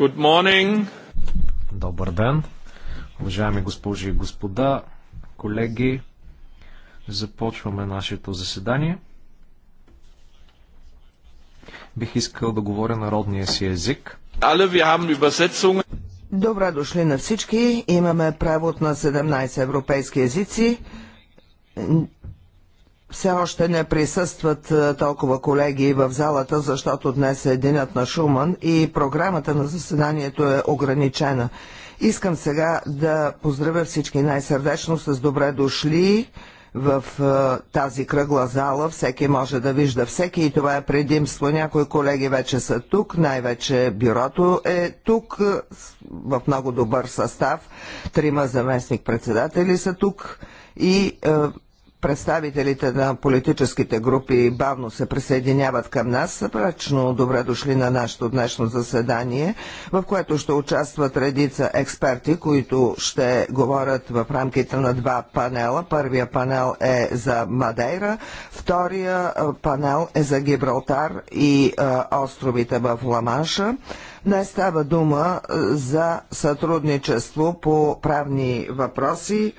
Good morning. Добър ден, уважаеми госпожи и господа, колеги. Започваме нашето заседание. Бих искал да говоря народния си език. Добре дошли на всички. Имаме превод на 17 европейски езици все още не присъстват е, толкова колеги в залата, защото днес е денят на Шуман и програмата на заседанието е ограничена. Искам сега да поздравя всички най-сърдечно с добре дошли в е, тази кръгла зала. Всеки може да вижда всеки и това е предимство. Някои колеги вече са тук, най-вече бюрото е тук е, в много добър състав. Трима заместник председатели са тук и представителите на политическите групи бавно се присъединяват към нас, са добре дошли на нашето днешно заседание, в което ще участват редица експерти, които ще говорят в рамките на два панела. Първия панел е за Мадейра, втория панел е за Гибралтар и островите в Ламанша. Не става дума за сътрудничество по правни въпроси,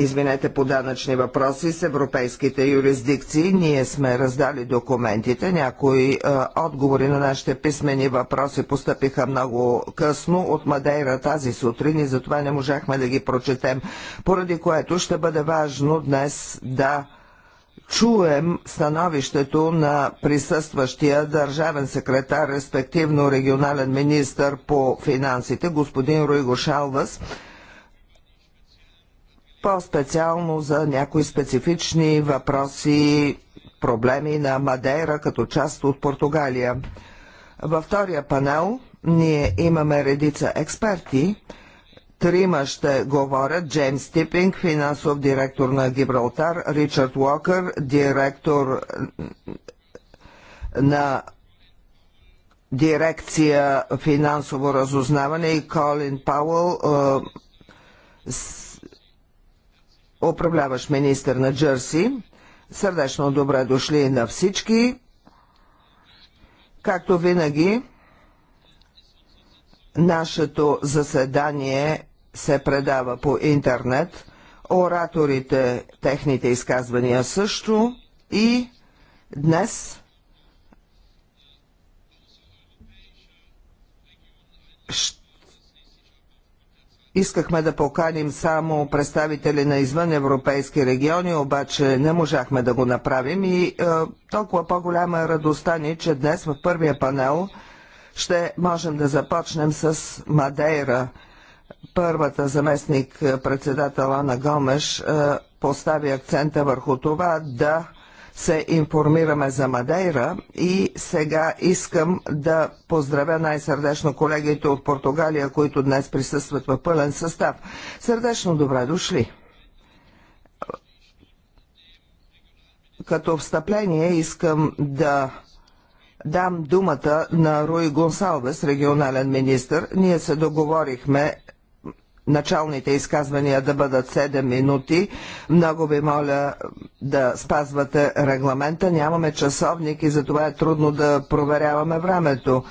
извинете, по данъчни въпроси с европейските юрисдикции. Ние сме раздали документите. Някои е, отговори на нашите писмени въпроси постъпиха много късно от Мадейра тази сутрин и затова не можахме да ги прочетем, поради което ще бъде важно днес да чуем становището на присъстващия държавен секретар, респективно регионален министр по финансите, господин Руйго Шалвас, по-специално за някои специфични въпроси, проблеми на Мадейра като част от Португалия. Във втория панел ние имаме редица експерти. Трима ще говорят Джеймс Типинг, финансов директор на Гибралтар, Ричард Уокър, директор на дирекция финансово разузнаване и Колин Пауъл, Управляваш министър на Джърси. Сърдечно добре дошли на всички. Както винаги, нашето заседание се предава по интернет. Ораторите, техните изказвания също. И днес ще Искахме да поканим само представители на извън европейски региони, обаче не можахме да го направим и е, толкова по-голяма е радостта ни, че днес в първия панел ще можем да започнем с Мадейра. Първата заместник председател Ана Гомеш е, постави акцента върху това да се информираме за Мадейра и сега искам да поздравя най-сърдечно колегите от Португалия, които днес присъстват в пълен състав. Сърдечно добре дошли! Като встъпление искам да дам думата на Руи Гонсалвес, регионален министр. Ние се договорихме началните изказвания да бъдат 7 минути. Много ви моля да спазвате регламента. Нямаме часовник и затова е трудно да проверяваме времето.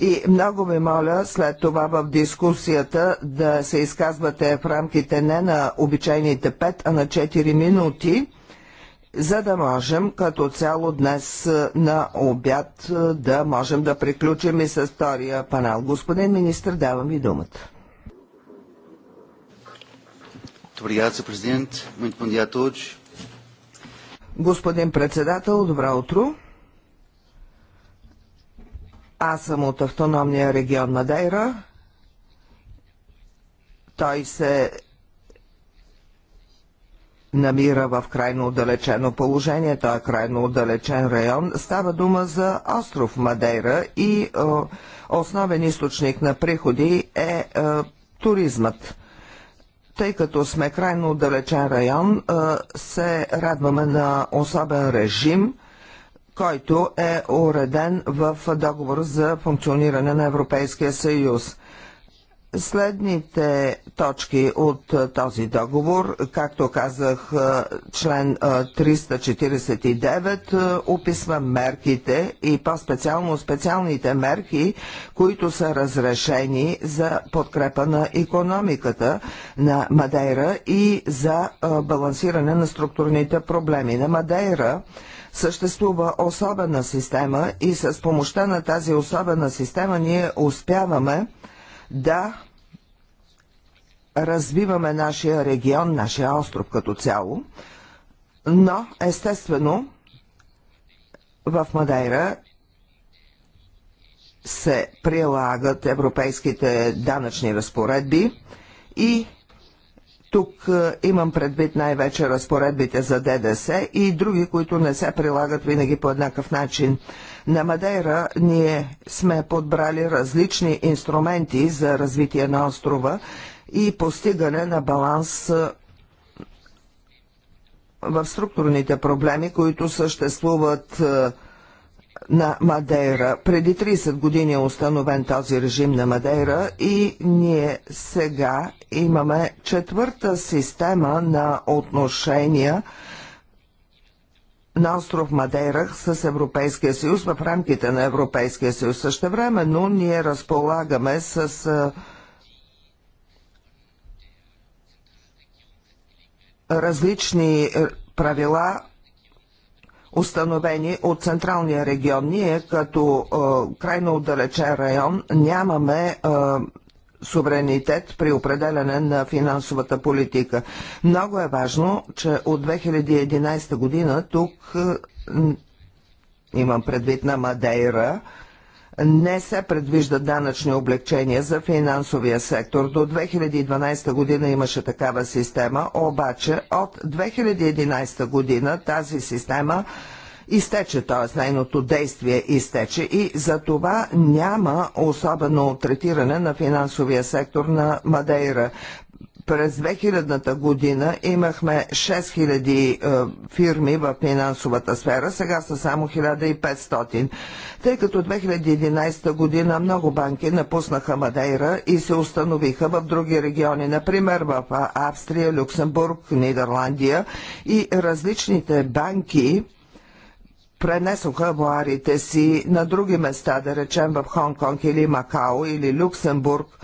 И много ви моля след това в дискусията да се изказвате в рамките не на обичайните 5, а на 4 минути, за да можем като цяло днес е, на обяд е, да можем да приключим и с втория панал. Господин министр, давам ви думата obrigado, Sr. Presidente. Muito bom dia a todos. Господин председател, добро утро. Аз съм от автономния регион Мадейра. Той се намира в крайно отдалечено положение. Той е крайно отдалечен район. Става дума за остров Мадейра и е, основен източник на приходи е, е туризмът тъй като сме крайно отдалечен район, се радваме на особен режим, който е уреден в договор за функциониране на Европейския съюз следните точки от е, този договор. Както казах, е, член 349 е, описва мерките и по-специално специалните мерки, които са разрешени за подкрепа на економиката на Мадейра и за балансиране на структурните проблеми на Мадейра съществува особена система и с помощта на тази особена система ние успяваме да развиваме нашия регион, нашия остров като цяло, но естествено в Мадейра се прилагат европейските данъчни разпоредби и тук е, имам предвид най-вече разпоредбите за ДДС и други, които не се прилагат винаги по еднакъв начин. На Мадейра ние сме подбрали различни инструменти за развитие на острова и постигане на баланс в структурните проблеми, които съществуват на Мадейра. Преди 30 години е установен този режим на Мадейра и ние сега имаме четвърта система на отношения на остров Мадейра с Европейския съюз в рамките на Европейския съюз. също но ние разполагаме с различни е, правила, установени от Централния регион. Ние като е, крайно отдалечен район нямаме е, суверенитет при определене на финансовата политика. Много е важно, че от 2011 година тук е, имам предвид на Мадейра, е, не се предвижда данъчни облегчения за финансовия сектор. До 2012 година имаше такава система, обаче от 2011 година тази система изтече, т.е. нейното действие изтече и за това няма особено третиране на финансовия сектор на Мадейра. През 2000-та година имахме 6000 е, фирми в финансовата сфера, сега са само 1500. Тъй като 2011 година много банки напуснаха Мадейра и се установиха в други региони, например в Австрия, Люксембург, Нидерландия и различните банки пренесоха авуарите си на други места, да речем в Хонг-Конг или Макао или Люксембург –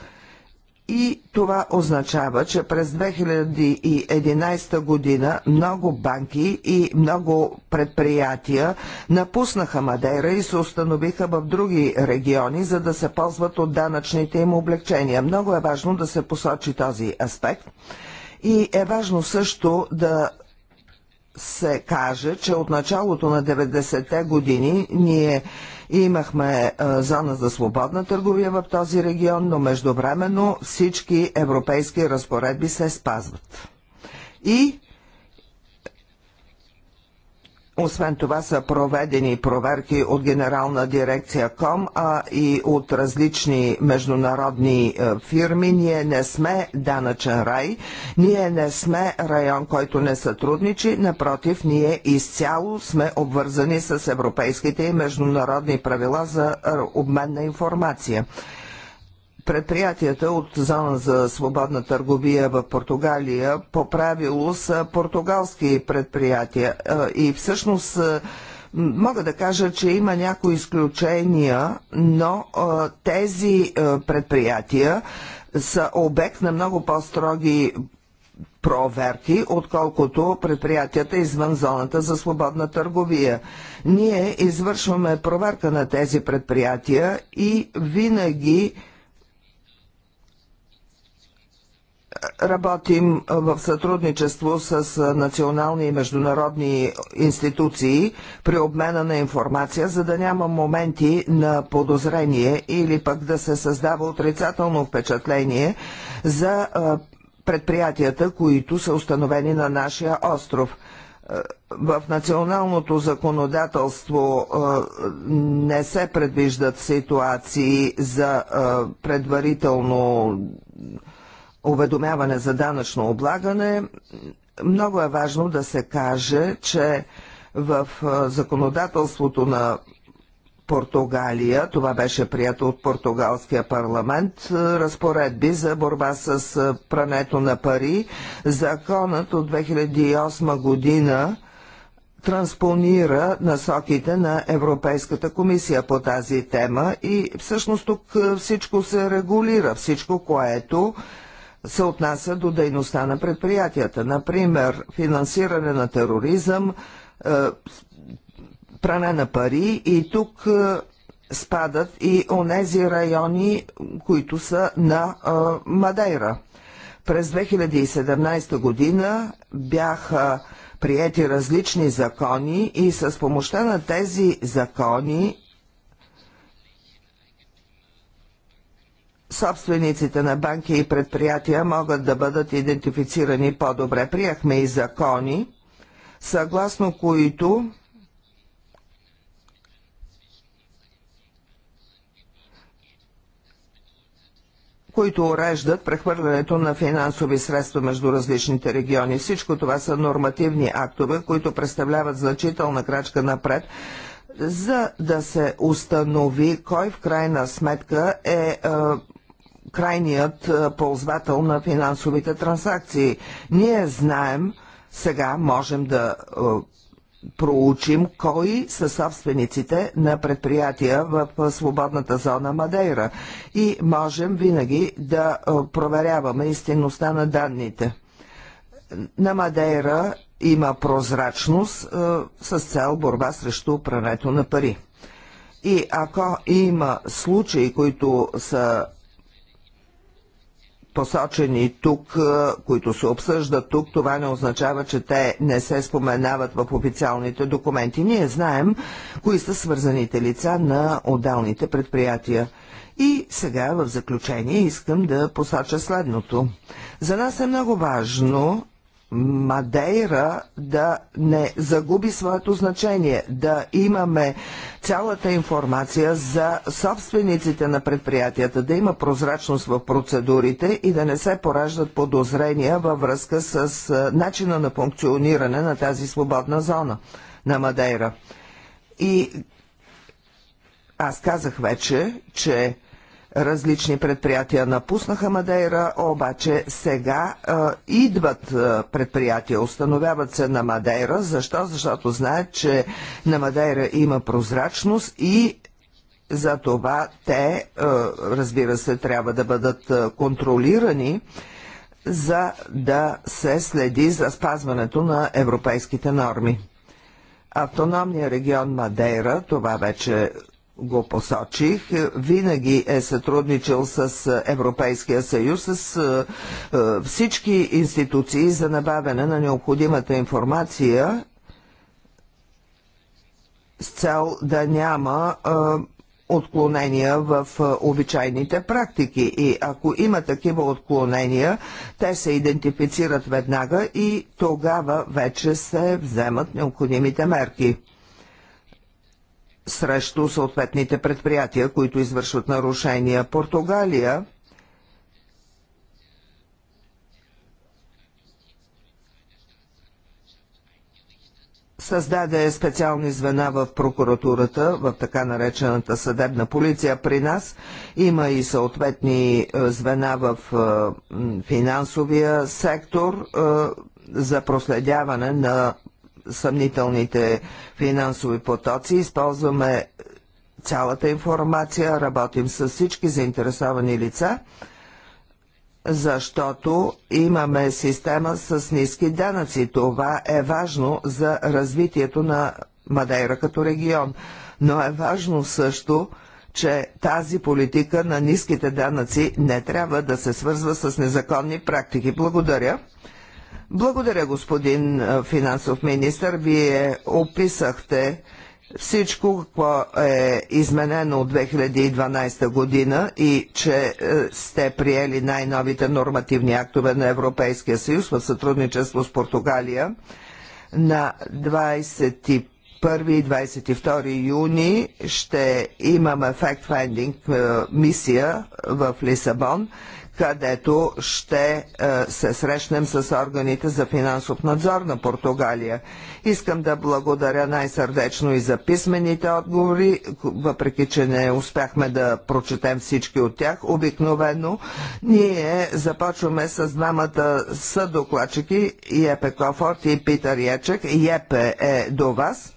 и това означава, че през 2011 година много банки и много предприятия напуснаха Мадейра и се установиха в други региони, за да се ползват от данъчните им облегчения. Много е важно да се посочи този аспект. И е важно също да се каже, че от началото на 90-те години ние Имахме е, зона за свободна търговия в този регион, но междувременно всички европейски разпоредби се спазват. И освен това са проведени проверки от Генерална дирекция КОМ, а и от различни международни е, фирми. Ние не сме данъчен рай, ние не сме район, който не сътрудничи, напротив, ние изцяло сме обвързани с европейските и международни правила за е, обмен на информация предприятията от зона за свободна търговия в Португалия по правило са португалски предприятия и всъщност Мога да кажа, че има някои изключения, но тези предприятия са обект на много по-строги проверки, отколкото предприятията извън зоната за свободна търговия. Ние извършваме проверка на тези предприятия и винаги работим в сътрудничество с национални и международни институции при обмена на информация, за да няма моменти на подозрение или пък да се създава отрицателно впечатление за предприятията, които са установени на нашия остров в националното законодателство не се предвиждат ситуации за предварително уведомяване за данъчно облагане, много е важно да се каже, че в законодателството на Португалия, това беше прието от португалския парламент, разпоредби за борба с прането на пари. Законът от 2008 година транспонира насоките на Европейската комисия по тази тема и всъщност тук всичко се регулира, всичко, което се отнася до дейността на предприятията. Например, финансиране на тероризъм, е, пране на пари и тук е, спадат и онези райони, които са на е, Мадейра. През 2017 година бяха приети различни закони и с помощта на тези закони собствениците на банки и предприятия могат да бъдат идентифицирани по-добре. Приехме и закони, съгласно които които уреждат прехвърлянето на финансови средства между различните региони. Всичко това са нормативни актове, които представляват значителна крачка напред за да се установи кой в крайна сметка е, е крайният е, ползвател на финансовите транзакции. Ние знаем, сега можем да е, проучим кои са собствениците на предприятия в е, свободната зона Мадейра и можем винаги да проверяваме истинността на данните. На Мадейра има прозрачност с цел борба срещу прането на пари. И ако има случаи, които са посочени тук, които се обсъждат тук, това не означава, че те не се споменават в официалните документи. Ние знаем кои са свързаните лица на отдалните предприятия. И сега в заключение искам да посоча следното. За нас е много важно Мадейра да не загуби своето значение, да имаме цялата информация за собствениците на предприятията, да има прозрачност в процедурите и да не се пораждат подозрения във връзка с начина на функциониране на тази свободна зона на Мадейра. И аз казах вече, че различни предприятия напуснаха Мадейра, обаче сега а, идват а, предприятия, установяват се на Мадейра. Защо? Защото знаят, че на Мадейра има прозрачност и за това те, а, разбира се, трябва да бъдат контролирани, за да се следи за спазването на европейските норми. Автономния регион Мадейра, това вече го посочих, винаги е сътрудничил с е, Европейския съюз, с е, е, всички институции за набавяне на необходимата информация с цел да няма отклонения в обичайните практики. И ако има такива отклонения, те се идентифицират веднага и тогава вече се вземат необходимите мерки срещу съответните предприятия, които извършват нарушения. Португалия създаде специални звена в прокуратурата, в така наречената съдебна полиция при нас. Има и съответни е, звена в е, финансовия сектор е, за проследяване на съмнителните финансови потоци, използваме цялата информация, работим с всички заинтересовани лица, защото имаме система с ниски данъци. Това е важно за развитието на Мадейра като регион. Но е важно също, че тази политика на ниските данъци не трябва да се свързва с незаконни практики. Благодаря. Благодаря, господин финансов министр. Вие описахте всичко, какво е изменено от 2012 година и че е, сте приели най-новите нормативни актове на Европейския съюз в сътрудничество с Португалия на 25 1 и 22 юни ще имаме fact-finding е, мисия в Лисабон където ще е, се срещнем с органите за финансов надзор на Португалия. Искам да благодаря най-сърдечно и за писмените отговори, въпреки че не успяхме да прочетем всички от тях. Обикновено ние започваме с двамата съдокладчики Епе Кофорт и Питър Ячек. Епе е до вас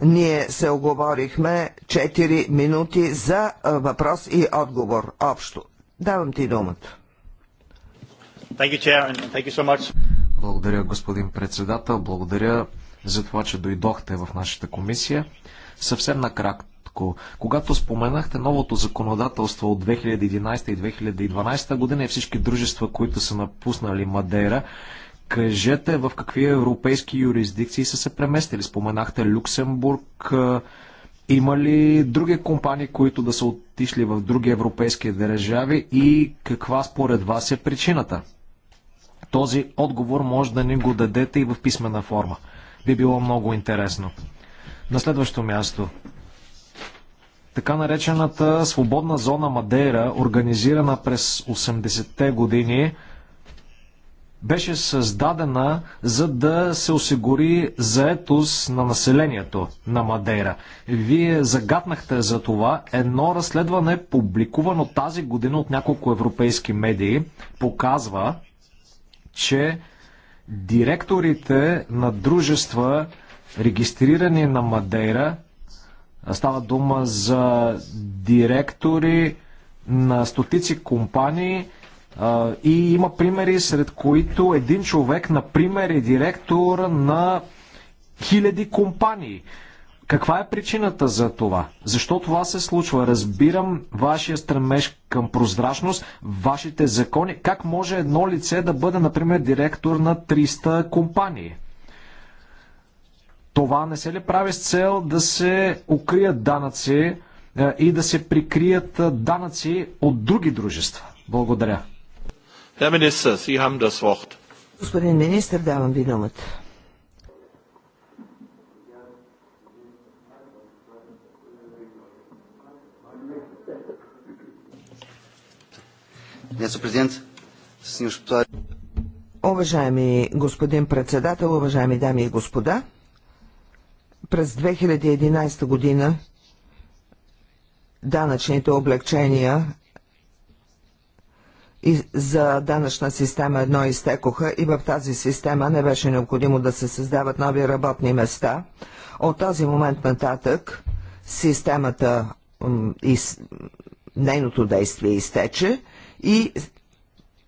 ние се оговорихме 4 минути за въпрос и отговор общо. Давам ти думата. Благодаря, господин председател. Благодаря за това, че дойдохте в нашата комисия. Съвсем накратко. Когато споменахте новото законодателство от 2011 и 2012 година и всички дружества, които са напуснали Мадейра, кажете в какви европейски юрисдикции са се преместили. Споменахте Люксембург, има ли други компании, които да са отишли в други европейски държави и каква според вас е причината? Този отговор може да ни го дадете и в писмена форма. Би било много интересно. На следващо място. Така наречената свободна зона Мадейра, организирана през 80-те години, беше създадена за да се осигури заетост на населението на Мадейра. Вие загаднахте за това едно разследване, публикувано тази година от няколко европейски медии, показва, че директорите на дружества, регистрирани на Мадейра, става дума за директори на стотици компании, и има примери, сред които един човек, например, е директор на хиляди компании. Каква е причината за това? Защо това се случва? Разбирам вашия стремеж към прозрачност, вашите закони. Как може едно лице да бъде, например, директор на 300 компании? Това не се ли прави с цел да се укрият данъци е, и да се прикрият е, данъци от други дружества? Благодаря. Herr Minister, Sie haben das Wort. Господин министр, давам ви думата. Уважаеми господин председател, уважаеми дами и господа, през 2011 година данъчните облегчения и за данъчна система едно изтекоха и в тази система не беше необходимо да се създават нови работни места. От този момент нататък системата и нейното действие изтече и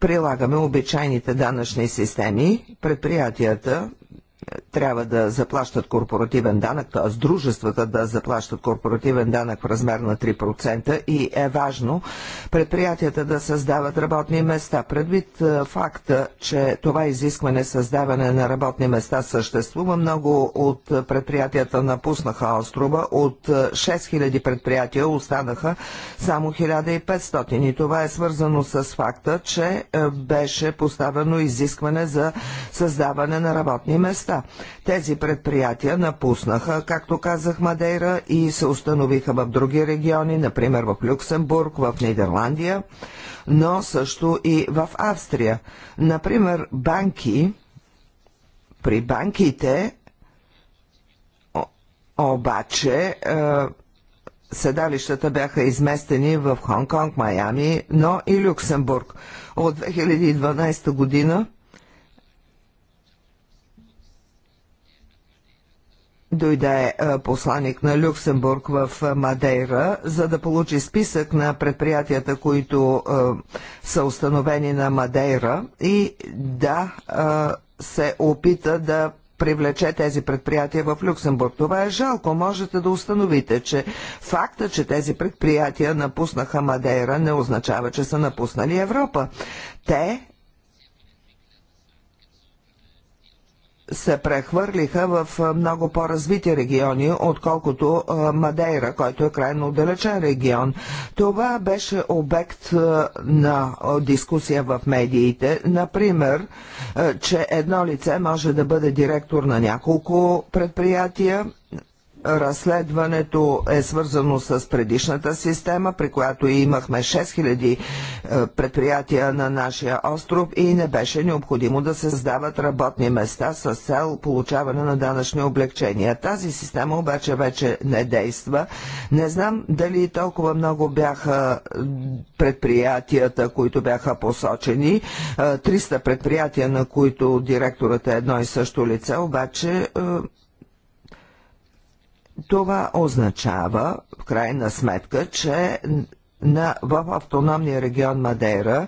прилагаме обичайните данъчни системи. Предприятията трябва да заплащат корпоративен данък, т.е. дружествата да заплащат корпоративен данък в размер на 3% и е важно предприятията да създават работни места. Предвид е, факта, че това изискване създаване на работни места съществува, много от предприятията напуснаха острова, от 6000 е, предприятия останаха само 1500 и това е свързано с факта, че е, беше поставено изискване за създаване на работни места заетостта. Тези предприятия напуснаха, както казах, Мадейра и се установиха в други региони, например в Люксембург, в Нидерландия, но също и в Австрия. Например, банки, при банките обаче е, седалищата бяха изместени в Хонг-Конг, Майами, но и Люксембург. От 2012 година дойде е, посланик на Люксембург в е, Мадейра, за да получи списък на предприятията, които е, са установени на Мадейра и да се опита да привлече тези предприятия в Люксембург. Това е жалко. Можете да установите, че факта, че тези предприятия напуснаха Мадейра, не означава, че са напуснали Европа. Те се прехвърлиха в много по-развити региони, отколкото Мадейра, който е крайно отдалечен регион. Това беше обект на дискусия в медиите. Например, че едно лице може да бъде директор на няколко предприятия, разследването е свързано с предишната система, при която имахме 6000 е, предприятия на нашия остров и не беше необходимо да се създават работни места с цел получаване на данъчни облегчения. Тази система обаче вече не действа. Не знам дали толкова много бяха предприятията, които бяха посочени. 300 е, предприятия, на които директорът е едно и също лице, обаче е, това означава, в крайна сметка, че на, в автономния регион Мадейра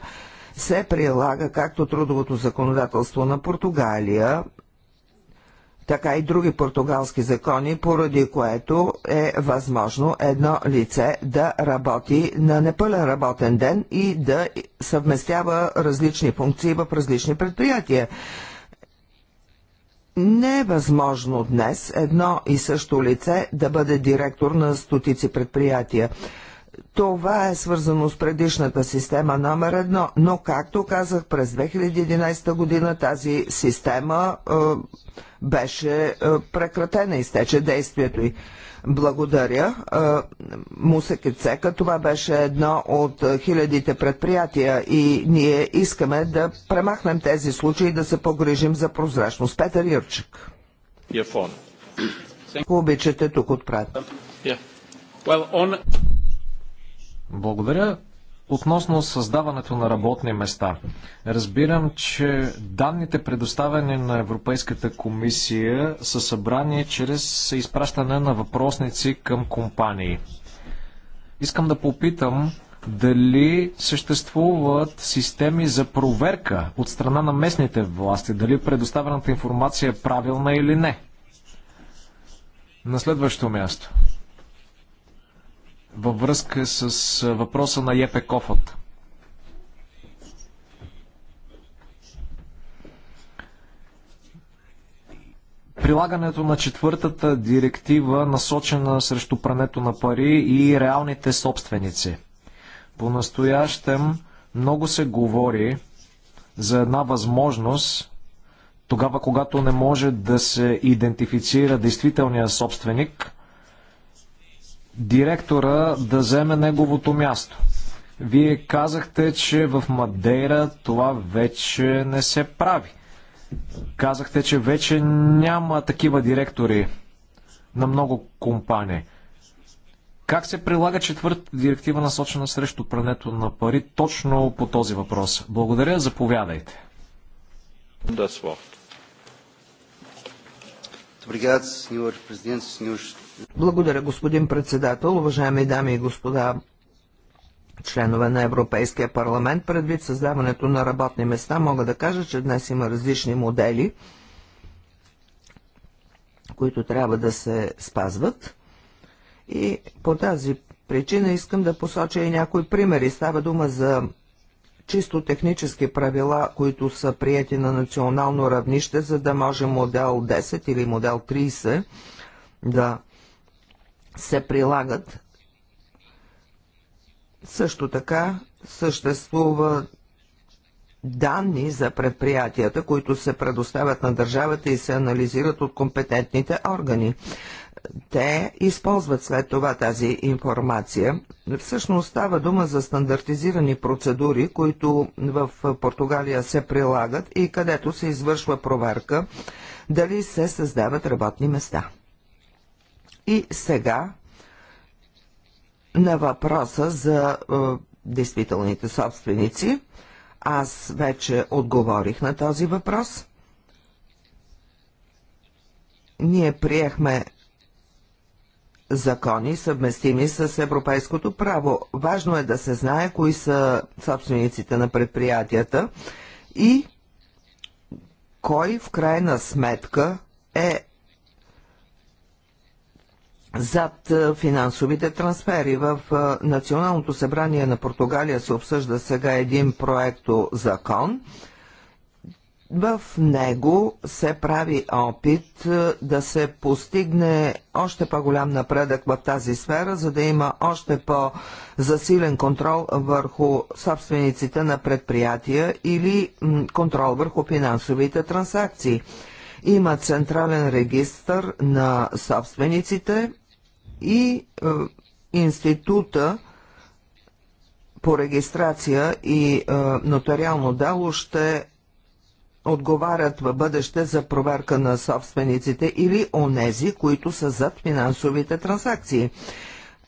се прилага както трудовото законодателство на Португалия, така и други португалски закони, поради което е възможно едно лице да работи на непълен работен ден и да съвместява различни функции в различни предприятия. Не е възможно днес едно и също лице да бъде директор на стотици предприятия. Това е свързано с предишната система номер едно, но както казах, през 2011 година тази система е, беше е, прекратена, изтече действието й. Благодаря. цека. това беше едно от хилядите предприятия и ние искаме да премахнем тези случаи и да се погрижим за прозрачност. Петър Юрчик. Ако обичате, тук отправя. Благодаря. Относно създаването на работни места. Разбирам, че данните предоставени на Европейската комисия са събрани чрез изпращане на въпросници към компании. Искам да попитам дали съществуват системи за проверка от страна на местните власти, дали предоставената информация е правилна или не. На следващо място – във връзка с въпроса на Епе Кофът. Прилагането на четвъртата директива, насочена срещу прането на пари и реалните собственици. По-настоящем много се говори за една възможност, тогава когато не може да се идентифицира действителния собственик – директора да вземе неговото място. Вие казахте, че в Мадейра това вече не се прави. Казахте, че вече няма такива директори на много компании. Как се прилага четвъртата директива, насочена срещу прането на пари, точно по този въпрос? Благодаря, заповядайте. Obrigado, Sr. Presidente, благодаря, господин председател, уважаеми дами и господа членове на Европейския парламент. Предвид създаването на работни места, мога да кажа, че днес има различни модели, които трябва да се спазват. И по тази причина искам да посоча и някои примери. Става дума за чисто технически правила, които са приети на национално равнище, за да може модел 10 или модел 30 да се прилагат. Също така съществува данни за предприятията, които се предоставят на държавата и се анализират от компетентните органи. Те използват след това тази информация. Всъщност става дума за стандартизирани процедури, които в Португалия се прилагат и където се извършва проверка дали се създават работни места. И сега на въпроса за е, действителните собственици. Аз вече отговорих на този въпрос. Ние приехме закони, съвместими с европейското право. Важно е да се знае кои са собствениците на предприятията и кой в крайна сметка е зад е, финансовите трансфери. В е, Националното събрание на Португалия се обсъжда сега един проекто закон. В него се прави опит е, да се постигне още по-голям напредък в тази сфера, за да има още по-засилен контрол върху собствениците на предприятия или контрол върху финансовите транзакции. Има централен регистр на собствениците и е, института по регистрация и е, нотариално дело ще отговарят в бъдеще за проверка на собствениците или онези, които са зад финансовите транзакции.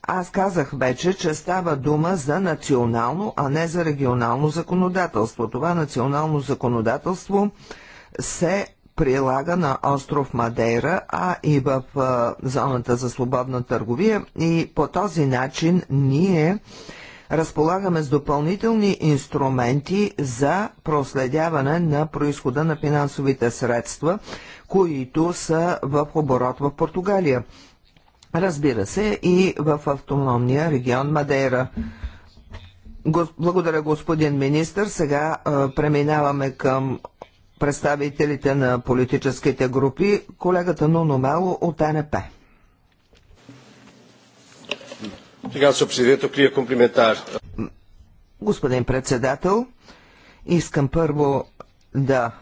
Аз казах вече, че става дума за национално, а не за регионално законодателство. Това национално законодателство се прилага на остров Мадейра, а и в зоната за свободна търговия. И по този начин ние разполагаме с допълнителни инструменти за проследяване на происхода на финансовите средства, които са в оборот в Португалия. Разбира се, и в автономния регион Мадейра. Благодаря, господин министр. Сега преминаваме към представителите на политическите групи, колегата Нуно Мело от НП. Господин председател, искам първо да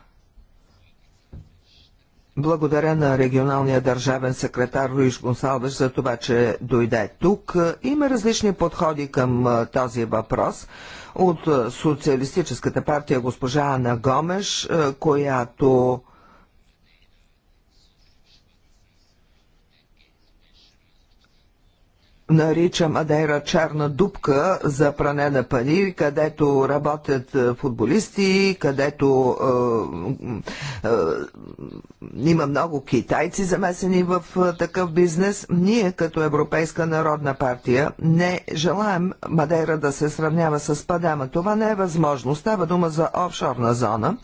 благодаря на регионалния държавен секретар Руиш Гонсалвеш за това, че дойде тук. Има различни подходи към този въпрос от Социалистическата партия госпожа Ана Гомеш, която нарича Мадейра черна дупка за пране на пари, където работят е, футболисти, където е, е, има много китайци замесени в е, такъв бизнес. Ние като Европейска народна партия не желаем Мадейра да се сравнява с Падама. Това не е възможно. Става дума за офшорна зона.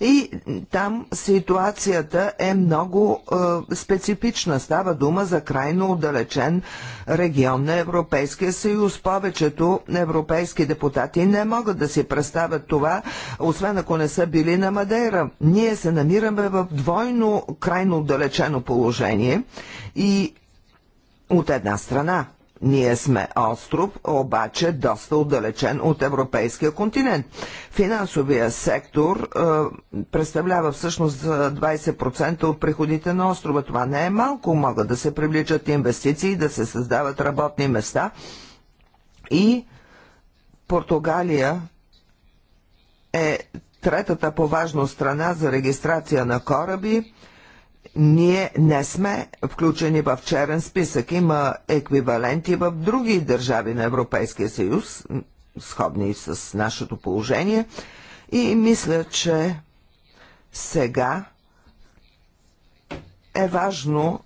И там ситуацията е много е, специфична. Става дума за крайно отдалечен регион на Европейския съюз. Повечето европейски депутати не могат да си представят това, освен ако не са били на Мадейра. Ние се намираме в двойно крайно отдалечено положение и от една страна ние сме остров, обаче доста отдалечен от европейския континент. Финансовия сектор е, представлява всъщност 20% от приходите на острова. Това не е малко. Могат да се привличат инвестиции, да се създават работни места. И Португалия е третата по важност страна за регистрация на кораби ние не сме включени в черен списък. Има еквиваленти в други държави на Европейския съюз, сходни с нашето положение. И мисля, че сега е важно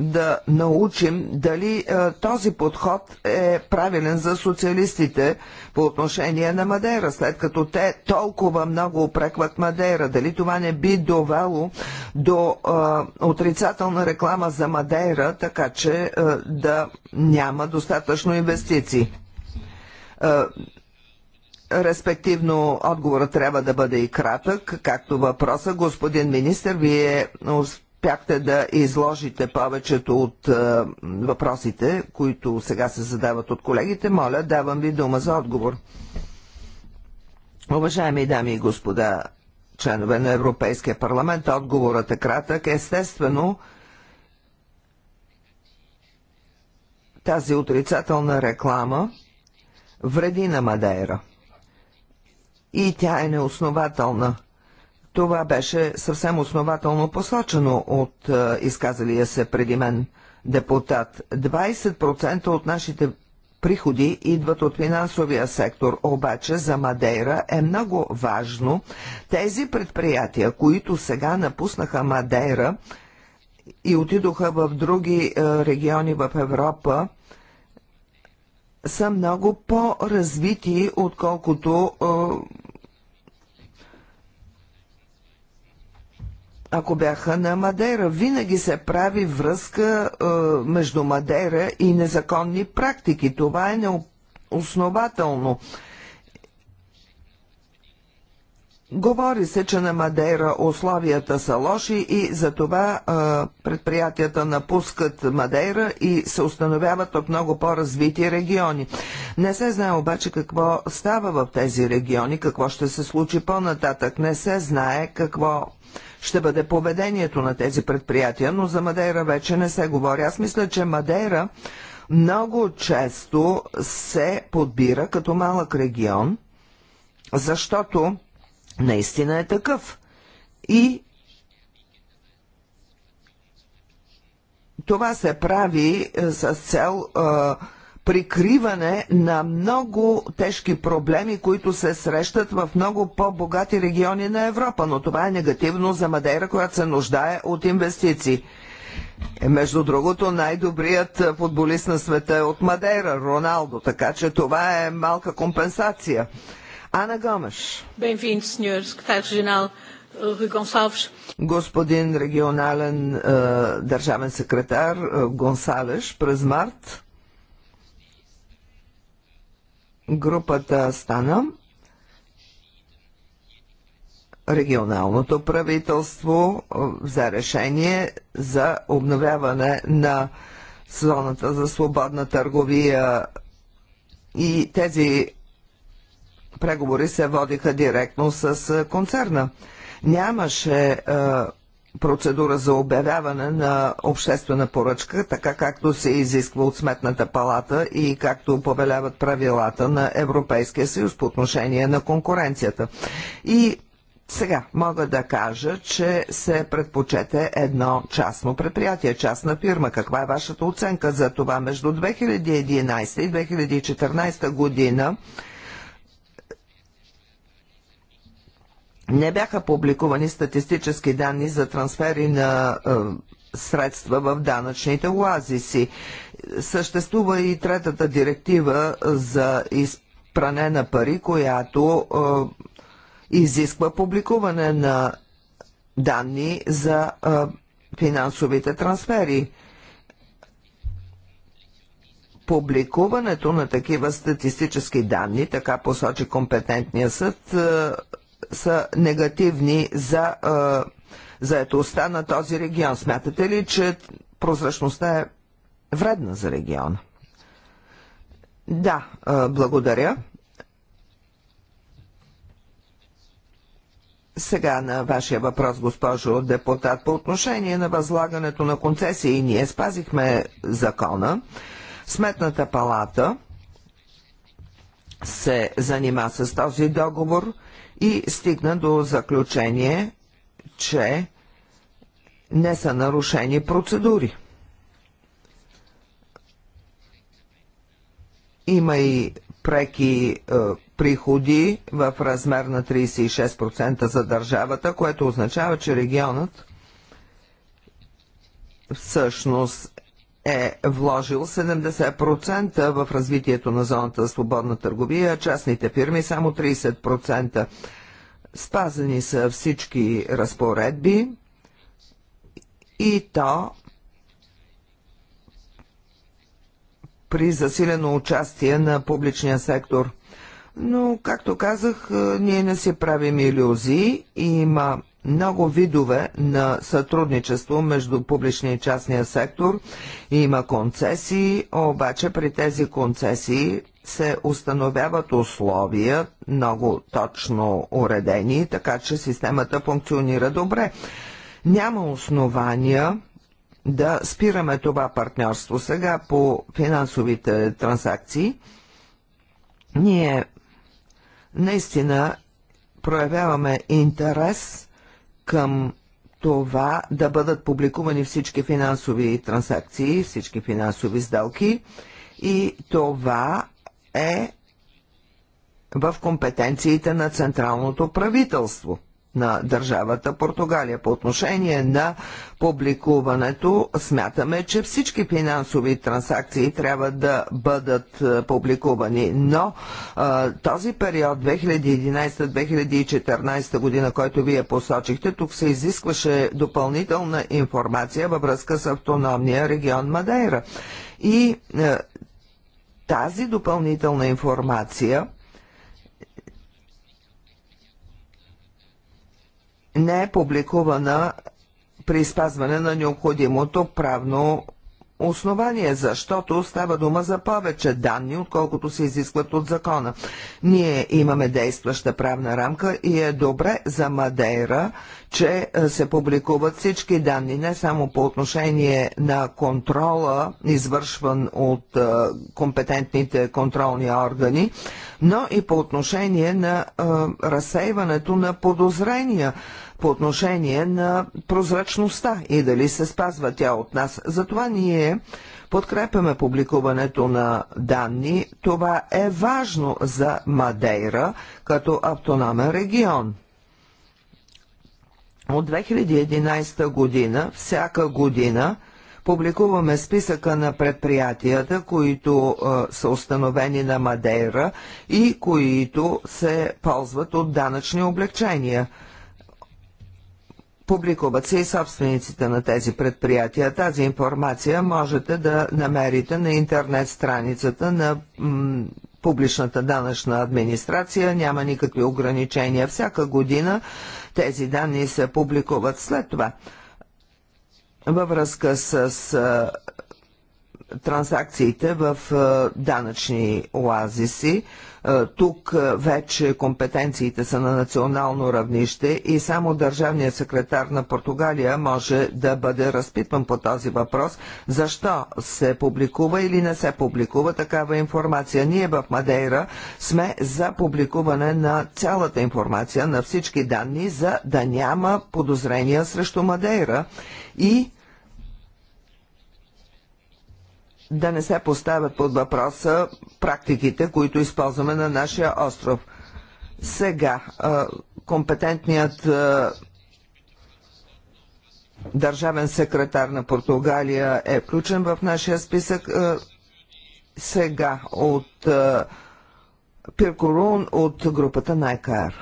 да научим дали е, този подход е правилен за социалистите по отношение на Мадейра, след като те толкова много опрекват Мадейра. Дали това не би довело до а, отрицателна реклама за Мадейра, така че а, да няма достатъчно инвестиции? А, респективно отговорът трябва да бъде и кратък, както въпроса. Господин министр, вие успяхте да изложите повечето от е, въпросите, които сега се задават от колегите. Моля, давам ви дума за отговор. Уважаеми дами и господа, членове на Европейския парламент, отговорът е кратък. Естествено, тази отрицателна реклама вреди на Мадейра. И тя е неоснователна – това беше съвсем основателно посочено от е, изказалия се преди мен депутат. 20% от нашите приходи идват от финансовия сектор, обаче за Мадейра е много важно тези предприятия, които сега напуснаха Мадейра и отидоха в други е, региони в Европа, са много по-развити, отколкото е, ако бяха на Мадейра. Винаги се прави връзка е, между Мадейра и незаконни практики. Това е неоснователно. Неоп Говори се, че на Мадейра условията са лоши и затова това предприятията напускат Мадейра и се установяват от много по-развити региони. Не се знае обаче какво става в тези региони, какво ще се случи по-нататък. Не се знае какво ще бъде поведението на тези предприятия, но за Мадейра вече не се говори. Аз мисля, че Мадейра много често се подбира като малък регион, защото наистина е такъв. И това се прави е, с цел е, прикриване на много тежки проблеми, които се срещат в много по-богати региони на Европа, но това е негативно за Мадейра, която се нуждае от инвестиции. Е, между другото, най-добрият футболист на света е от Мадейра, Роналдо, така че това е малка компенсация. Ана Гомеш. Господин регионален е, държавен секретар е, Гонсалеш през март групата стана регионалното правителство е, за решение за обновяване на зоната за свободна търговия и тези преговори се водиха директно с концерна. Нямаше процедура за обявяване на обществена поръчка, така както се изисква от Сметната палата и както повеляват правилата на Европейския съюз по отношение на конкуренцията. И сега мога да кажа, че се предпочете едно частно предприятие, частна фирма. Каква е вашата оценка за това? Между 2011 и 2014 година не бяха публикувани статистически данни за трансфери на е, средства в данъчните оазиси. Съществува и третата директива за изпране на пари, която е, изисква публикуване на данни за е, финансовите трансфери. Публикуването на такива статистически данни, така посочи компетентния съд, е, са негативни за заетостта на този регион. Смятате ли, че прозрачността е вредна за региона? Да, благодаря. Сега на вашия въпрос, госпожо депутат, по отношение на възлагането на концесии, ние спазихме закона. Сметната палата се занима с този договор и стигна до заключение, че не са нарушени процедури. Има и преки е, приходи в размер на 36% за държавата, което означава, че регионът всъщност е вложил 70% в развитието на зоната за свободна търговия, частните фирми само 30%. Спазени са всички разпоредби и то при засилено участие на публичния сектор. Но, както казах, е, ние не си правим иллюзии. Има много видове на сътрудничество между публичния и частния сектор. Има концесии, обаче при тези концесии се установяват условия, много точно уредени, така че системата функционира добре. Няма основания да спираме това партньорство сега по финансовите транзакции. Ние наистина проявяваме интерес към това да бъдат публикувани всички финансови транзакции, всички финансови сделки и това е в компетенциите на Централното правителство – на държавата Португалия. По отношение на публикуването, смятаме, че всички финансови транзакции трябва да бъдат е, публикувани, но а, е, този период 2011-2014 година, който вие посочихте, тук се изискваше допълнителна информация във връзка с автономния регион Мадейра. И а, е, тази допълнителна информация – не е публикувана при спазване на необходимото правно основание, защото става дума за повече данни, отколкото се изискват от закона. Ние имаме действаща правна рамка и е добре за Мадейра че се публикуват всички данни, не само по отношение на контрола, извършван от компетентните контролни органи, но и по отношение на разсейването на подозрения по отношение на прозрачността и дали се спазва тя от нас. Затова ние подкрепяме публикуването на данни. Това е важно за Мадейра като автономен регион. От 2011 година, всяка година, публикуваме списъка на предприятията, които а, са установени на Мадейра и които се ползват от данъчни облегчения. Публикуват се и собствениците на тези предприятия. Тази информация можете да намерите на интернет страницата на публичната данъчна администрация, няма никакви ограничения. Всяка година тези данни се публикуват след това. Във връзка с транзакциите в данъчни оазиси, тук вече компетенциите са на национално равнище и само държавният секретар на Португалия може да бъде разпитван по този въпрос, защо се публикува или не се публикува такава информация. Ние в Мадейра сме за публикуване на цялата информация, на всички данни, за да няма подозрения срещу Мадейра и да не се поставят под въпроса практиките, които използваме на нашия остров. Сега компетентният държавен секретар на Португалия е включен в нашия списък. Сега от Пиркорун от групата Найкар.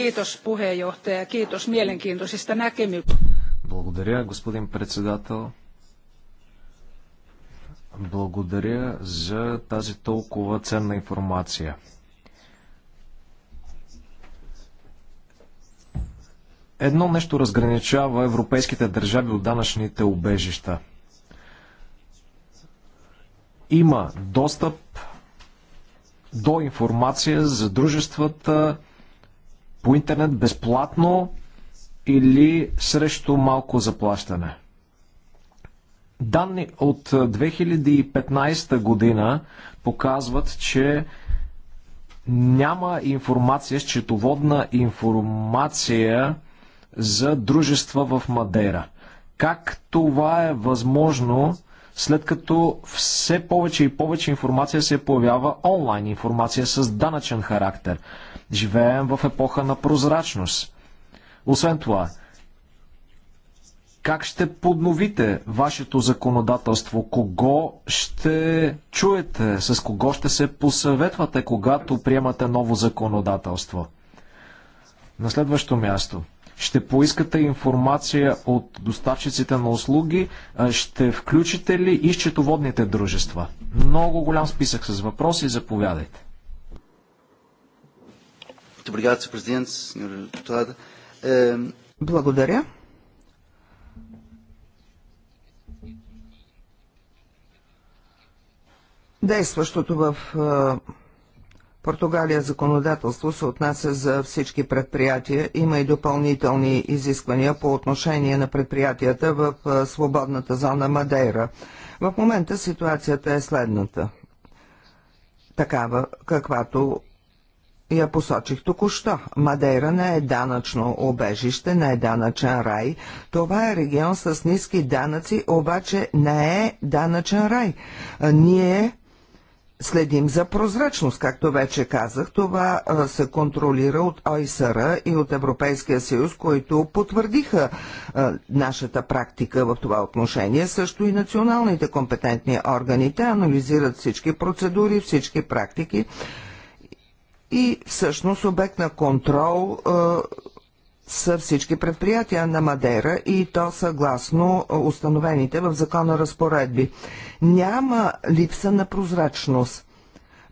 Kiitos puheenjohtaja, kiitos mielenkiintoisista näkemyksistä. Благодаря, господин председател. Благодаря за тази толкова ценна информация. Едно нещо разграничава европейските държави от данъчните убежища. Има достъп до информация за дружествата по интернет безплатно или срещу малко заплащане. Данни от 2015 година показват, че няма информация, счетоводна информация за дружества в Мадера. Как това е възможно, след като все повече и повече информация се появява онлайн, информация с данъчен характер? Живеем в епоха на прозрачност. Освен това, как ще подновите вашето законодателство? Кого ще чуете? С кого ще се посъветвате, когато приемате ново законодателство? На следващо място. Ще поискате информация от доставчиците на услуги. Ще включите ли и счетоводните дружества? Много голям списък с въпроси. Заповядайте. Obrigado, господин президент, благодаря. Действащото в е, Португалия законодателство се отнася за всички предприятия. Има и допълнителни изисквания по отношение на предприятията в е, свободната зона Мадейра. В момента ситуацията е следната. Такава, каквато я посочих току-що. Мадейра не е данъчно обежище, не е данъчен рай. Това е регион с ниски данъци, обаче не е данъчен рай. Ние следим за прозрачност, както вече казах. Това се контролира от ОИСР и от Европейския съюз, които потвърдиха нашата практика в това отношение. Също и националните компетентни органи. Те анализират всички процедури, всички практики и всъщност обект на контрол е, са всички предприятия на Мадера и то съгласно установените в закона разпоредби. Няма липса на прозрачност.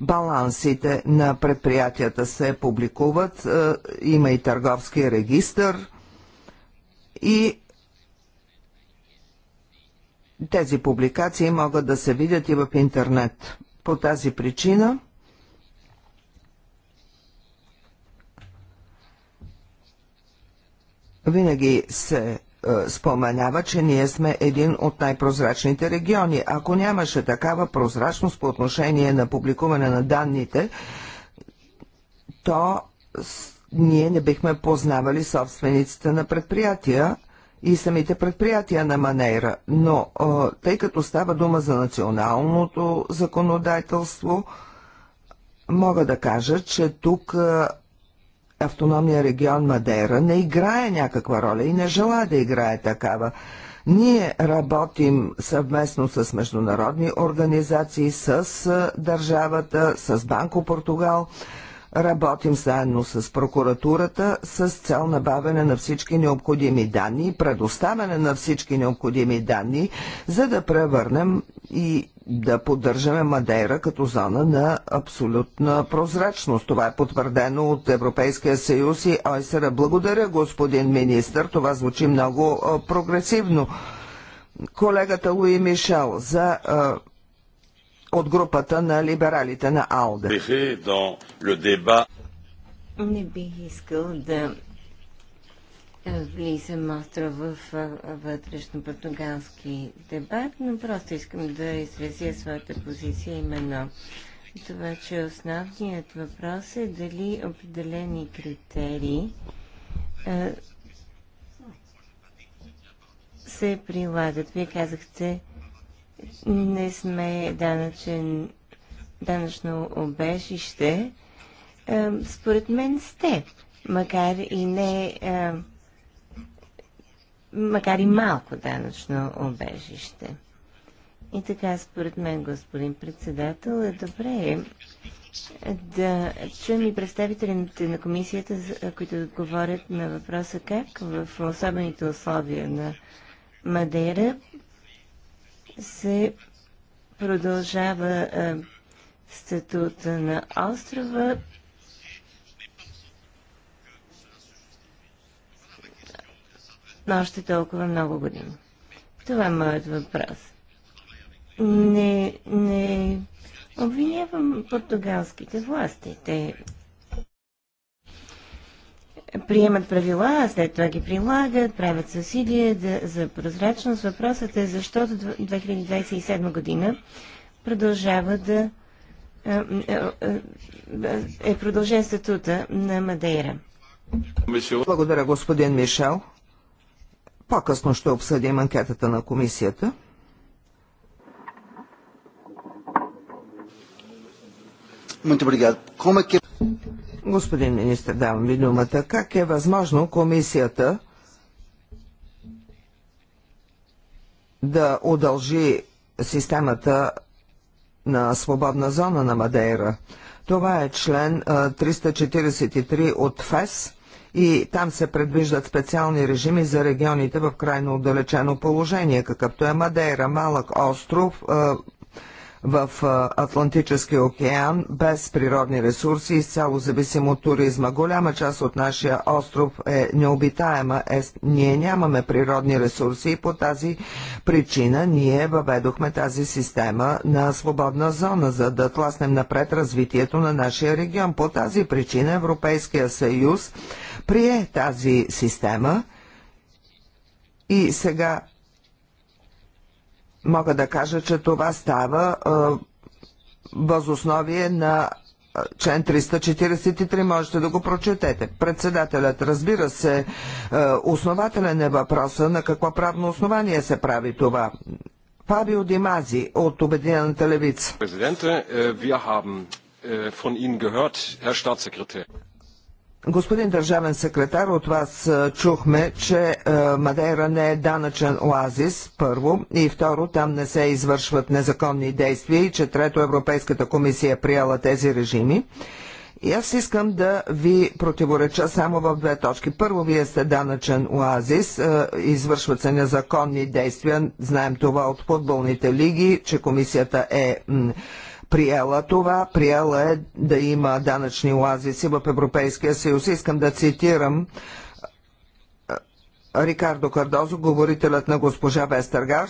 Балансите на предприятията се публикуват, е, има и търговски регистър и тези публикации могат да се видят и в интернет. По тази причина винаги се е, споменава, че ние сме един от най-прозрачните региони. Ако нямаше такава прозрачност по отношение на публикуване на данните, то ние не бихме познавали собствениците на предприятия и самите предприятия на Манейра. Но е, тъй като става дума за националното законодателство, мога да кажа, че тук е, автономния регион Мадейра не играе някаква роля и не желая да играе такава. Ние работим съвместно с международни организации, с държавата, с Банко Португал. Работим заедно с прокуратурата с цел набавяне на всички необходими данни, предоставяне на всички необходими данни, за да превърнем и да поддържаме Мадейра като зона на абсолютна прозрачност. Това е потвърдено от Европейския съюз и ОСР. Благодаря, господин министр. Това звучи много прогресивно. Колегата Луи Мишел за от групата на либералите на Алда. Не бих искал да е, влизам остро в е, вътрешно-португалски дебат, но просто искам да изразя своята позиция именно това, че основният въпрос е дали определени критерии е, се прилагат. Вие казахте не сме данъчен, данъчно обежище, е, според мен сте, макар и не, е, макар и малко данъчно обежище. И така, според мен, господин председател, е добре да чуем и представителите на комисията, които говорят на въпроса как в особените условия на мадера се продължава статута на острова. Но Още толкова много години. Това е моят въпрос. Не, не обвинявам португалските власти. Те приемат правила, а след това ги прилагат, правят съсилие да, за прозрачност. Въпросът е защо до 2027 година продължава да е, е, е продължен статута на Мадейра. Благодаря, господин Мишел. По-късно ще обсъдим анкетата на комисията. Muito obrigado. Como é que Господин министр, давам ви думата. Как е възможно комисията да удължи системата на свободна зона на Мадейра? Това е член 343 от ФЕС и там се предвиждат специални режими за регионите в крайно отдалечено положение, какъвто е Мадейра, малък остров, в Атлантическия океан, без природни ресурси, изцяло зависим от туризма. Голяма част от нашия остров е необитаема. Е, ние нямаме природни ресурси и по тази причина ние въведохме тази система на свободна зона, за да тласнем напред развитието на нашия регион. По тази причина Европейския съюз прие тази система и сега мога да кажа, че това става възосновие на член 343, можете да го прочетете. Председателят, разбира се, основателен е въпроса на какво правно основание се прави това. Фабио Димази от Обединената левица. Господин държавен секретар, от вас е, чухме, че е, Мадейра не е данъчен оазис, първо, и второ, там не се извършват незаконни действия и че трето Европейската комисия е приела тези режими. И аз искам да ви противореча само в две точки. Първо, вие сте данъчен оазис, е, извършват се незаконни действия, знаем това от футболните лиги, че комисията е приела това, приела е да има данъчни оазиси в Европейския съюз. Искам да цитирам Рикардо Кардозо, говорителят на госпожа Вестергар,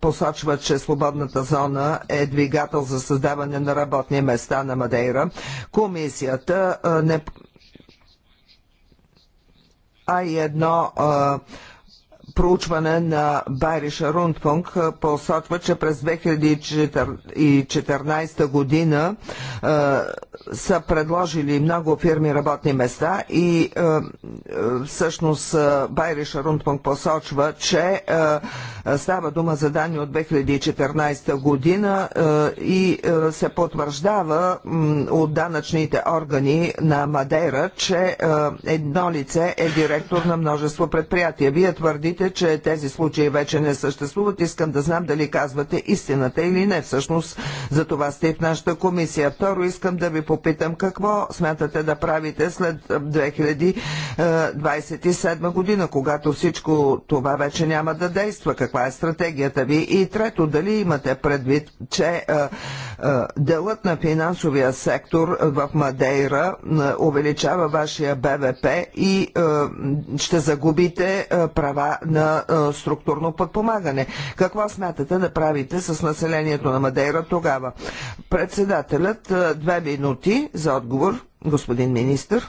посочва, че свободната зона е двигател за създаване на работни места на Мадейра. Комисията не а и едно а, проучване на Байриша Рундфонг посочва, че през 2014 година са предложили много фирми работни места и е, е, всъщност е, Байриш Рунтман посочва, че става дума за данни от 2014 година и се потвърждава от данъчните органи на Мадейра, че едно лице е директор на множество предприятия. Вие твърдите, че тези случаи вече не съществуват. Искам да знам дали казвате истината или не. Всъщност за това сте и в нашата комисия. Второ, искам да ви попитам какво смятате да правите след 2027 е, е, година, когато всичко това вече няма да действа. Каква е стратегията ви? И трето, дали имате предвид, че е, делът на финансовия сектор в Мадейра увеличава вашия БВП и ще загубите права на структурно подпомагане. Какво смятате да правите с населението на Мадейра тогава? Председателят, две минути минути за отговор, господин министр.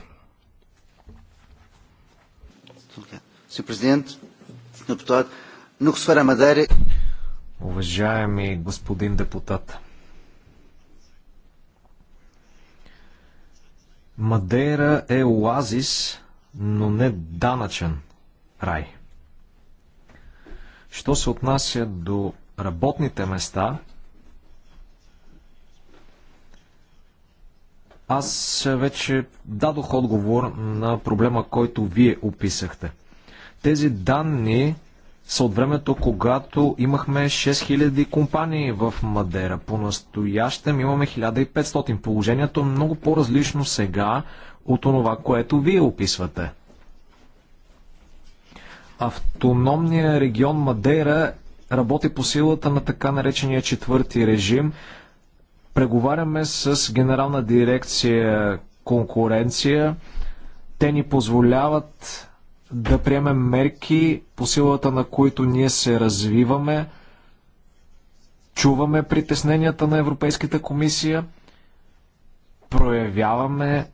Си Президент, депутат, много сфера Мадери. Уважаеми господин депутат, Мадейра е оазис, но не данъчен рай. Що се отнася до работните места, Аз вече дадох отговор на проблема, който вие описахте. Тези данни са от времето, когато имахме 6000 компании в Мадера. По-настоящем имаме 1500. Положението е много по-различно сега от това, което вие описвате. Автономният регион Мадера работи по силата на така наречения четвърти режим – Преговаряме с Генерална дирекция конкуренция. Те ни позволяват да приемем мерки, по силата на които ние се развиваме. Чуваме притесненията на Европейската комисия. Проявяваме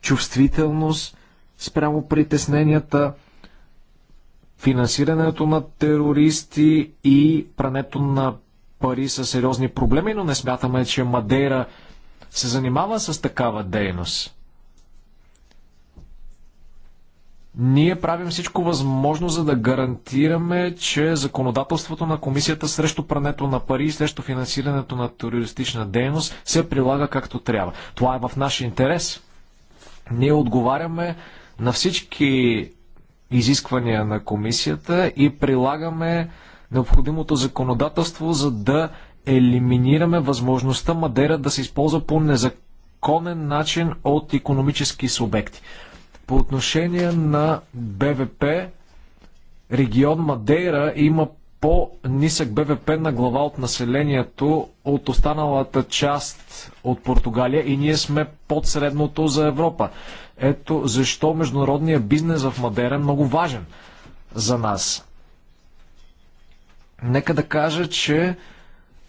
чувствителност спрямо притесненията, финансирането на терористи и прането на пари са сериозни проблеми, но не смятаме, че Мадейра се занимава с такава дейност. Ние правим всичко възможно, за да гарантираме, че законодателството на комисията срещу прането на пари и срещу финансирането на терористична дейност се прилага както трябва. Това е в наш интерес. Ние отговаряме на всички изисквания на комисията и прилагаме необходимото законодателство, за да елиминираме възможността Мадера да се използва по незаконен начин от економически субекти. По отношение на БВП, регион Мадейра има по-нисък БВП на глава от населението от останалата част от Португалия и ние сме под средното за Европа. Ето защо международният бизнес в Мадера е много важен за нас. Нека да кажа, че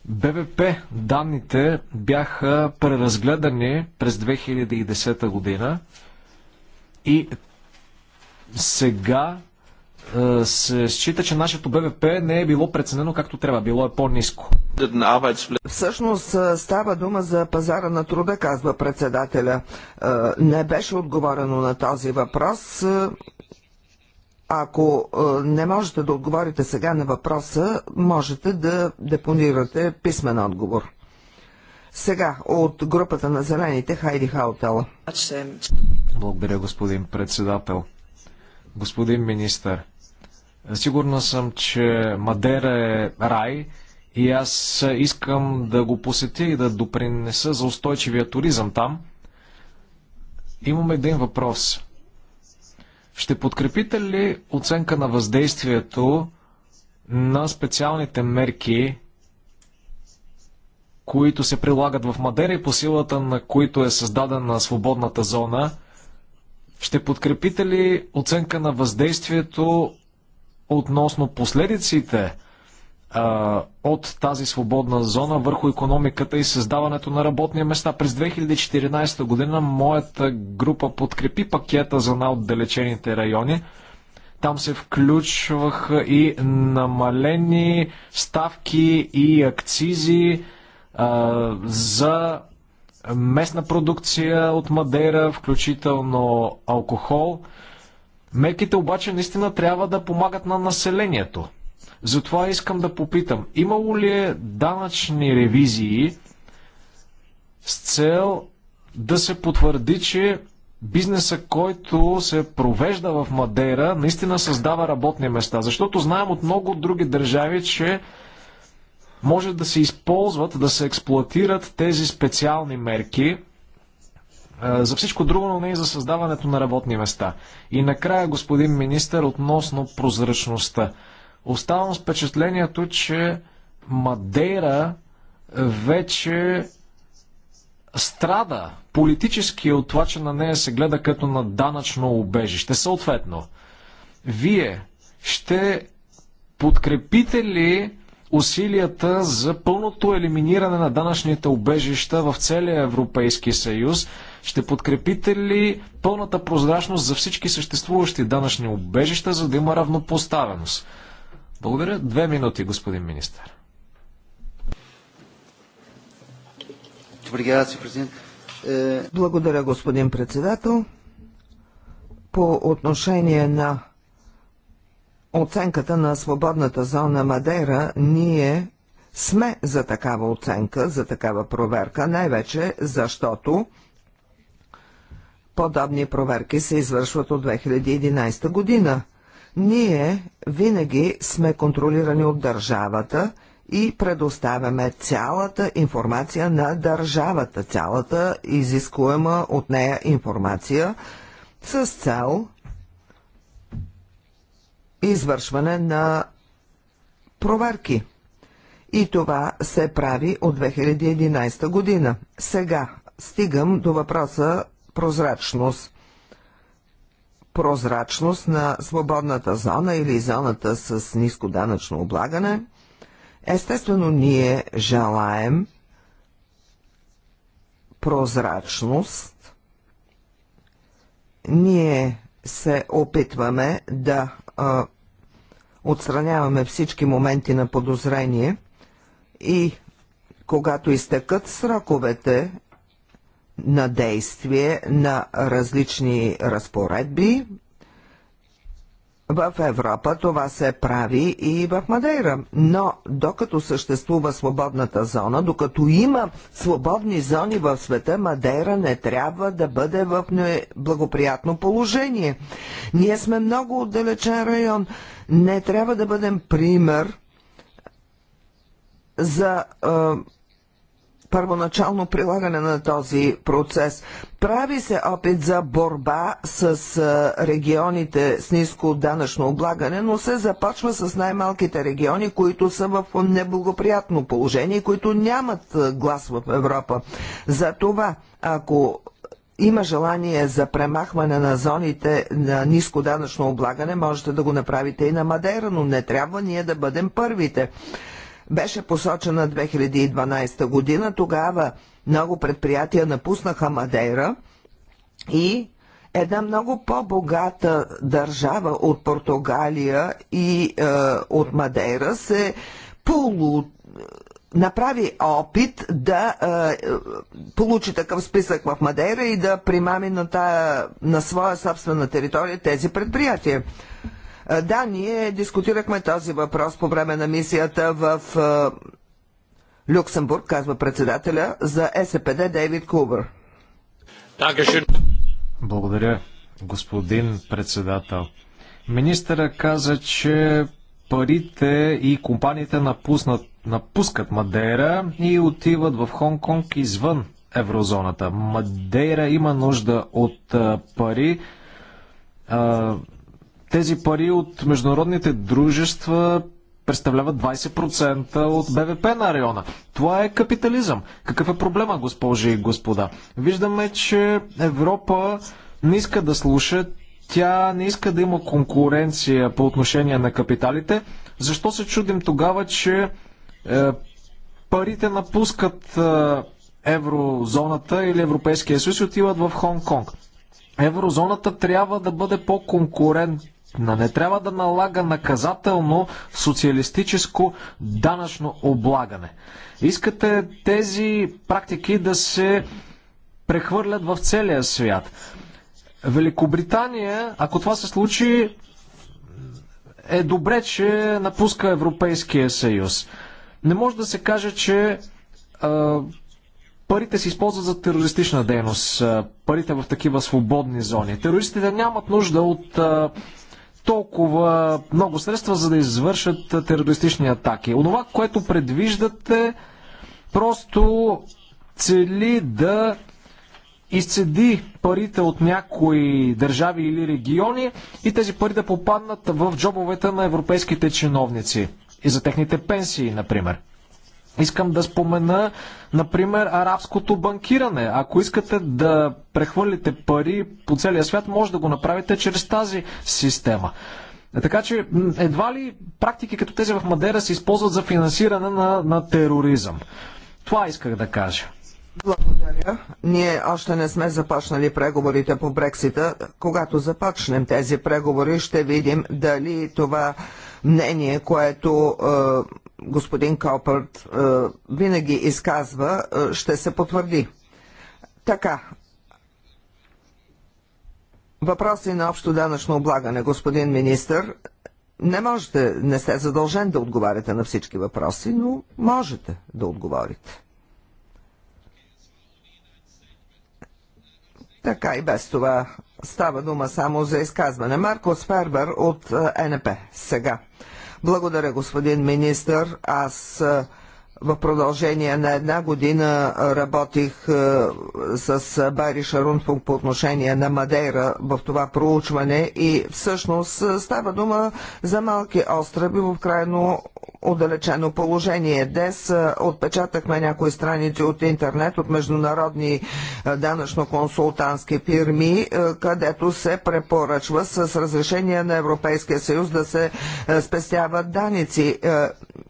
БВП данните бяха преразгледани през 2010 година и сега се счита, че нашето БВП не е било преценено както трябва, било е по-низко. Всъщност става дума за пазара на труда, казва председателя. Не беше отговорено на този въпрос. Ако е, не можете да отговорите сега на въпроса, можете да депонирате писмен отговор. Сега от групата на зелените Хайди Хаутел. Благодаря, господин председател. Господин министър, сигурна съм, че Мадера е рай и аз искам да го посетя и да допринеса за устойчивия туризъм там. Имам един въпрос. Ще подкрепите ли оценка на въздействието на специалните мерки, които се прилагат в мадери по силата на които е създадена свободната зона? Ще подкрепите ли оценка на въздействието относно последиците от тази свободна зона върху економиката и създаването на работни места. През 2014 година моята група подкрепи пакета за най-отдалечените райони. Там се включваха и намалени ставки и акцизи а, за местна продукция от Мадейра, включително алкохол. меките обаче наистина трябва да помагат на населението затова искам да попитам, имало ли е данъчни ревизии с цел да се потвърди, че бизнеса, който се провежда в Мадейра, наистина създава работни места. Защото знаем от много други държави, че може да се използват, да се експлуатират тези специални мерки е, за всичко друго, но не и за създаването на работни места. И накрая, господин министър, относно прозрачността. Оставам с впечатлението, че Мадейра вече страда политически от това, че на нея се гледа като на данъчно убежище. Съответно, вие ще подкрепите ли усилията за пълното елиминиране на данъчните убежища в целия Европейски съюз? Ще подкрепите ли пълната прозрачност за всички съществуващи данъчни убежища, за да има равнопоставеност? Благодаря. Две минути, господин министър. Е, Благодаря, господин председател. По отношение на оценката на свободната зона Мадейра, ние сме за такава оценка, за такава проверка, най-вече защото подобни проверки се извършват от 2011 година. Ние винаги сме контролирани от държавата и предоставяме цялата информация на държавата, цялата изискуема от нея информация с цел извършване на проверки. И това се прави от 2011 година. Сега стигам до въпроса прозрачност прозрачност на свободната зона или зоната с ниско данъчно облагане. Естествено, ние желаем прозрачност. Ние се опитваме да а, отстраняваме всички моменти на подозрение и когато изтекат сроковете на действие на различни разпоредби. В Европа това се прави и в Мадейра. Но докато съществува свободната зона, докато има свободни зони в света, Мадейра не трябва да бъде в неблагоприятно положение. Ние сме много отдалечен район. Не трябва да бъдем пример за. Е, първоначално прилагане на този процес. Прави се опит за борба с регионите с ниско данъчно облагане, но се започва с най-малките региони, които са в неблагоприятно положение, които нямат глас в Европа. За това, ако има желание за премахване на зоните на ниско данъчно облагане, можете да го направите и на Мадейра, но не трябва ние да бъдем първите беше посочена 2012 година. Тогава много предприятия напуснаха Мадейра и една много по-богата държава от Португалия и е, от Мадейра се полу направи опит да е, получи такъв списък в Мадейра и да примами на, тая, на своя собствена територия тези предприятия. Е, да, ние дискутирахме този въпрос по време на мисията в е, Люксембург, казва председателя за СПД Дейвид Кубър. Благодаря, господин председател. Министъра каза, че парите и компаниите напуснат, напускат Мадейра и отиват в Хонг-Конг извън еврозоната. Мадейра има нужда от е, пари. Тези пари от международните дружества представляват 20% от БВП на района. Това е капитализъм. Какъв е проблема, госпожи и господа? Виждаме, че Европа не иска да слуша, тя не иска да има конкуренция по отношение на капиталите. Защо се чудим тогава, че е, парите напускат е, еврозоната или Европейския съюз и отиват в Хонг-Конг? Еврозоната трябва да бъде по-конкурентна не трябва да налага наказателно социалистическо данъчно облагане. Искате тези практики да се прехвърлят в целия свят. Великобритания, ако това се случи, е добре, че напуска Европейския съюз. Не може да се каже, че а, парите се използват за терористична дейност, а, парите в такива свободни зони. Терористите нямат нужда от а, толкова много средства, за да извършат терористични атаки. Онова, което предвиждате, просто цели да изцеди парите от някои държави или региони и тези пари да попаднат в джобовете на европейските чиновници и за техните пенсии, например. Искам да спомена, например, арабското банкиране. Ако искате да прехвърлите пари по целия свят, може да го направите чрез тази система. Така че едва ли практики като тези в Мадера се използват за финансиране на, на тероризъм. Това исках да кажа. Благодаря. Ние още не сме започнали преговорите по Брексита. Когато започнем тези преговори, ще видим дали това мнение, което е, господин Копърт е, винаги изказва, е, ще се потвърди. Така, Въпроси на общо данъчно облагане, господин министр. Не можете, не сте задължен да отговаряте на всички въпроси, но можете да отговорите. Така и без това става дума само за изказване. Маркос Фербер от е, НП. Сега. Благодаря, господин министър. Аз в продължение на една година работих е, с е, Бари Шарунфунг по отношение на Мадейра в това проучване и всъщност е, става дума за малки острови в крайно отдалечено положение. Днес отпечатахме някои страници от интернет, от международни данъчно-консултантски фирми, където се препоръчва с разрешение на Европейския съюз да се спестяват даници.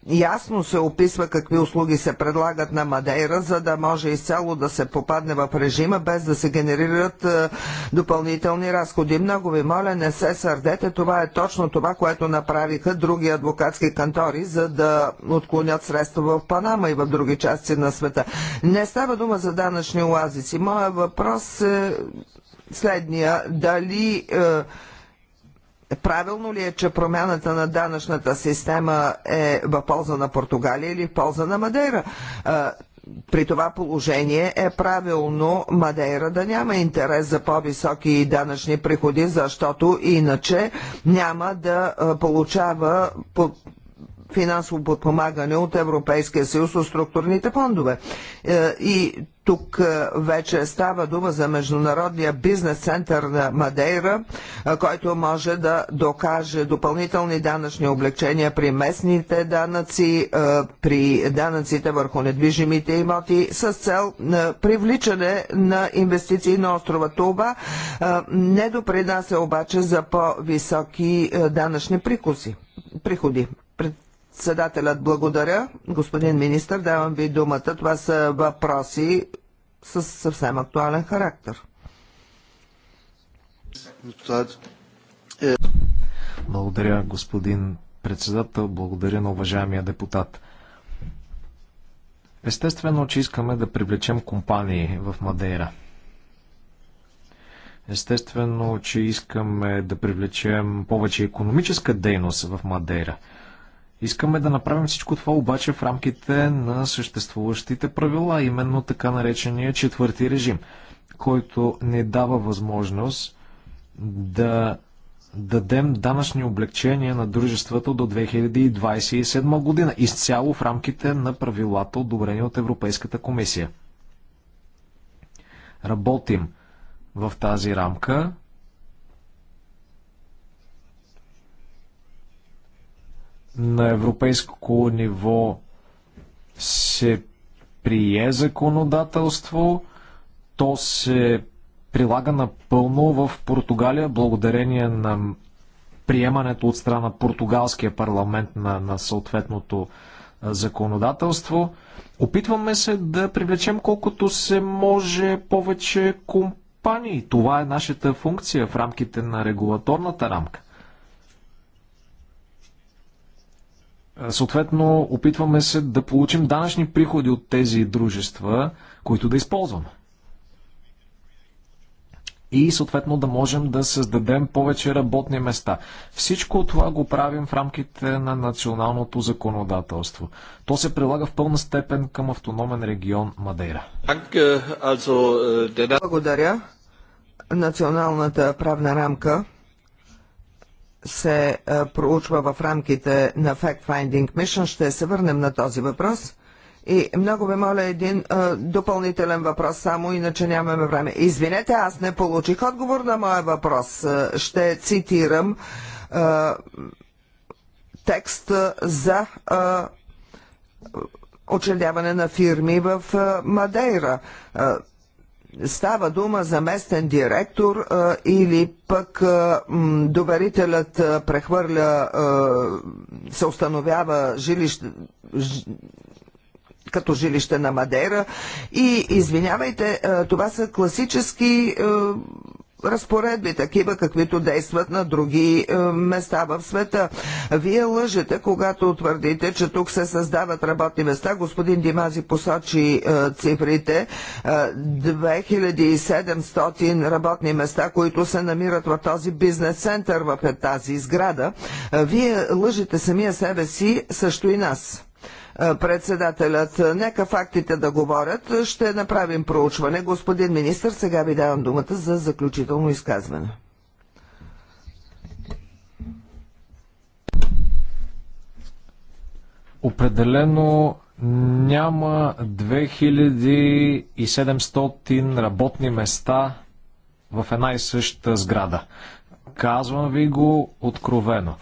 Ясно се описва какви услуги се предлагат на Мадейра, за да може изцяло да се попадне в режима, без да се генерират е, допълнителни разходи. Много ви моля, не се сърдете, това е точно това, което направиха други адвокатски кантори, за да отклонят средства в Панама и в други части на света. Не става дума за данъчни оазици. Моя въпрос е следния. Дали е, правилно ли е, че промяната на данъчната система е в полза на Португалия или в полза на Мадейра? при това положение е правилно Мадейра да няма интерес за по-високи данъчни приходи, защото иначе няма да получава финансово подпомагане от Европейския съюз от структурните фондове. Е, и тук е, вече става дума за Международния бизнес център на Мадейра, е, който може да докаже допълнителни данъчни облегчения при местните данъци, е, при данъците върху недвижимите имоти с цел на привличане на инвестиции на острова. Туба. не допринася обаче за по-високи данъчни прикуси, приходи председателят благодаря. Господин министр, давам ви думата. Това са въпроси с съвсем актуален характер. Благодаря, господин председател. Благодаря на уважаемия депутат. Естествено, че искаме да привлечем компании в Мадейра. Естествено, че искаме да привлечем повече економическа дейност в Мадейра – Искаме да направим всичко това обаче в рамките на съществуващите правила, именно така наречения четвърти режим, който не дава възможност да дадем данъчни облегчения на дружествата до 2027 година, изцяло в рамките на правилата, одобрени от Европейската комисия. Работим в тази рамка. на европейско ниво се прие законодателство, то се прилага напълно в Португалия благодарение на приемането от страна на португалския парламент на, на съответното законодателство. Опитваме се да привлечем колкото се може повече компании. Това е нашата функция в рамките на регулаторната рамка. Съответно, опитваме се да получим данъчни приходи от тези дружества, които да използваме. И съответно да можем да създадем повече работни места. Всичко това го правим в рамките на националното законодателство. То се прилага в пълна степен към автономен регион Мадейра. Э, Благодаря. Националната правна рамка се е, проучва в рамките на Fact Finding Mission. Ще се върнем на този въпрос. И много ви моля един а, е, допълнителен въпрос само, иначе нямаме време. Извинете, аз не получих отговор на моя въпрос. Е, ще цитирам а, текст за а, учредяване на фирми в а, Мадейра. А, Става дума за местен директор а, или пък а, м, доверителят а, прехвърля, а, се установява жилище, ж, като жилище на мадера. И, извинявайте, а, това са класически а, разпоредби, такива каквито действат на други е, места в света. Вие лъжете, когато твърдите, че тук се създават работни места. Господин Димази посочи е, цифрите. 2700 е, работни места, които се намират в този бизнес център, в тази сграда. Вие лъжете самия себе си, също и нас. Председателят, нека фактите да говорят. Ще направим проучване. Господин министр, сега ви давам думата за заключително изказване. Определено няма 2700 работни места в една и съща сграда. Казвам ви го откровено.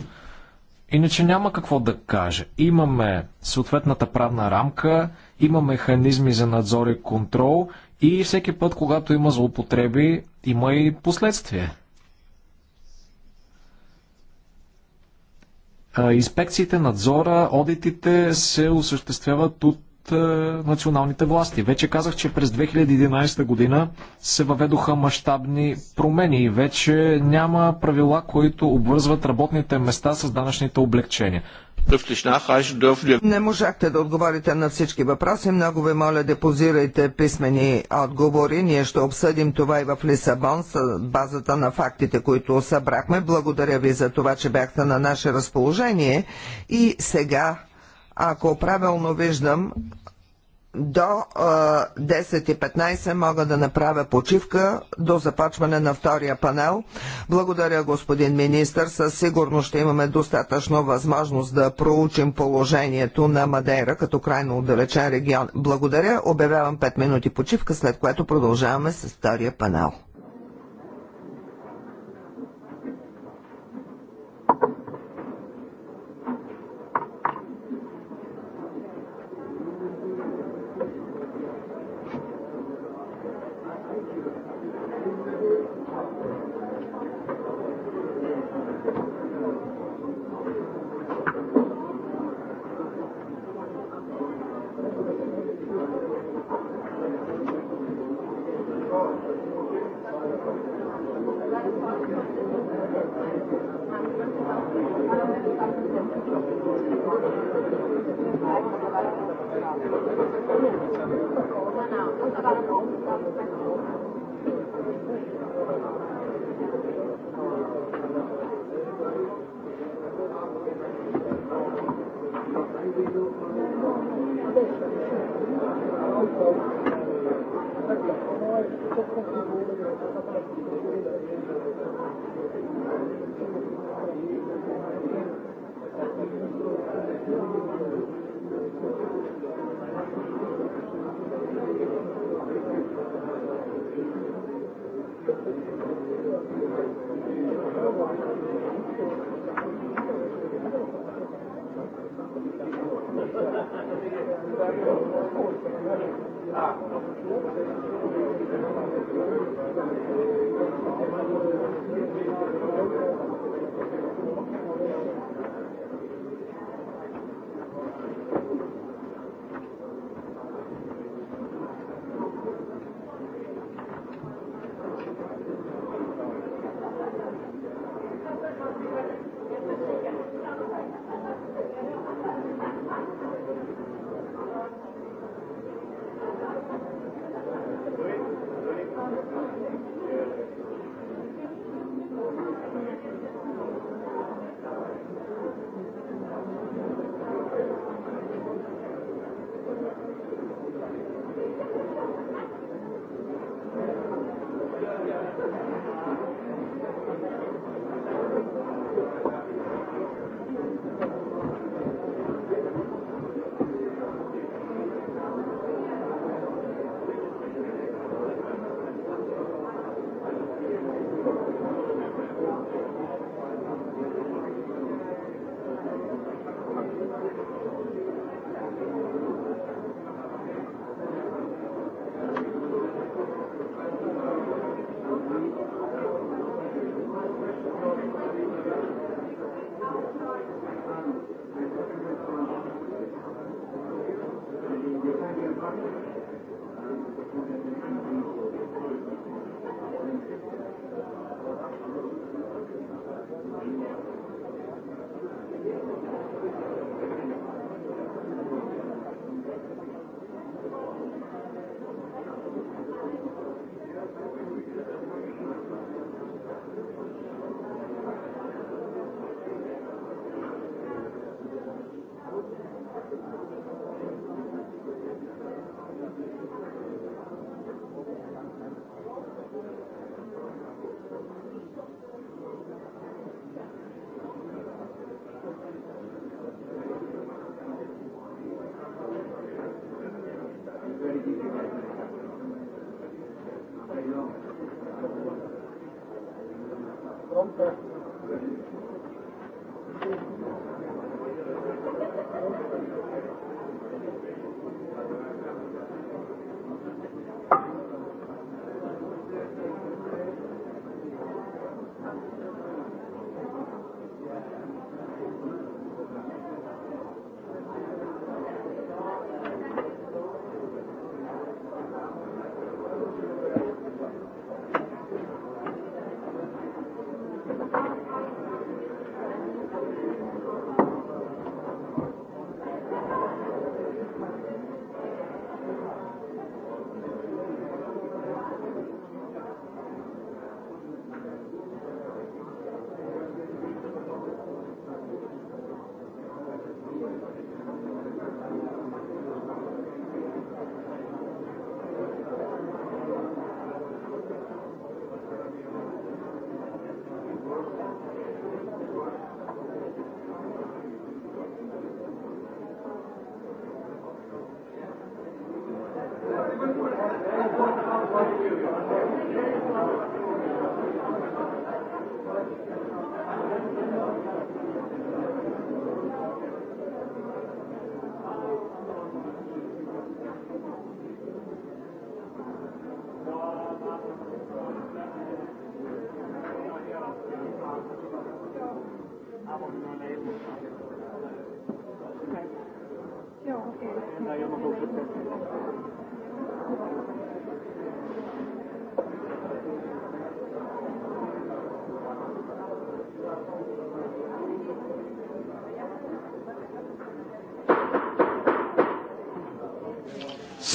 Иначе няма какво да кажа. Имаме съответната правна рамка, има механизми за надзор и контрол и всеки път, когато има злоупотреби, има и последствия. Инспекциите, надзора, одитите се осъществяват от от е, националните власти. Вече казах, че през 2011 година се въведоха мащабни промени и вече няма правила, които обвързват работните места с данъчните облегчения. Не можахте да отговорите на всички въпроси. Много ви моля, депозирайте писмени отговори. Ние ще обсъдим това и в Лисабон с базата на фактите, които събрахме. Благодаря ви за това, че бяхте на наше разположение. И сега ако правилно виждам, до 10.15 мога да направя почивка до започване на втория панел. Благодаря, господин министр. Със сигурност ще имаме достатъчно възможност да проучим положението на Мадейра като крайно отдалечен регион. Благодаря. Обявявам 5 минути почивка, след което продължаваме с втория панел.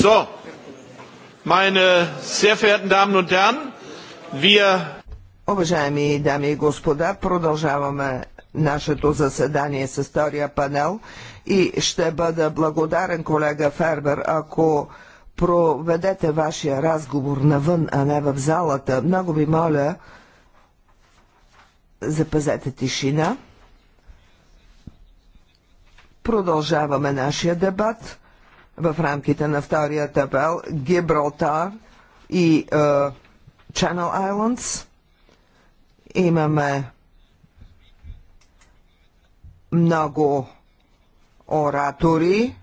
So, meine sehr verehrten Damen und Herren, wir... Уважаеми дами и господа, продължаваме нашето заседание с втория панел и ще бъда благодарен, колега Фербер, ако проведете вашия разговор навън, а не в залата. Много ви моля, запазете тишина. Продължаваме нашия дебат в рамките на втория табел Гибралтар и е, Channel Islands. Имаме много оратори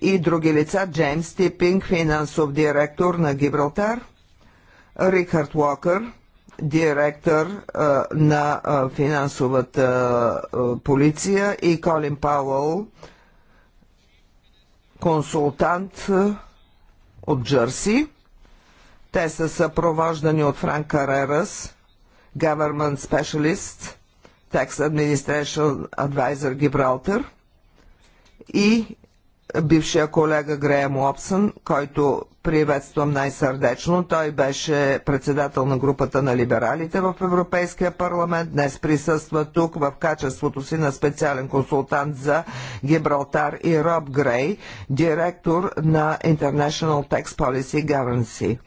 и други лица. Джеймс Типинг, финансов директор на Гибралтар. Рихард Уокър, директор а, е, на а, е, финансовата а, е, полиция и Колин Пауъл, консултант от Джърси. Те са съпровождани от Франк Карерас, Government Specialist, Tax Administration Advisor Гибралтер и бившия колега Греем Лобсън, който приветствам най-сърдечно. Той беше председател на групата на либералите в Европейския парламент. Днес присъства тук в качеството си на специален консултант за Гибралтар и Роб Грей, директор на International Tax Policy Guarantee.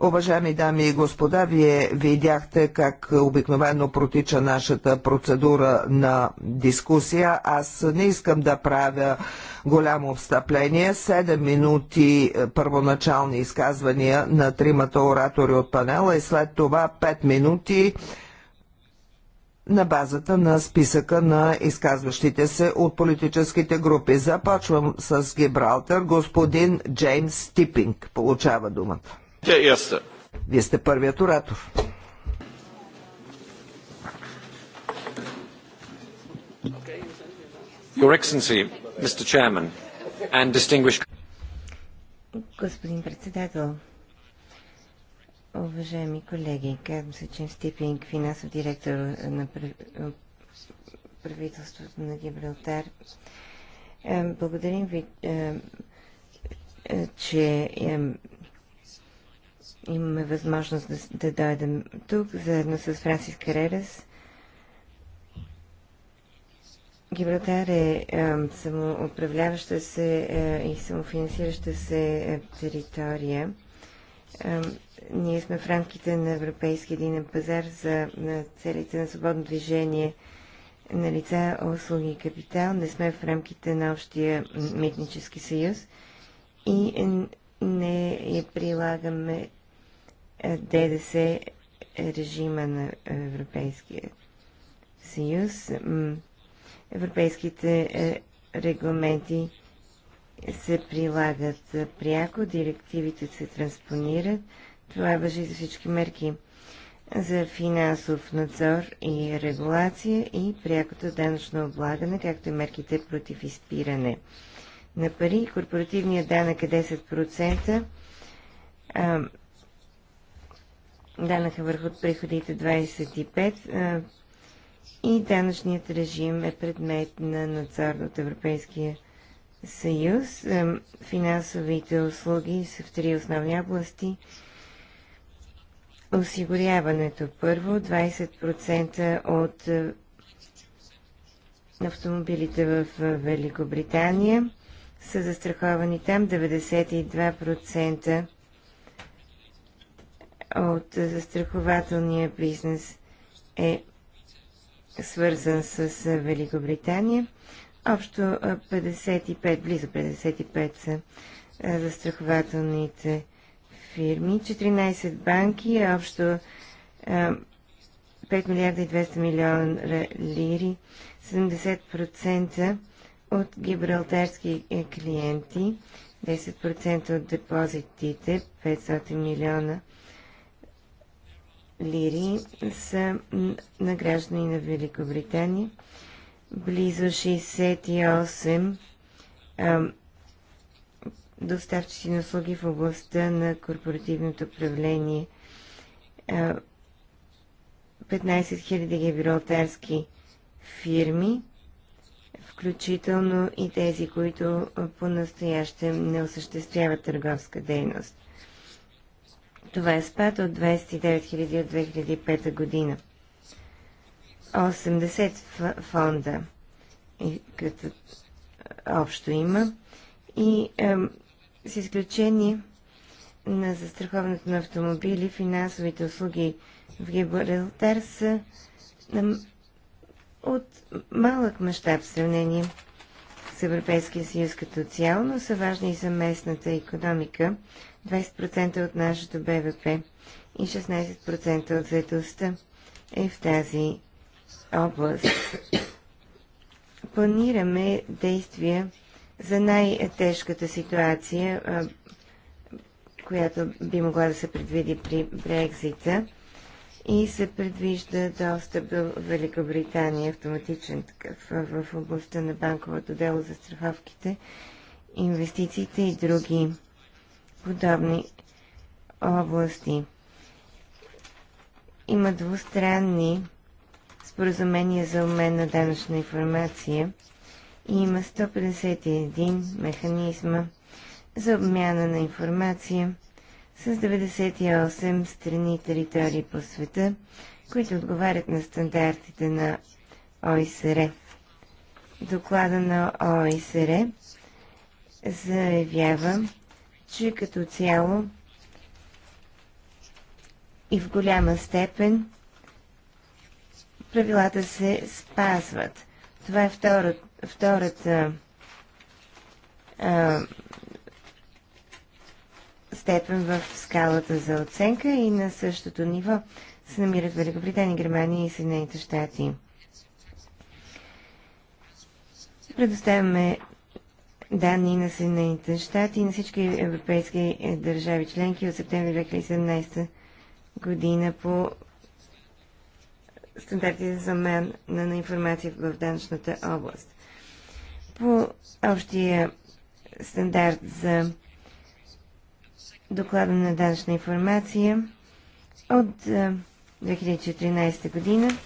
Уважаеми дами и господа, вие видяхте как обикновено протича нашата процедура на дискусия. Аз не искам да правя голямо встъпление. Седем минути е, първоначални изказвания на тримата оратори от панела и след това пет минути на базата на списъка на изказващите се от политическите групи. Започвам с Гибралтър. Господин Джеймс Типинг получава думата. Вие сте първият оратор. Chairman, distinguished... Господин председател, уважаеми колеги, казвам се Джим Стипинг, финансов директор на правителството на Гибралтар. Е, благодарим ви, е, е, че имаме възможност да, да дойдем тук, заедно с Франсис Каререс. Гибралтар е, е самоуправляваща се е, и самофинансираща се е, територия. Ние сме в рамките на Европейския един пазар за на целите на свободно движение на лица, услуги и капитал. Не сме в рамките на общия митнически съюз и не я прилагаме е, ДДС е режима на Европейския съюз. Европейските е, регламенти се прилагат пряко, директивите се транспонират. Това въжи за всички мерки за финансов надзор и регулация и прякото данъчно облагане, както и мерките против изпиране на пари. Корпоративният данък е 10% данъка върху приходите 25 и данъчният режим е предмет на надзор от Европейския съюз. Финансовите услуги са в три основни области. Осигуряването първо, 20% от автомобилите в Великобритания са застраховани там, 92% от застрахователния бизнес е свързан с Великобритания. Общо 55, близо 55 са застрахователните фирми, 14 банки, общо 5 милиарда и 200 милиона лири, 70% от гибралтарски е, клиенти, 10% от депозитите, 500 милиона лири лири са на граждани на Великобритания. Близо 68 а, доставчици на услуги в областта на корпоративното управление. 15 000 гибралтарски фирми, включително и тези, които по-настояще не осъществяват търговска дейност. Това е спад от 29 000 от 2005 година. 80 фонда като общо има и е, с изключение на застраховането на автомобили, финансовите услуги в Гибралтар са на, от малък мащаб в сравнение с Европейския съюз като цяло, но са важни и за местната економика, 20% от нашето БВП и 16% от заедостта е в тази област. Планираме действия за най-тежката ситуация, която би могла да се предвиди при Брекзита и се предвижда достъп до Великобритания, автоматичен такъв, в областта на банковото дело за страховките, инвестициите и други подобни области. Има двустранни споразумения за обмен на данъчна информация и има 151 механизма за обмяна на информация с 98 страни и територии по света, които отговарят на стандартите на ОИСР. Е. Доклада на ОИСР е заявява, че като цяло и в голяма степен правилата се спазват. Това е втора, втората а, степен в скалата за оценка и на същото ниво се намират Великобритания, Германия и Съединените щати. Предоставяме данни на Съединените щати и на всички европейски е, държави членки от септември 2017 година по стандарти за замен на информация в данъчната област. По общия стандарт за доклада на данъчна информация от 2014 е, година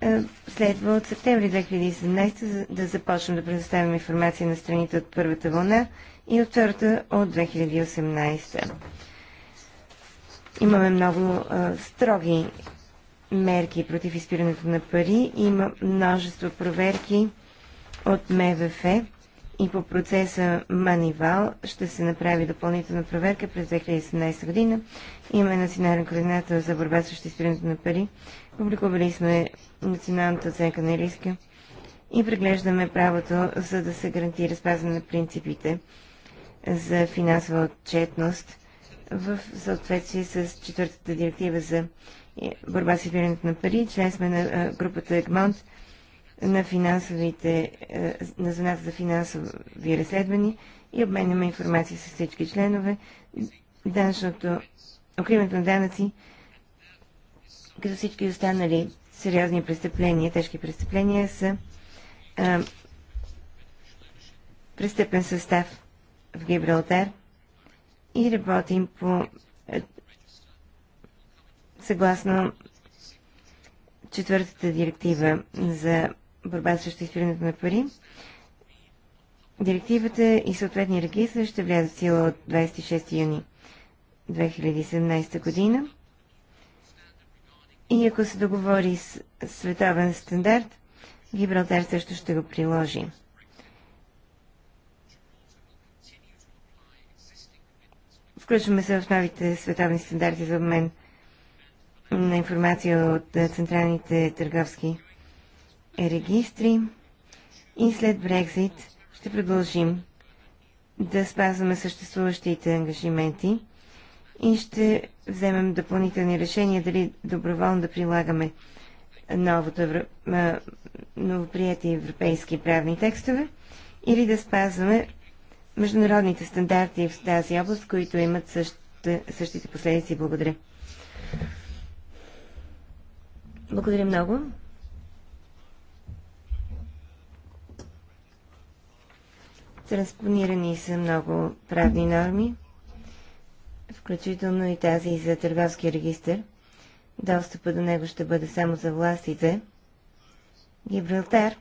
е, следва от септември 2017 да започнем да предоставяме информация на страните от първата вълна и от втората от 2018. Имаме много а, е, строги мерки против изпирането на пари. Има множество проверки от МВФ и по процеса Манивал ще се направи допълнителна проверка през 2017 година. Имаме национален координатор за борба срещу изпирането на пари, Публикували сме националната оценка на риска и преглеждаме правото, за да се гарантира спазване на принципите за финансова отчетност в съответствие с четвъртата директива за борба с изпирането на пари. Член сме на групата Егмонт на, финансовите, на зоната за финансови разследвания и обменяме информация с всички членове. Данъчното, укриването на данъци като всички останали сериозни престъпления, тежки престъпления са а, престъпен състав в Гибралтар и работим по съгласно четвъртата директива за борба срещу изпирането на пари. Директивата и съответния регистр ще влязат в сила от 26 юни 2017 година. И ако се договори с световен стандарт, Гибралтар също ще го приложи. Включваме се в новите световни стандарти за обмен на информация от централните търговски регистри и след Брекзит ще продължим да спазваме съществуващите ангажименти и ще вземем допълнителни решения дали доброволно да прилагаме новото новоприяти европейски правни текстове или да спазваме международните стандарти в тази област, които имат същите, същите последици. Благодаря. Благодаря много. Транспонирани са много правни норми включително и тази за търговски регистр. Достъпа до него ще бъде само за властите. Гибралтар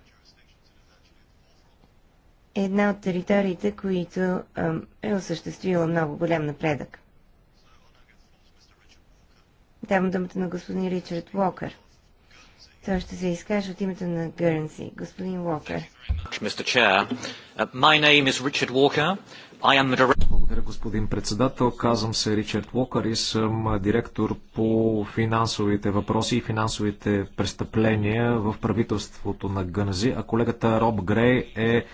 е една от териториите, които е осъществила много голям напредък. Давам думата на господин Ричард Уокър. Той ще се изкаже от името на Гърнси. Господин Уокър. Благодаря, господин председател. Казвам се Ричард Уокър и съм директор по финансовите въпроси и финансовите престъпления в правителството на Гънзи, а колегата Роб Грей е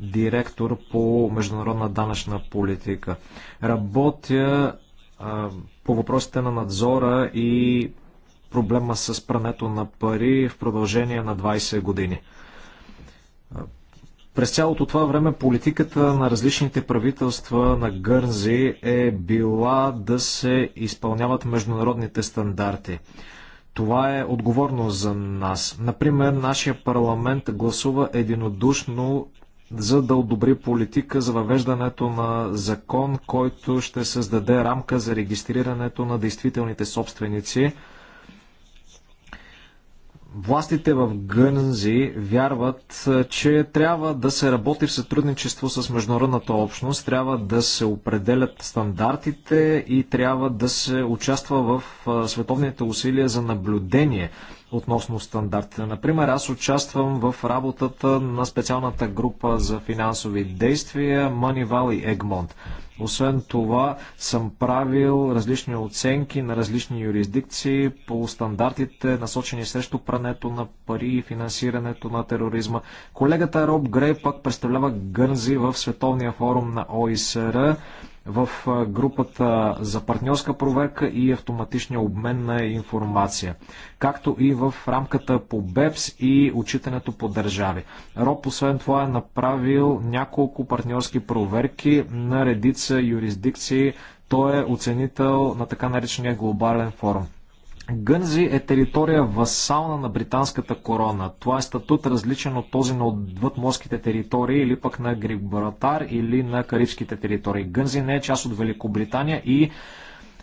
директор по международна данъчна политика. Работя а, по въпросите на надзора и проблема с прането на пари в продължение на 20 години. През цялото това време политиката на различните правителства на Гърнзи е била да се изпълняват международните стандарти. Това е отговорно за нас. Например, нашия парламент гласува единодушно за да одобри политика за въвеждането на закон, който ще създаде рамка за регистрирането на действителните собственици Властите в Гънзи вярват, че трябва да се работи в сътрудничество с международната общност, трябва да се определят стандартите и трябва да се участва в световните усилия за наблюдение относно стандартите. Например, аз участвам в работата на специалната група за финансови действия Манивал и Егмонт. Освен това, съм правил различни оценки на различни юрисдикции по стандартите, насочени срещу прането на пари и финансирането на тероризма. Колегата Роб Грей пък представлява гънзи в Световния форум на ОИСР в групата за партньорска проверка и автоматичния обмен на информация, както и в рамката по БЕПС и отчитането по държави. РОП освен това е направил няколко партньорски проверки на редица юрисдикции. Той е оценител на така наречения глобален форум. Гънзи е територия васална на британската корона. Това е статут различен от този на отвъдморските територии или пък на Грибратар или на Карибските територии. Гънзи не е част от Великобритания и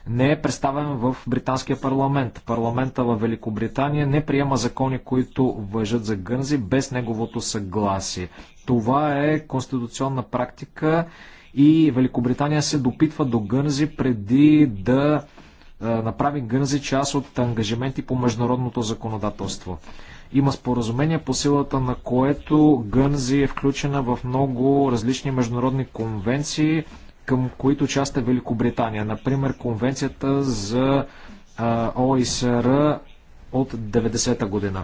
не е представен в британския парламент. Парламента в Великобритания не приема закони, които въжат за Гънзи без неговото съгласие. Това е конституционна практика и Великобритания се допитва до Гънзи преди да направи гънзи част от ангажименти по международното законодателство. Има споразумение по силата на което Гънзи е включена в много различни международни конвенции, към които част е Великобритания. Например, конвенцията за ОИСР от 90-та година.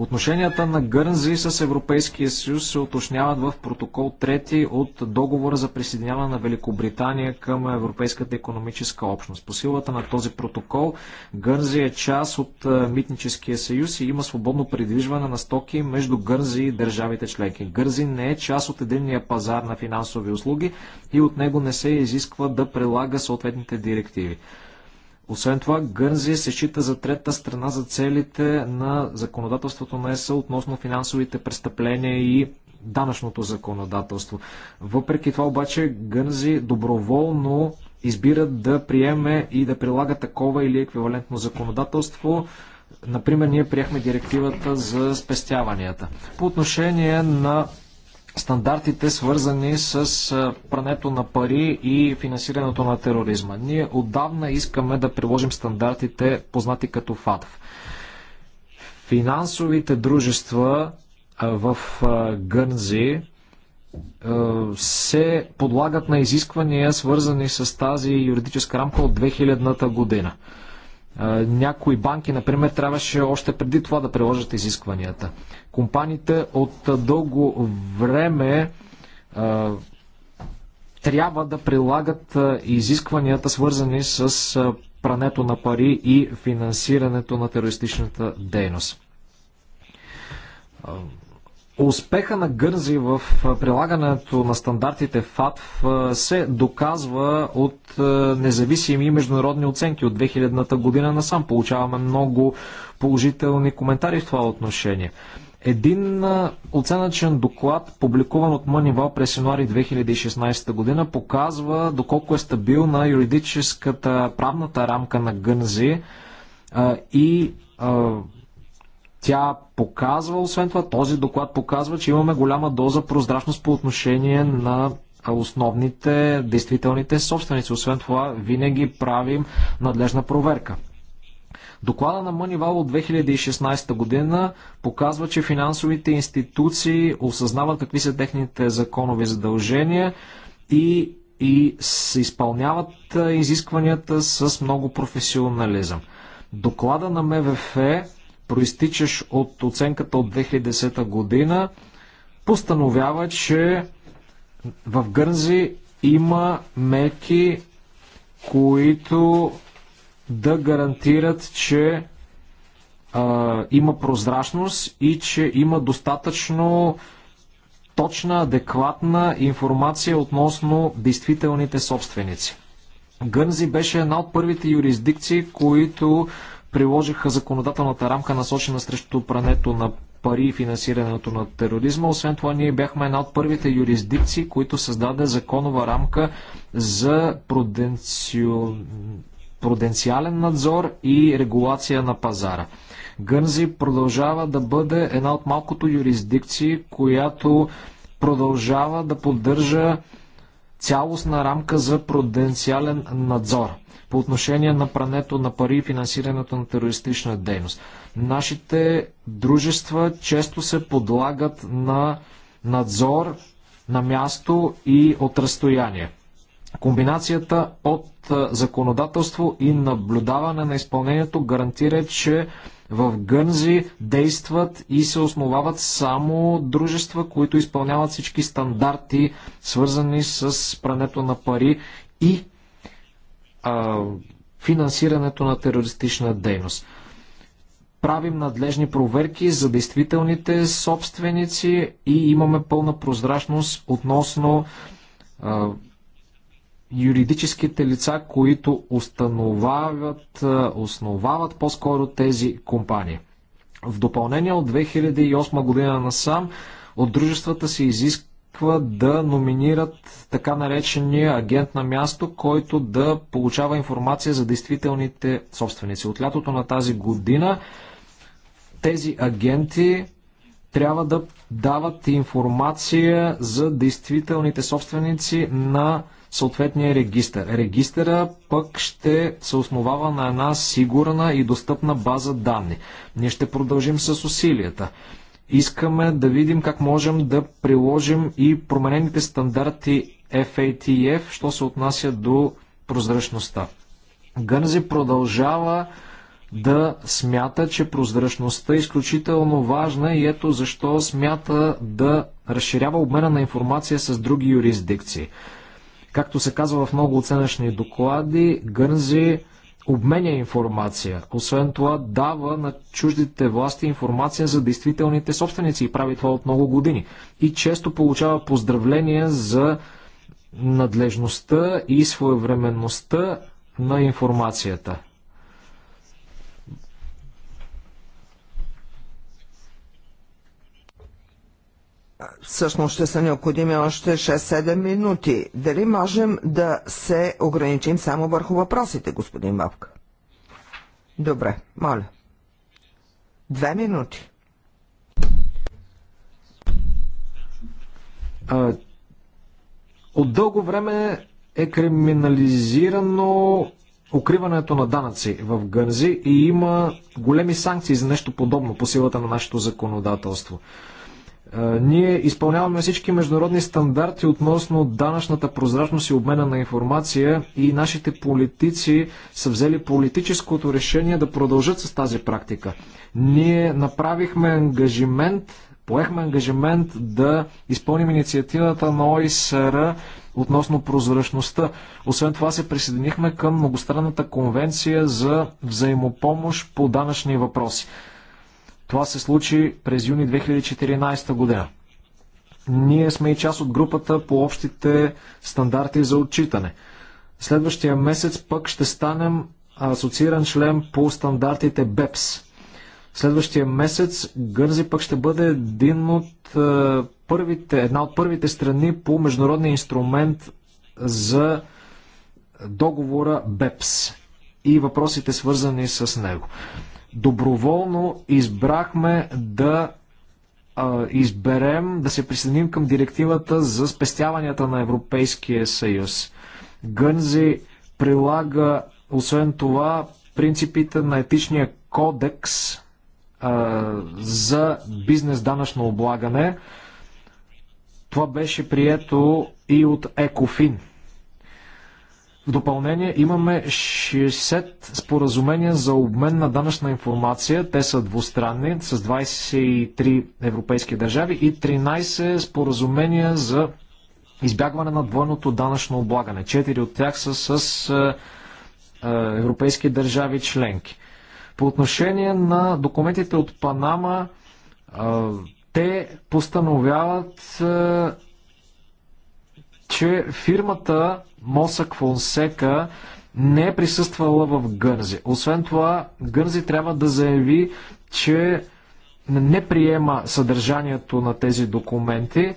Отношенията на Гърнзи с Европейския съюз се уточняват в протокол 3 от договора за присъединяване на Великобритания към Европейската економическа общност. По силата на този протокол Гърнзи е част от е, Митническия съюз и има свободно придвижване на стоки между Гърнзи и държавите членки. Гърнзи не е част от единния пазар на финансови услуги и от него не се изисква да прилага съответните директиви. Освен това, Гърнзи се счита за трета страна за целите на законодателството на ЕСА относно финансовите престъпления и данъчното законодателство. Въпреки това обаче Гърнзи доброволно избира да приеме и да прилага такова или еквивалентно законодателство. Например, ние приехме директивата за спестяванията. По отношение на стандартите, свързани с прането на пари и финансирането на тероризма. Ние отдавна искаме да приложим стандартите, познати като ФАДВ. Финансовите дружества в Гърнзи се подлагат на изисквания, свързани с тази юридическа рамка от 2000-та година. Някои банки, например, трябваше още преди това да приложат изискванията. Компаниите от дълго време трябва да прилагат изискванията, свързани с прането на пари и финансирането на терористичната дейност. Успеха на Гързи в прилагането на стандартите ФАТФ се доказва от независими международни оценки от 2000-та година насам. Получаваме много положителни коментари в това отношение. Един оценъчен доклад, публикуван от Мънивал през януари 2016 година, показва доколко е стабилна юридическата правната рамка на Гънзи и тя показва, освен това, този доклад показва, че имаме голяма доза прозрачност по отношение на основните, действителните собственици. Освен това, винаги правим надлежна проверка. Доклада на Мънивал от 2016 година показва, че финансовите институции осъзнават какви са техните законови задължения и, и се изпълняват изискванията с много професионализъм. Доклада на МВФ проистичаш от оценката от 2010 година, постановява, че в Гърнзи има мерки, които да гарантират, че а, има прозрачност и че има достатъчно точна, адекватна информация относно действителните собственици. Гънзи беше една от първите юрисдикции, които приложиха законодателната рамка насочена срещу прането на пари и финансирането на тероризма. Освен това, ние бяхме една от първите юрисдикции, които създаде законова рамка за проденциален пруденциален надзор и регулация на пазара. Гънзи продължава да бъде една от малкото юрисдикции, която продължава да поддържа цялостна рамка за пруденциален надзор по отношение на прането на пари и финансирането на терористична дейност. Нашите дружества често се подлагат на надзор на място и от разстояние. Комбинацията от законодателство и наблюдаване на изпълнението гарантира, че в Гънзи действат и се основават само дружества, които изпълняват всички стандарти, свързани с прането на пари и а, финансирането на терористична дейност. Правим надлежни проверки за действителните собственици и имаме пълна прозрачност относно а, юридическите лица, които установяват, основават по-скоро тези компании. В допълнение от 2008 година насам от дружествата се изисква изисква да номинират така наречения агент на място, който да получава информация за действителните собственици. От лятото на тази година тези агенти трябва да дават информация за действителните собственици на съответния регистър. Регистъра пък ще се основава на една сигурна и достъпна база данни. Ние ще продължим с усилията. Искаме да видим как можем да приложим и променените стандарти FATF, що се отнася до прозрачността. Гънзи продължава да смята, че прозрачността е изключително важна и ето защо смята да разширява обмена на информация с други юрисдикции. Както се казва в много оценъчни доклади, Гънзи обменя информация. Освен това, дава на чуждите власти информация за действителните собственици и прави това от много години. И често получава поздравления за надлежността и своевременността на информацията. всъщност ще са необходими още 6-7 минути. Дали можем да се ограничим само върху въпросите, господин Бабка? Добре, моля. Две минути. А, от дълго време е криминализирано укриването на данъци в Гързи и има големи санкции за нещо подобно по силата на нашето законодателство. Ние изпълняваме всички международни стандарти относно данъчната прозрачност и обмена на информация и нашите политици са взели политическото решение да продължат с тази практика. Ние направихме ангажимент, поехме ангажимент да изпълним инициативата на ОИСР относно прозрачността. Освен това се присъединихме към многостранната конвенция за взаимопомощ по данъчни въпроси. Това се случи през юни 2014 година. Ние сме и част от групата по общите стандарти за отчитане. Следващия месец пък ще станем асоцииран член по стандартите БЕПС. Следващия месец Гързи пък ще бъде един от, е, първите, една от първите страни по международния инструмент за договора БЕПС и въпросите свързани с него доброволно избрахме да изберем да се присъединим към директивата за спестяванията на Европейския съюз. Гънзи прилага, освен това, принципите на етичния кодекс а, за бизнес данъчно облагане. Това беше прието и от Екофин. В допълнение имаме 60 споразумения за обмен на данъчна информация. Те са двустранни с 23 европейски държави и 13 споразумения за избягване на двойното данъчно облагане. Четири от тях са с е, е, европейски държави членки. По отношение на документите от Панама, е, те постановяват че фирмата Мосък Фонсека не е присъствала в Гързи. Освен това, Гързи трябва да заяви, че не приема съдържанието на тези документи.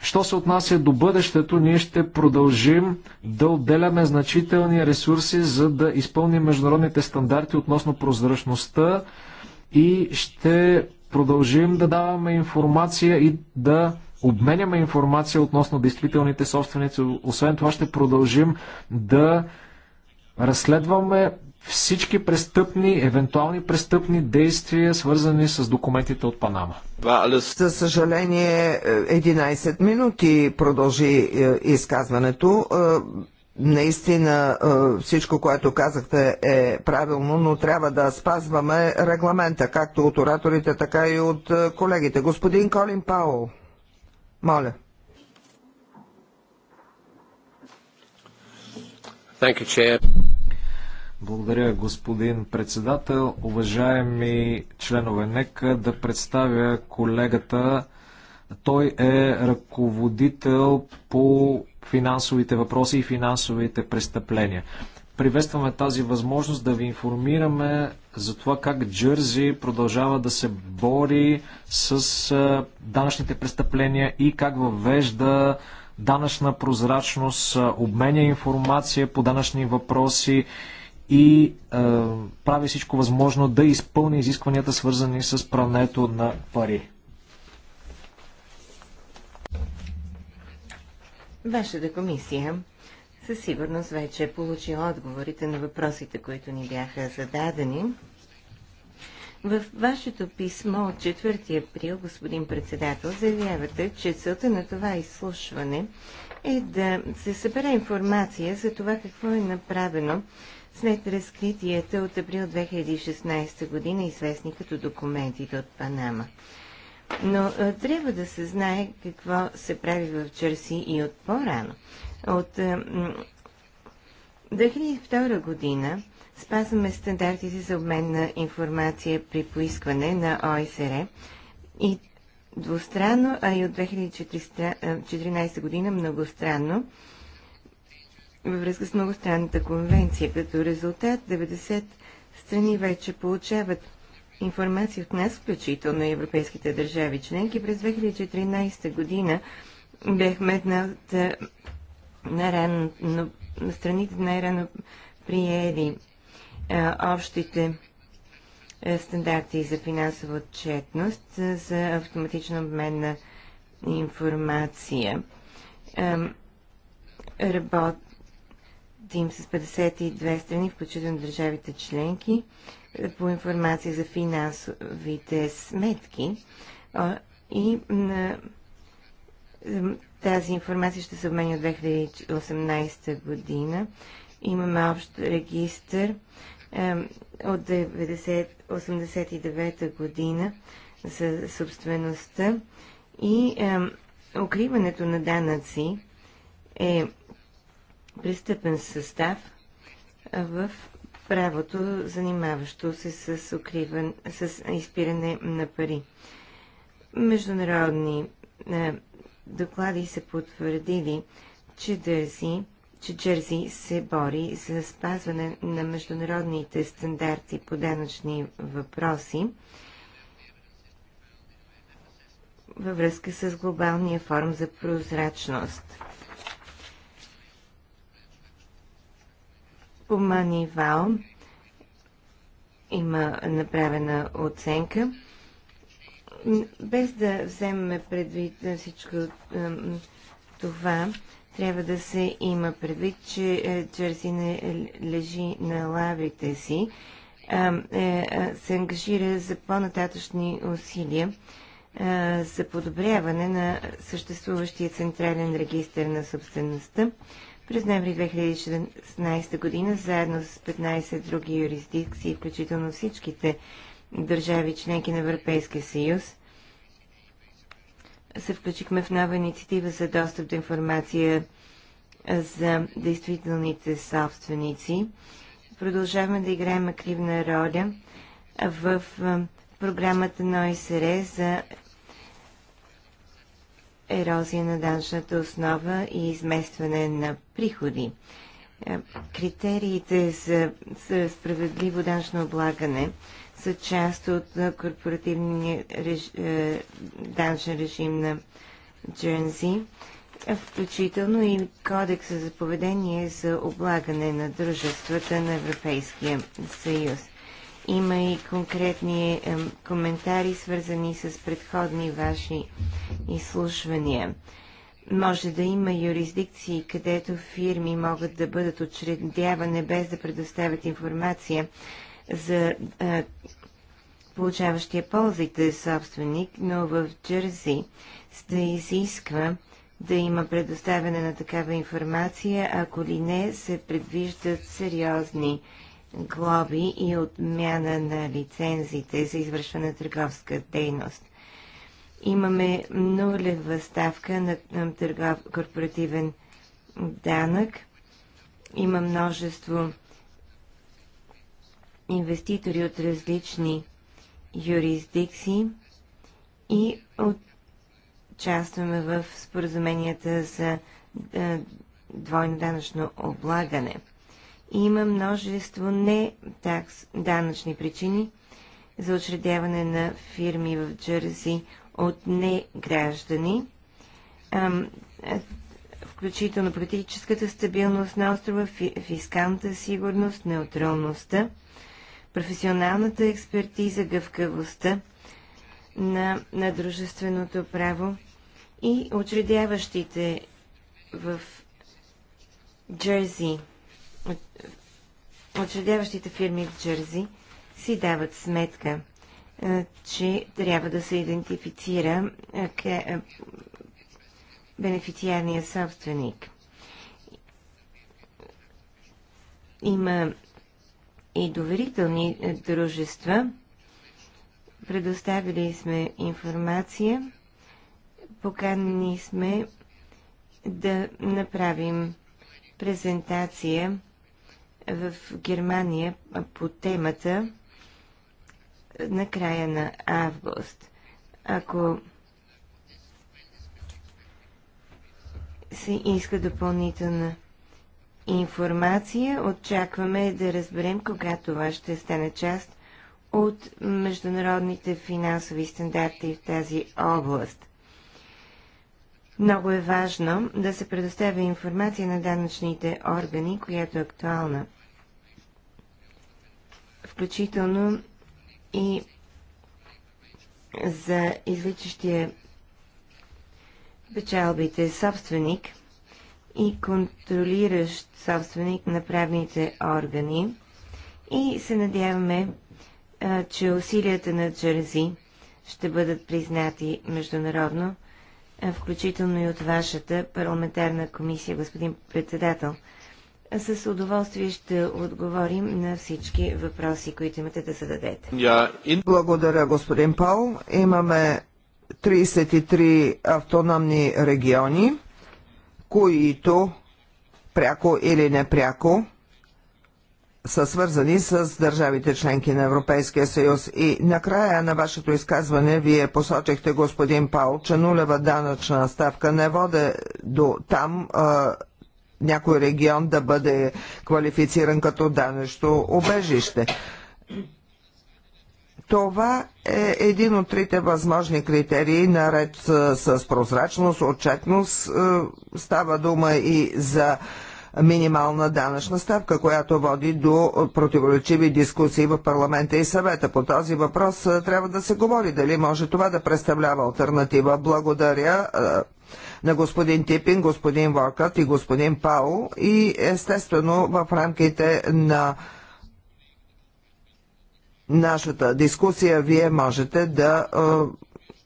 Що се отнася до бъдещето, ние ще продължим да отделяме значителни ресурси, за да изпълним международните стандарти относно прозрачността и ще продължим да даваме информация и да обменяме информация относно действителните собственици. Освен това ще продължим да разследваме всички престъпни, евентуални престъпни действия, свързани с документите от Панама. За съжаление, 11 е, минути продължи е, изказването. Е, Наистина е, всичко, което казахте е правилно, но трябва да спазваме регламента, както от ораторите, така и от е, колегите. Господин Колин Паул, моля. Благодаря, господин председател. Уважаеми членове, нека да представя колегата. Той е ръководител по финансовите въпроси и финансовите престъпления. Приветстваме тази възможност да ви информираме за това как Джерзи продължава да се бори с данъчните престъпления и как въвежда данъчна прозрачност, обменя информация по данъчни въпроси и е, прави всичко възможно да изпълни изискванията, свързани с прането на пари. Вашата комисия със сигурност вече е получила отговорите на въпросите, които ни бяха зададени. В вашето писмо от 4 април, господин председател, заявявате, че целта на това изслушване е да се събере информация за това какво е направено след разкритията от април 2016 година, известни като документите от Панама. Но а, трябва да се знае какво се прави в Черси, и от по-рано. От а, 2002 година спазваме стандартите за обмен на информация при поискване на ОСР и двустранно, а и от 2014 година многостранно във връзка с многостранната конвенция. Като резултат 90 страни вече получават информация от нас, включително и европейските държави членки. През 2014 година бяхме една от най-рано, страните най-рано приели а, общите стандарти за финансова отчетност, за автоматичен обмен на информация. Работим с 52 страни, включително държавите членки по информация за финансовите сметки и тази информация ще се обменя от 2018 година. Имаме общ регистр от 1989 година за собствеността и укриването на данъци е престъпен състав в правото, занимаващо се с, укриван, с изпиране на пари. Международни е, доклади са потвърдили, че Дързи че Джерзи се бори за спазване на международните стандарти по данъчни въпроси във връзка с глобалния форум за прозрачност. По Манивал има направена оценка. Без да вземем предвид всичко това, трябва да се има предвид, че е, Джерси не лежи на лаврите си, е, а, е, се ангажира за по-нататъчни усилия а, за подобряване на съществуващия централен регистр на собствеността, през ноември 2016 година, заедно с 15 други юрисдикции, включително всичките държави членки на Европейския съюз, се включихме в нова инициатива за достъп до информация за действителните собственици. Продължаваме да играем активна роля в програмата НОИСРЕ за ерозия на данъчната основа и изместване на приходи. Е, критериите за, справедливо данъчно облагане са част от е, корпоративния реж, е, данъчен режим на Джернси, включително и кодекса за поведение за облагане на дружествата на Европейския съюз. Има и конкретни коментари, свързани с предходни ваши изслушвания. Може да има юрисдикции, където фирми могат да бъдат учредявани без да предоставят информация за а, е, получаващия ползите собственик, но в Джерси се да изисква да има предоставяне на такава информация, ако ли не се предвиждат сериозни глоби и отмяна на лицензите за извършване на търговска дейност. Имаме нулева ставка на, търгов, корпоративен данък. Има множество инвеститори от различни юрисдикции и участваме в споразуменията за е, двойно данъчно облагане – има множество не такс, данъчни причини за учредяване на фирми в Джерси от не граждани, включително политическата стабилност на острова, фискалната сигурност, неутралността, професионалната експертиза, гъвкавостта на, на дружественото право и учредяващите в Джерси учредяващите фирми в Джерзи си дават сметка, е, че трябва да се идентифицира е, е, бенефициарния собственик. Има и доверителни дружества. Предоставили сме информация. Поканени сме да направим презентация в Германия по темата на края на август. Ако се иска допълнителна информация, очакваме да разберем кога това ще стане част от международните финансови стандарти в тази област. Много е важно да се предоставя информация на данъчните органи, която е актуална, включително и за изличащия печалбите собственик и контролиращ собственик на правните органи и се надяваме, че усилията на Джерзи ще бъдат признати международно включително и от вашата парламентарна комисия, господин председател. С удоволствие ще отговорим на всички въпроси, които имате да зададете. Благодаря, господин Пал. Имаме 33 автономни региони, които пряко или непряко са свързани с държавите членки на Европейския съюз. И накрая на вашето изказване вие посочихте, господин Паул, че нулева данъчна ставка не воде до там а, някой регион да бъде квалифициран като данъчно обежище. Това е един от трите възможни критерии, наред с, с прозрачност, отчетност. Става дума и за минимална данъчна ставка, която води до противоречиви дискусии в парламента и съвета. По този въпрос трябва да се говори дали може това да представлява альтернатива. Благодаря на господин Типин, господин Воркът и господин Пау, и естествено в рамките на нашата дискусия вие можете да е,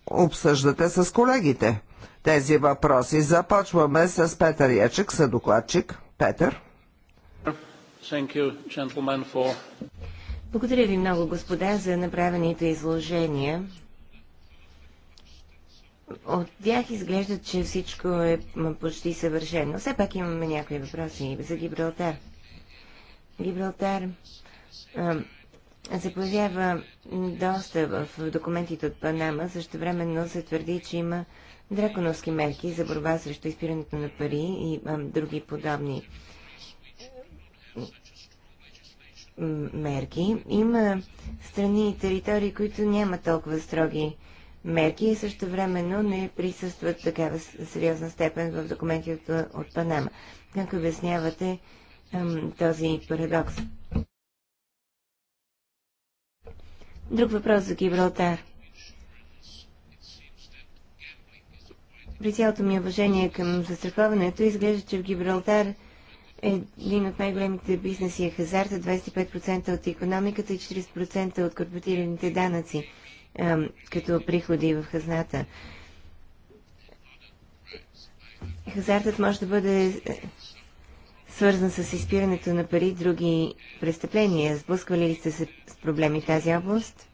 обсъждате с колегите тези въпроси. Започваме с Петър Ячек, съдокладчик. Петър. Благодаря ви много, господа, за направените изложения. От тях изглежда, че всичко е почти съвършено. Все пак имаме някои въпроси за Гибралтар. Гибралтар се появява доста в документите от Панама. Същевременно се твърди, че има драконовски мерки за борба срещу изпирането на пари и а, други подобни мерки. Има страни и територии, които няма толкова строги мерки и също времено не присъстват такава сериозна степен в документите от, от Панама. Как обяснявате ам, този парадокс? Друг въпрос за Гибралтар. при цялото ми уважение към застраховането, изглежда, че в Гибралтар е един от най-големите бизнеси е хазарта, 25% от економиката и 40% от корпоративните данъци като приходи в хазната. Хазартът може да бъде е, свързан с изпирането на пари, други престъпления. Сблъсквали ли сте се с проблеми в тази област?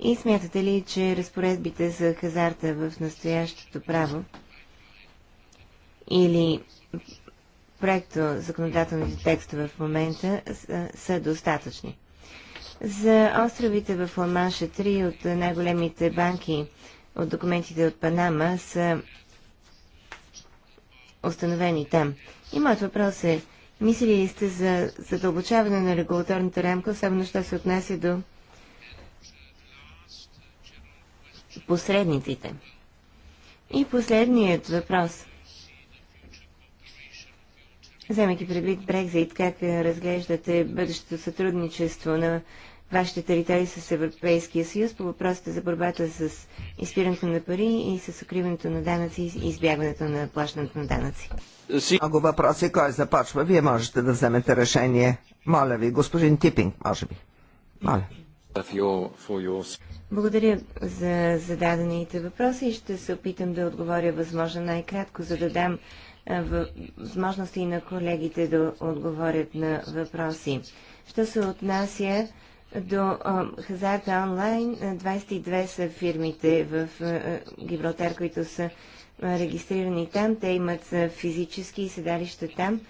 И смятате ли, че разпоредбите за хазарта в настоящото право или проекто законодателните текстове в момента са, са достатъчни? За островите в Ламанша три от най-големите банки от документите от Панама са установени там. И моят въпрос е, мислили ли сте за задълбочаване на регулаторната рамка, особено що се отнася до посредниците. И последният въпрос. Вземайки предвид Брекзит, как разглеждате бъдещето сътрудничество на вашите територии с Европейския съюз по въпросите за борбата с изпирането на пари и с укриването на данъци и избягването на плащането на данъци? Много въпроси. Кой започва? Вие можете да вземете решение. Моля ви, господин Типинг, може би. Моля. Благодаря за зададените въпроси и ще се опитам да отговоря възможно най-кратко, за да дам възможности на колегите да отговорят на въпроси. Що се отнася до хазарта онлайн, 22 са фирмите в Гибралтар, които са регистрирани там. Те имат физически седалища там.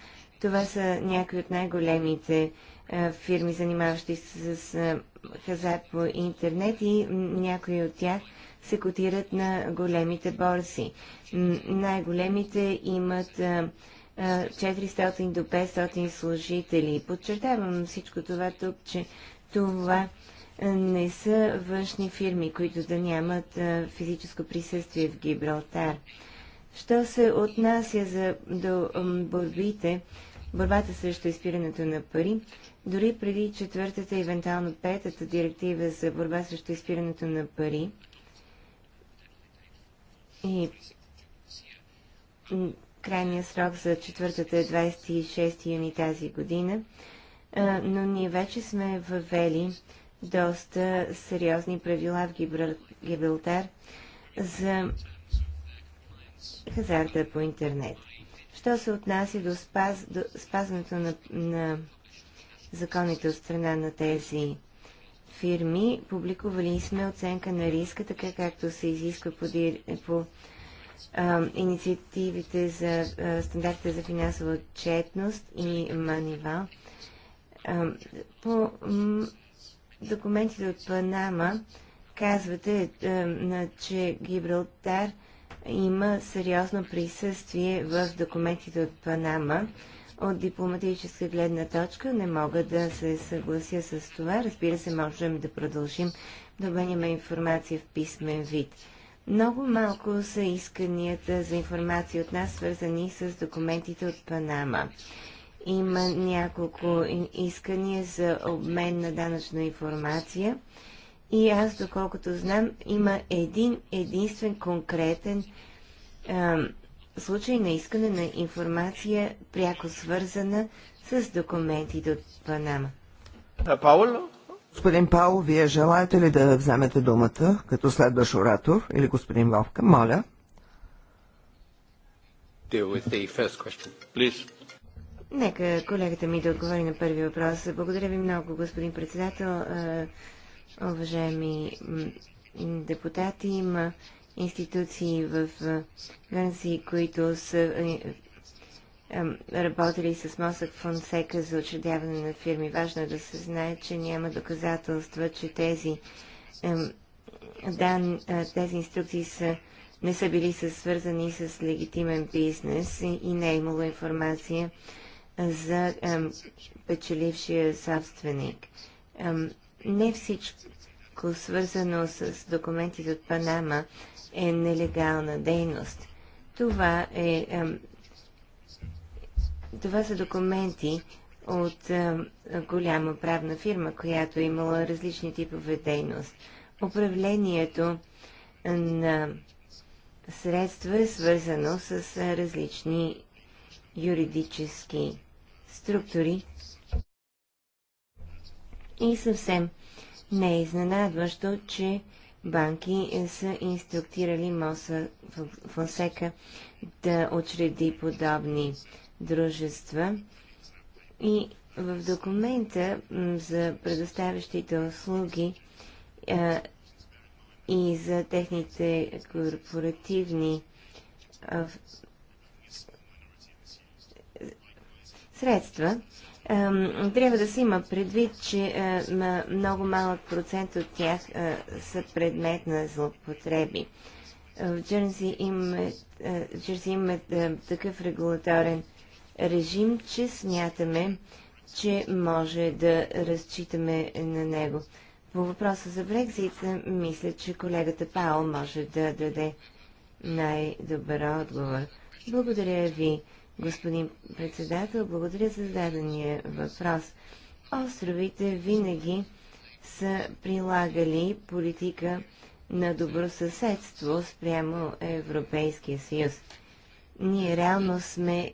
Това са някои от най-големите е, фирми, занимаващи се с е, хазарт по интернет и някои от тях се котират на големите борси. Най-големите имат 400 е, до 500 служители. Подчертавам всичко това тук, че това не са външни фирми, които да нямат физическо присъствие в Гибралтар. Що се отнася за, до борбите, борбата срещу изпирането на пари, дори преди четвъртата, евентуално петата директива за борба срещу изпирането на пари и крайния срок за четвъртата е 26 юни тази година, но ние вече сме въвели доста сериозни правила в Гибралтар за хазарта по интернет. Що се отнася до, спаз, до спазването на, на законите от страна на тези фирми. Публикували сме оценка на риска, така както се изисква по, по а, инициативите за а, стандартите за финансова отчетност и манива. А, по документите от Панама казвате, а, че Гибралтар има сериозно присъствие в документите от Панама от дипломатическа гледна точка не мога да се съглася с това. Разбира се, можем да продължим да обменяме информация в писмен вид. Много малко са исканията за информация от нас, свързани с документите от Панама. Има няколко искания за обмен на данъчна информация и аз, доколкото знам, има един единствен конкретен случай на искане на информация, пряко свързана с документите от Панама. Пауло? Господин Пауло, вие желаете ли да вземете думата като следващ оратор или господин Вовка? Моля. Нека колегата ми да отговори на първи въпрос. Благодаря ви много, господин председател. Уважаеми депутати, има институции в Гърнси, които са работили с Мосък Фонсека за учредяване на фирми. Важно е да се знае, че няма доказателства, че тези, дан, тези инструкции са, не са били са свързани с легитимен бизнес и, не е имало информация за печелившия собственик. не всичко свързано с документите от Панама е нелегална дейност. Това е. Това са документи от голяма правна фирма, която е имала различни типове дейност. Управлението на средства е свързано с различни юридически структури и съвсем не е изненадващо, че банки са инструктирали Моса Фонсека да учреди подобни дружества. И в документа за предоставящите услуги а, и за техните корпоративни а, средства трябва да се има предвид, че е, много малък процент от тях е, са предмет на злоупотреби. В Джерси имаме, е, Джерси имаме такъв регулаторен режим, че смятаме, че може да разчитаме на него. По въпроса за Брекзит, мисля, че колегата Паул може да даде най-добър отговор. Благодаря ви господин председател. Благодаря за зададения въпрос. Островите винаги са прилагали политика на добросъседство спрямо Европейския съюз. Ние реално сме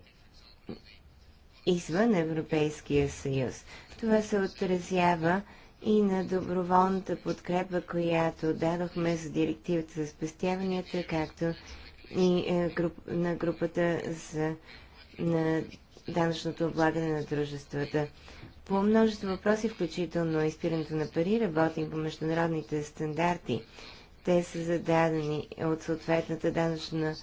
извън Европейския съюз. Това се отразява и на доброволната подкрепа, която дадохме за директивата за спестяванията, както и е, на групата за на данъчното облагане на дружествата. По множество въпроси, включително изпирането на пари, работим по международните стандарти. Те са зададени от съответната данъчна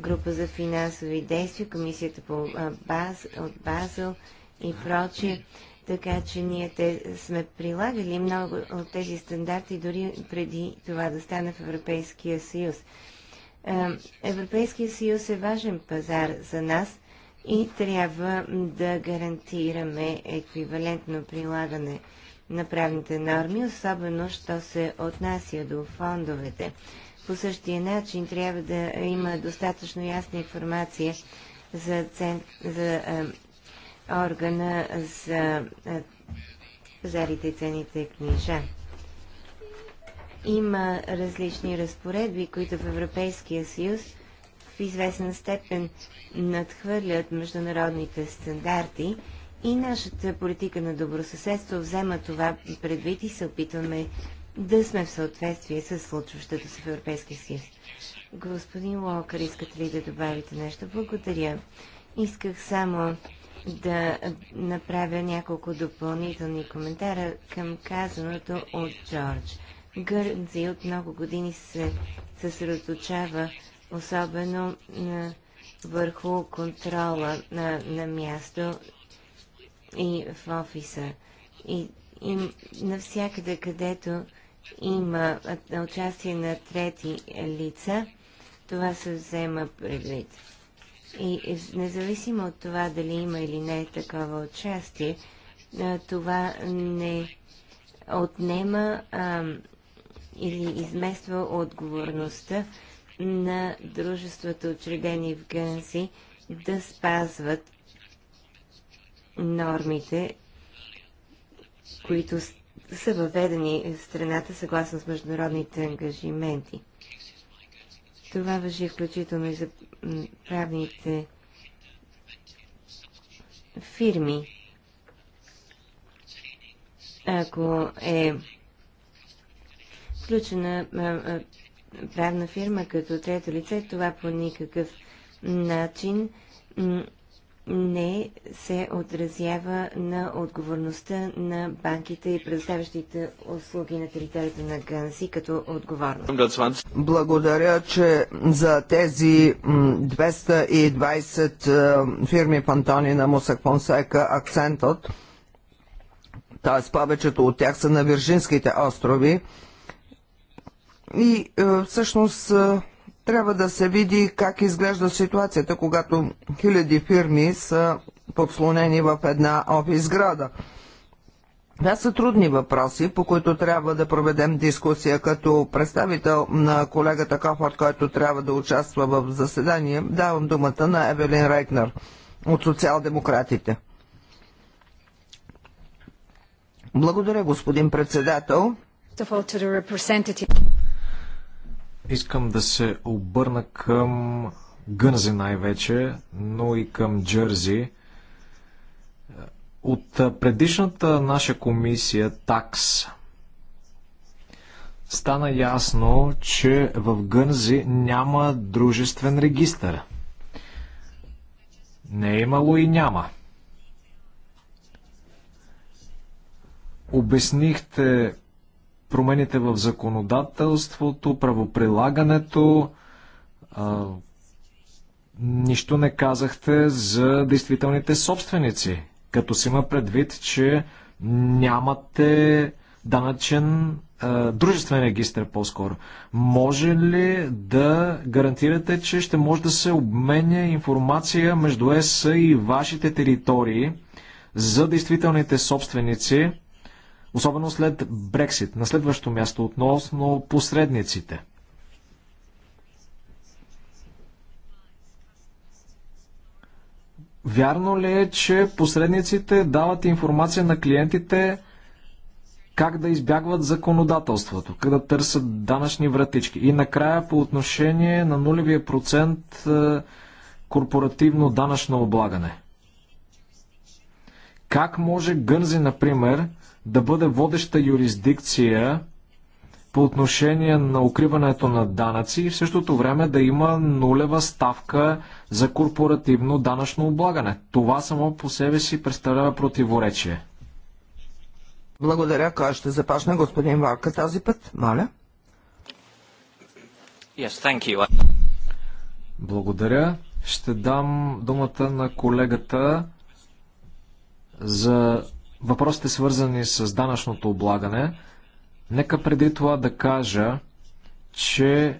група за финансови действия, комисията по баз, от Базел и прочие. Така че ние те сме прилагали много от тези стандарти дори преди това да стане в Европейския съюз. Европейския съюз е важен пазар за нас – и трябва да гарантираме еквивалентно прилагане на правните норми, особено що се отнася до фондовете. По същия начин трябва да има достатъчно ясна информация за, цент... за е, органа за а, е, пазарите и цените книжа. Има различни разпоредби, които в Европейския съюз в известна степен надхвърлят международните стандарти и нашата политика на добросъседство взема това предвид и се опитваме да сме в съответствие с случващото се в Европейския съюз. Господин Локър, искате ли да добавите нещо? Благодаря. Исках само да направя няколко допълнителни коментара към казаното от Джордж. Гърнци от много години се съсредоточава особено на, е, върху контрола на, на място и в офиса. И, и навсякъде, където има участие на трети лица, това се взема предвид. И независимо от това дали има или не е такова участие, е, това не отнема а, или измества отговорността на дружествата, учредени в Гънси, да спазват нормите, които са въведени в страната съгласно с международните ангажименти. Това въжи включително и за правните фирми. Ако е включена правна фирма като трето лице, това по никакъв начин не се отразява на отговорността на банките и предоставящите услуги на територията на Ганси като отговорност. Благодаря, че за тези 220 е, фирми Пантони на Мусак Фонсека акцентът, т.е. повечето от тях са на Виржинските острови, и е, всъщност е, трябва да се види как изглежда ситуацията, когато хиляди фирми са подслонени в една офис града. Това са трудни въпроси, по които трябва да проведем дискусия като представител на колегата Кофорт, който трябва да участва в заседание. Давам думата на Евелин Рейкнер от социал-демократите. Благодаря, господин председател. Искам да се обърна към Гънзи най-вече, но и към Джерзи. От предишната наша комисия ТАКС стана ясно, че в Гънзи няма дружествен регистър. Не е имало и няма. Обяснихте промените в законодателството, правоприлагането. А, нищо не казахте за действителните собственици, като си има предвид, че нямате данъчен а, дружествен регистр по-скоро. Може ли да гарантирате, че ще може да се обменя информация между ЕС и вашите територии за действителните собственици? особено след Брексит. На следващо място относно посредниците. Вярно ли е, че посредниците дават информация на клиентите как да избягват законодателството, как да търсят данъчни вратички? И накрая по отношение на нулевия процент е, корпоративно данъчно облагане. Как може Гънзи, например, да бъде водеща юрисдикция по отношение на укриването на данъци и в същото време да има нулева ставка за корпоративно данъчно облагане. Това само по себе си представлява противоречие. Благодаря. Кой ще започне? Господин Варка тази път, моля. Yes, thank you. Благодаря. Ще дам думата на колегата за въпросите свързани с данъчното облагане, нека преди това да кажа, че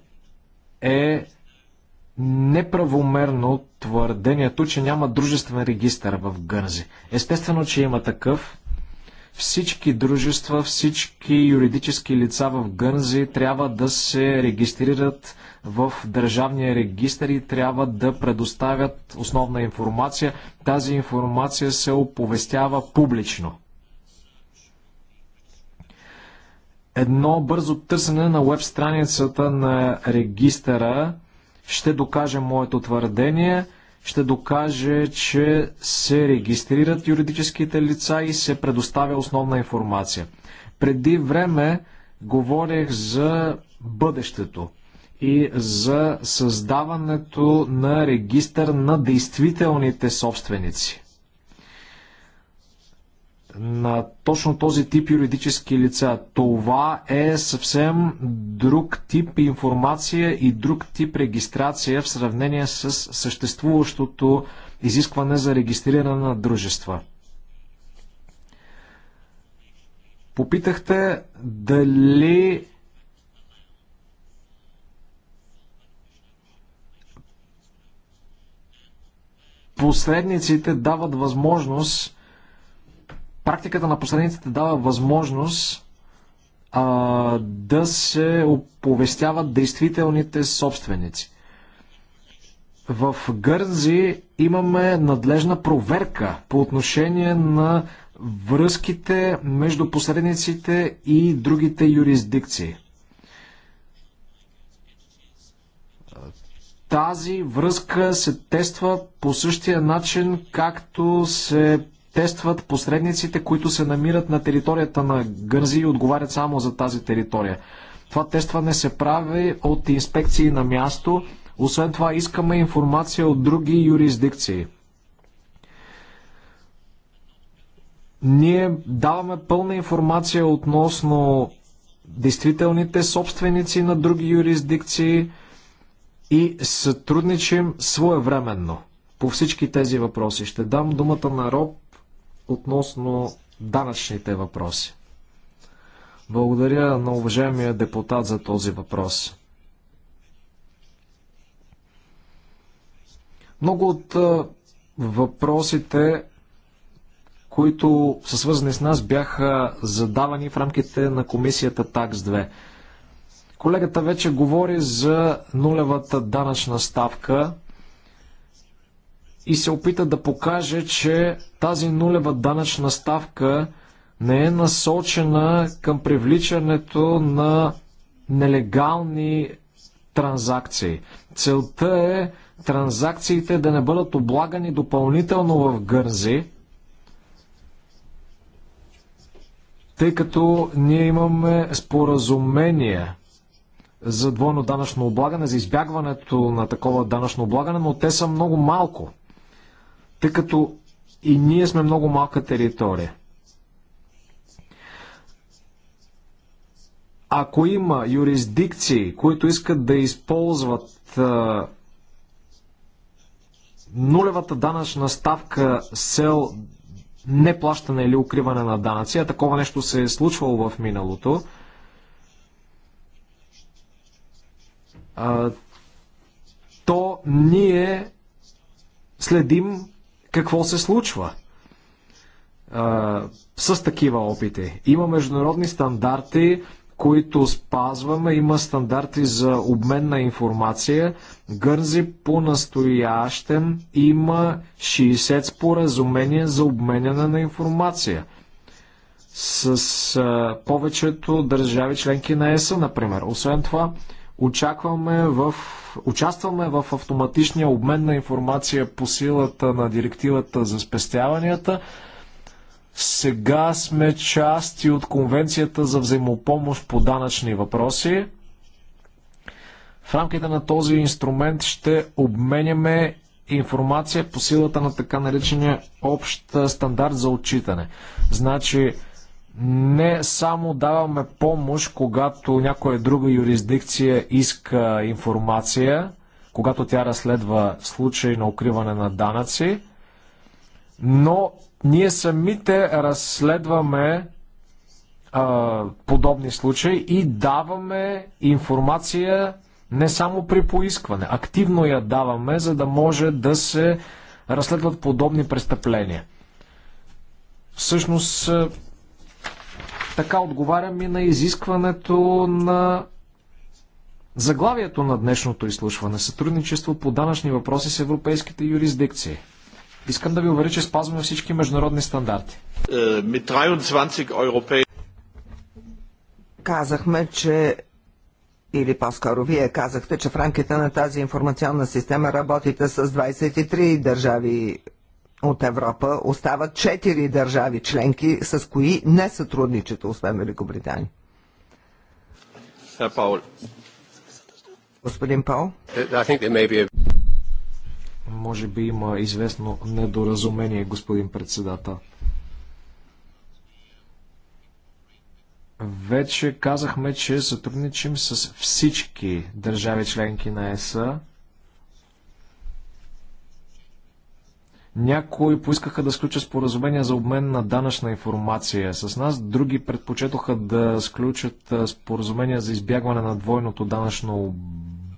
е неправомерно твърдението, че няма дружествен регистър в Гързи. Естествено, че има такъв. Всички дружества, всички юридически лица в Гързи трябва да се регистрират в държавния регистр и трябва да предоставят основна информация. Тази информация се оповестява публично. Едно бързо търсене на веб страницата на регистъра ще докаже моето твърдение, ще докаже, че се регистрират юридическите лица и се предоставя основна информация. Преди време говорех за бъдещето и за създаването на регистър на действителните собственици на точно този тип юридически лица. Това е съвсем друг тип информация и друг тип регистрация в сравнение с съществуващото изискване за регистриране на дружества. Попитахте дали посредниците дават възможност, практиката на посредниците дава възможност а, да се оповестяват действителните собственици. В Гързи имаме надлежна проверка по отношение на връзките между посредниците и другите юрисдикции. тази връзка се тества по същия начин, както се тестват посредниците, които се намират на територията на гързи и отговарят само за тази територия. Това тестване се прави от инспекции на място. Освен това искаме информация от други юрисдикции. Ние даваме пълна информация относно действителните собственици на други юрисдикции – и сътрудничим своевременно по всички тези въпроси. Ще дам думата на Роб относно данъчните въпроси. Благодаря на уважаемия депутат за този въпрос. Много от въпросите, които са свързани с нас, бяха задавани в рамките на комисията ТАКС 2. Колегата вече говори за нулевата данъчна ставка и се опита да покаже, че тази нулева данъчна ставка не е насочена към привличането на нелегални транзакции. Целта е транзакциите да не бъдат облагани допълнително в Гързи, тъй като ние имаме споразумение за двойно данъчно облагане, за избягването на такова данъчно облагане, но те са много малко, тъй като и ние сме много малка територия. Ако има юрисдикции, които искат да използват нулевата данъчна ставка с цел неплащане или укриване на данъци, а такова нещо се е случвало в миналото, то ние следим какво се случва а, с такива опити. Има международни стандарти, които спазваме. Има стандарти за обмен на информация. Гързи по настоящен има 60 споразумения за обменяне на информация. С а, повечето държави членки на ЕСА, например. Освен това, Очакваме в, участваме в автоматичния обмен на информация по силата на директивата за спестяванията. Сега сме части от Конвенцията за взаимопомощ по данъчни въпроси. В рамките на този инструмент ще обменяме информация по силата на така наречения общ стандарт за отчитане. Значи, не само даваме помощ, когато някоя друга юрисдикция иска информация, когато тя разследва случай на укриване на данъци, но ние самите разследваме а, подобни случаи и даваме информация не само при поискване. Активно я даваме, за да може да се разследват подобни престъпления. Всъщност, така отговарям и на изискването на заглавието на днешното изслушване. Сътрудничество по данъчни въпроси с европейските юрисдикции. Искам да ви уверя, че спазваме всички международни стандарти. Е, Казахме, че или по-скоро вие казахте, че в рамките на тази информационна система работите с 23 държави от Европа остават четири държави членки, с кои не сътрудничат, освен Великобритания. Господин Пол. Може би има известно недоразумение, господин председател. Вече казахме, че сътрудничим с всички държави членки на ЕСА Някои поискаха да сключат споразумения за обмен на данъчна информация с нас, други предпочетоха да сключат споразумения за избягване на двойното данъчно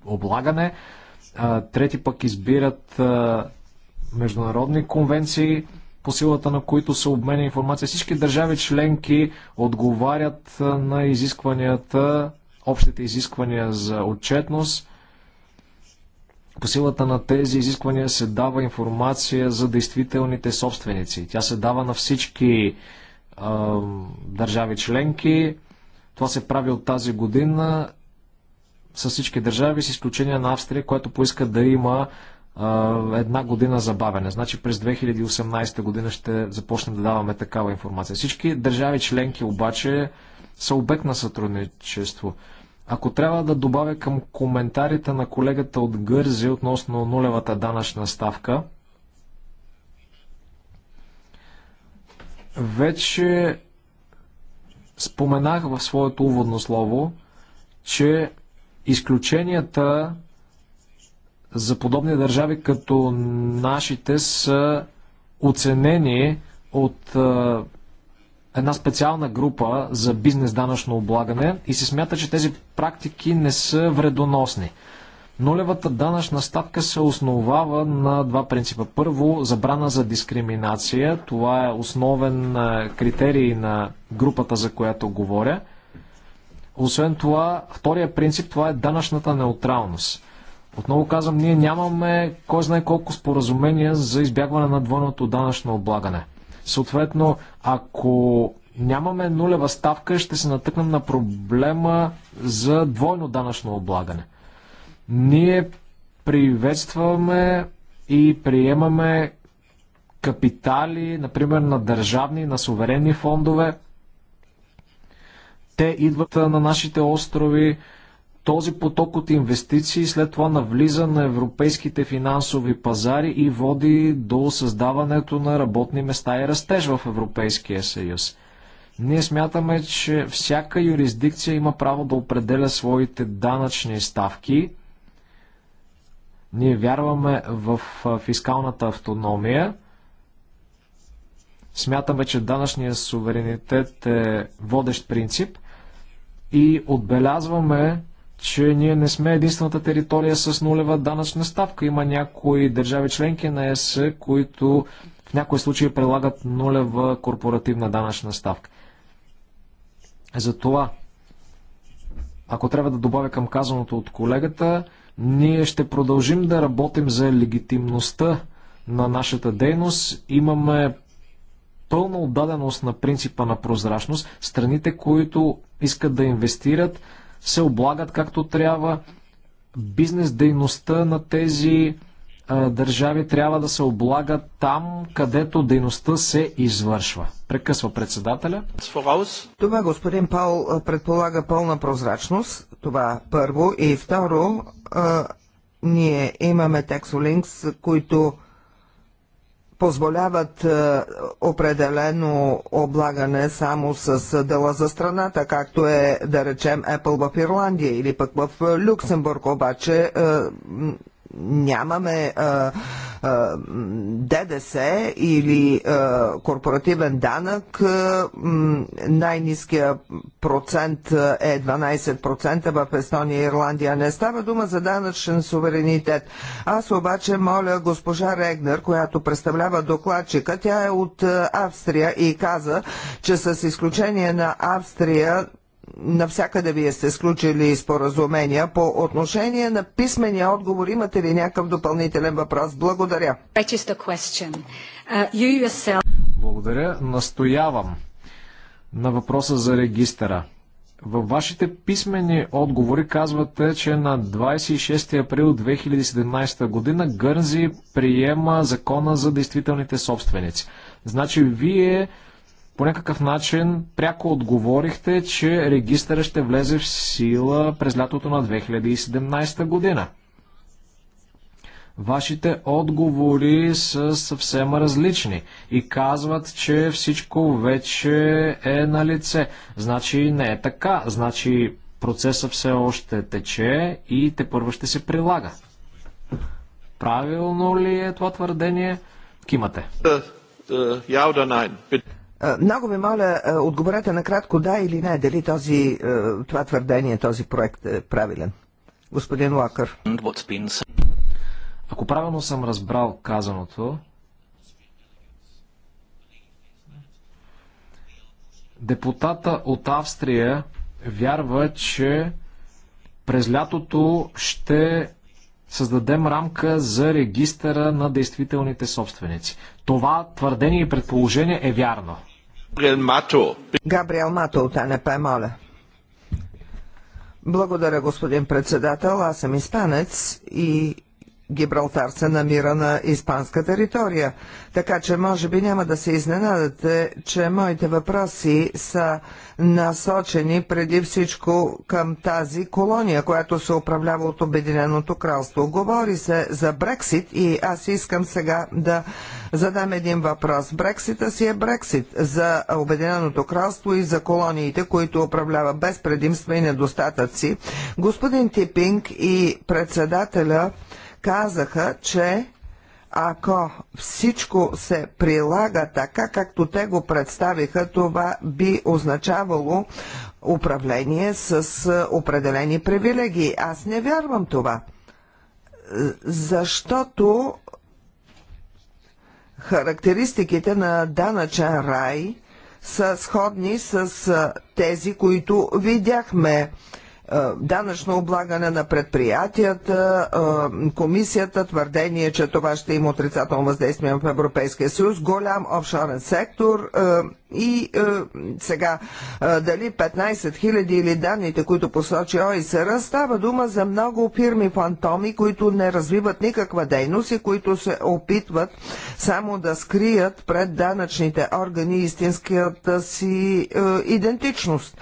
облагане, трети пък избират международни конвенции, по силата на които се обменя информация. Всички държави членки отговарят на изискванията, общите изисквания за отчетност – по силата на тези изисквания се дава информация за действителните собственици. Тя се дава на всички а, държави членки. Това се прави от тази година с всички държави, с изключение на Австрия, която поиска да има а, една година забавене. Значи през 2018 година ще започнем да даваме такава информация. Всички държави членки обаче са обект на сътрудничество. Ако трябва да добавя към коментарите на колегата от Гързи относно нулевата данъчна ставка, вече споменах в своето уводно слово, че изключенията за подобни държави като нашите са оценени от една специална група за бизнес данъчно облагане и се смята, че тези практики не са вредоносни. Нулевата данъчна ставка се основава на два принципа. Първо, забрана за дискриминация. Това е основен е, критерий на групата, за която говоря. Освен това, втория принцип, това е данъчната неутралност. Отново казвам, ние нямаме кой знае колко споразумения за избягване на двойното данъчно облагане. Съответно, ако нямаме нулева ставка, ще се натъкнем на проблема за двойно данъчно облагане. Ние приветстваме и приемаме капитали, например, на държавни, на суверенни фондове. Те идват на нашите острови, този поток от инвестиции след това навлиза на европейските финансови пазари и води до създаването на работни места и растеж в Европейския съюз. Ние смятаме, че всяка юрисдикция има право да определя своите данъчни ставки. Ние вярваме в фискалната автономия. Смятаме, че данъчният суверенитет е водещ принцип и отбелязваме че ние не сме единствената територия с нулева данъчна ставка. Има някои държави членки на ЕС, които в някои случаи прилагат нулева корпоративна данъчна ставка. Затова, ако трябва да добавя към казаното от колегата, ние ще продължим да работим за легитимността на нашата дейност. Имаме пълна отдаденост на принципа на прозрачност. Страните, които искат да инвестират, се облагат както трябва. Бизнес дейността на тези а, държави трябва да се облага там, където дейността се извършва. Прекъсва председателя. Това, господин Паул, предполага пълна прозрачност. Това първо. И второ, а, ние имаме тексолинкс, които позволяват е, определено облагане само с дела за страната, както е да речем Apple в Ирландия или пък в е, Люксембург, обаче е, нямаме ДДС или корпоративен данък, най-низкия процент е 12% в Естония и Ирландия. Не става дума за данъчен суверенитет. Аз обаче моля госпожа Регнер, която представлява докладчика, тя е от Австрия и каза, че с изключение на Австрия навсякъде вие сте сключили споразумения. По отношение на писмения отговор, имате ли някакъв допълнителен въпрос? Благодаря. Uh, Благодаря. Настоявам на въпроса за регистъра. Във вашите писмени отговори казвате, че на 26 април 2017 година Гърнзи приема закона за действителните собственици. Значи вие по някакъв начин пряко отговорихте, че регистъра ще влезе в сила през лятото на 2017 година. Вашите отговори са съвсем различни и казват, че всичко вече е на лице. Значи не е така. Значи процесът все още тече и те първо ще се прилага. Правилно ли е това твърдение? Кимате. Е, е, е, ja е, много ви моля, е, отговорете накратко да или не, дали този, е, това твърдение, този проект е правилен. Господин Лакър. Ако правилно съм разбрал казаното, депутата от Австрия вярва, че през лятото ще създадем рамка за регистъра на действителните собственици. Това твърдение и предположение е вярно. Габриел Мато от НП, моля. Благодаря, господин председател. Аз съм испанец и Гибралтар се намира на испанска територия. Така че може би няма да се изненадате, че моите въпроси са насочени преди всичко към тази колония, която се управлява от Обединеното кралство. Говори се за Брексит и аз искам сега да задам един въпрос. Брексита си е Брексит за Обединеното кралство и за колониите, които управлява без предимства и недостатъци. Господин Типинг и председателя казаха, че ако всичко се прилага така, както те го представиха, това би означавало управление с е, определени привилегии. Аз не вярвам това, защото характеристиките на данъчен рай са сходни с е, тези, които видяхме е, данъчно облагане на предприятията. Е, комисията твърдение, че това ще има отрицателно въздействие в Европейския съюз. Голям офшорен сектор е, и сега дали 15 000 или данните, които посочи ОИСР, става дума за много фирми фантоми, които не развиват никаква дейност и които се опитват само да скрият пред данъчните органи истинската си идентичност.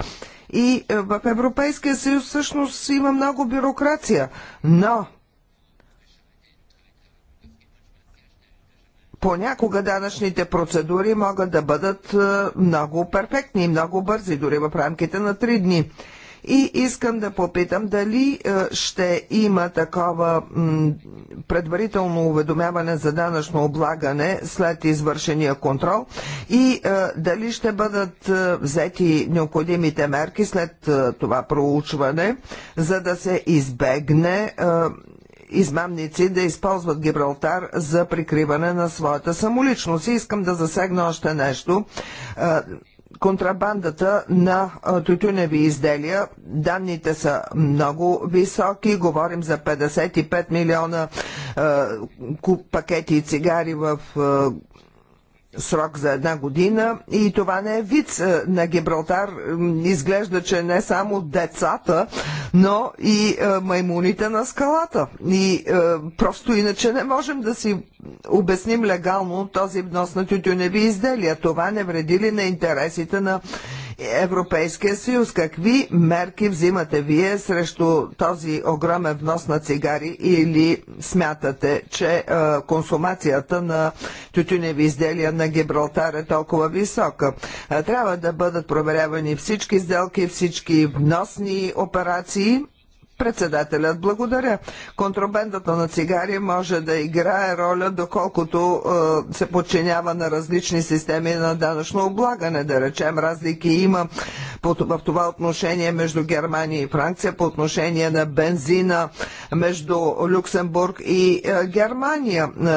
И е, в Европейския съюз всъщност има много бюрокрация. Но понякога данъчните процедури могат да бъдат е, много перфектни и много бързи, дори в рамките на 3 дни. И искам да попитам дали е, ще има такова предварително уведомяване за данъчно облагане след извършения контрол и е, дали ще бъдат е, взети необходимите мерки след това проучване, за да се избегне измамници да използват Гибралтар за прикриване на своята самоличност. И искам да засегна още нещо контрабандата на тютюневи изделия. Данните са много високи. Говорим за 55 милиона пакети цигари в срок за една година и това не е вид е, на Гибралтар. Изглежда, че не само децата, но и е, маймуните на скалата. И е, просто иначе не можем да си обясним легално този внос на тютюневи изделия. Това не вреди ли на интересите на Европейския съюз. Какви мерки взимате вие срещу този огромен внос на цигари или смятате, че консумацията на тютюневи изделия на Гибралтар е толкова висока? Трябва да бъдат проверявани всички сделки, всички вносни операции Председателят благодаря. Контрабендата на цигари може да играе роля, доколкото е, се подчинява на различни системи на данъчно облагане. Да речем, разлики има в това отношение между Германия и Франция, по отношение на бензина между Люксембург и е, Германия. Е,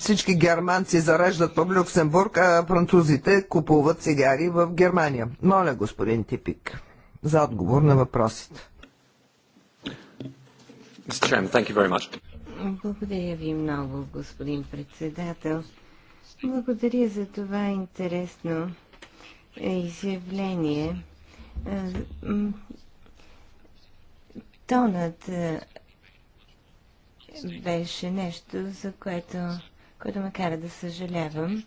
всички германци зареждат в Люксембург, а французите купуват цигари в Германия. Моля, господин Типик, за отговор на въпросите. Благодаря ви много, господин председател. Благодаря за това интересно е, изявление. Тонът беше нещо, за което, което ме кара да съжалявам.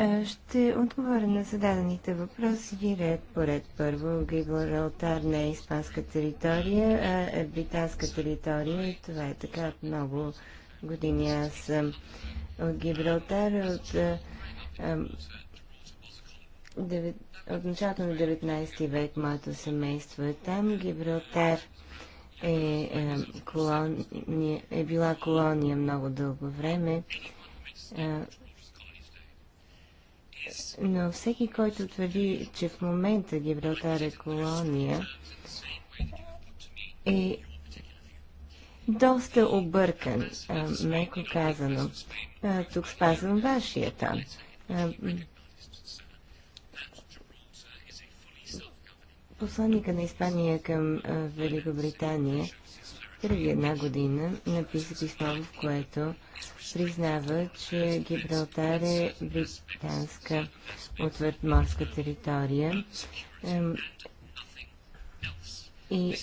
Е, ще отговоря на зададените въпроси ред по ред. Първо, Гибралтар не е испанска територия, а е британска територия и това е така много години. Аз съм от Гибралтар от, е, от началото на 19 век моето семейство е там. Гибралтар е, е, колония, е била колония много дълго време. Е, но всеки, който твърди, че в момента Гибралтар е колония, е доста объркан, меко казано. Тук спазвам вашия тон. Посланника на Испания към Великобритания преди една година написа писмо, в което признава, че Гибралтар е британска отвъртморска територия и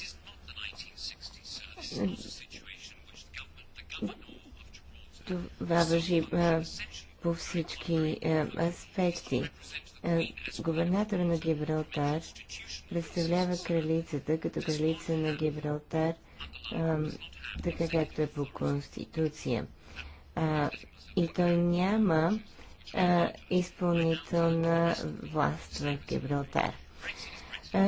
това въжи по всички аспекти. Губернатора на Гибралтар представлява кралицата като кралица на Гибралтар – така както е по Конституция. А, и той няма а, изпълнителна власт в Гибралтар.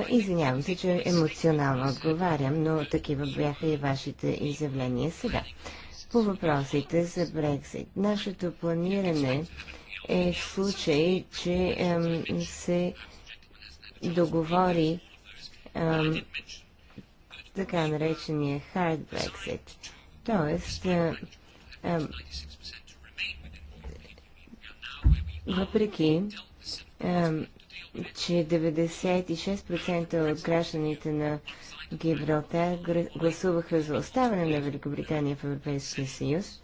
Извинявам се, че емоционално отговарям, но такива бяха и вашите изявления сега. По въпросите за Брексит. Нашето планиране е в случай, че ем, се договори ем, така наречения hard Brexit. Тоест, въпреки, че 96% от гражданите на Гибралтар гласуваха за оставане на Великобритания в Европейския съюз,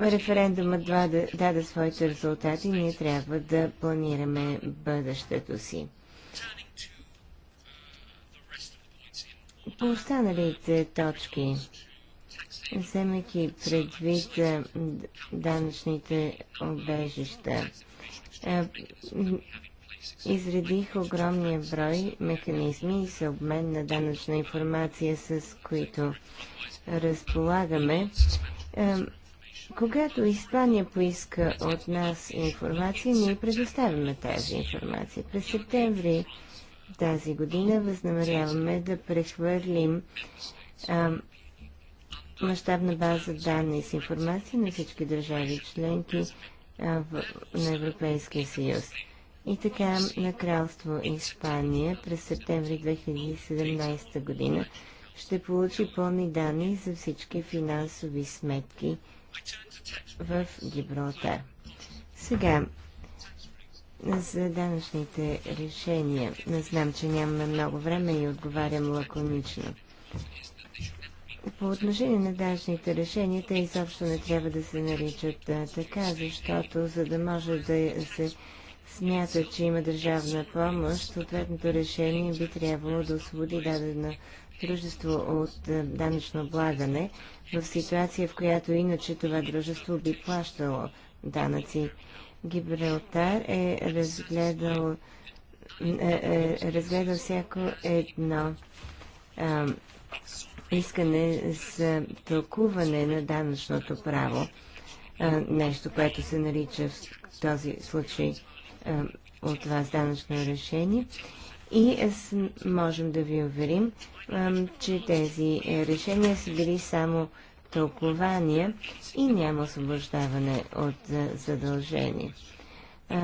референдумът даде своите резултати и ние трябва да планираме бъдещето си. По останалите точки, вземайки предвид данъчните обежища, изредих огромния брой механизми и за обмен на данъчна информация, с които разполагаме. Когато Испания поиска от нас информация, ние предоставяме тази информация. През септември тази година възнамеряваме да прехвърлим мащабна база данни с информация на всички държави членки а, в, на Европейския съюз. И така на Кралство Испания през септември 2017 година ще получи пълни данни за всички финансови сметки в Гибралтар. Сега за данъчните решения. Не знам, че нямаме много време и отговарям лаконично. По отношение на данъчните решения, те изобщо не трябва да се наричат така, защото за да може да се смята, че има държавна помощ, съответното решение би трябвало да освободи дадено дружество от данъчно облагане в ситуация, в която иначе това дружество би плащало данъци Гибралтар е разгледал, е, е, разгледал всяко едно е, искане за тълкуване на данъчното право, е, нещо, което се нарича в този случай е, от вас данъчно решение. И можем да ви уверим, че тези решения са били само тълкования и няма освобождаване от задължение.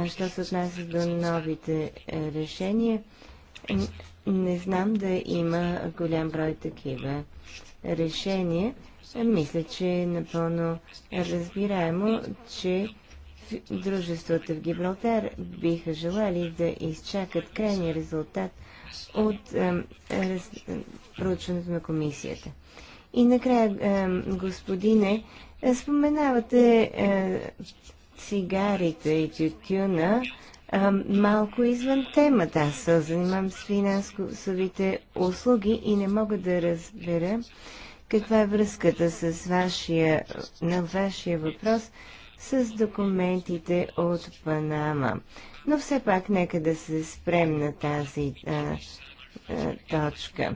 Що се отнася до новите решения, не знам да има голям брой такива решения. Мисля, че е напълно разбираемо, че дружествата в Гибралтар биха желали да изчакат крайния резултат от проучването на комисията. И накрая, е, господине, е, споменавате е, цигарите и тютюна малко извън темата. Аз се занимавам с финансовите услуги и не мога да разбера каква е връзката с вашия, на вашия въпрос с документите от Панама. Но все пак нека да се спрем на тази а, а, точка.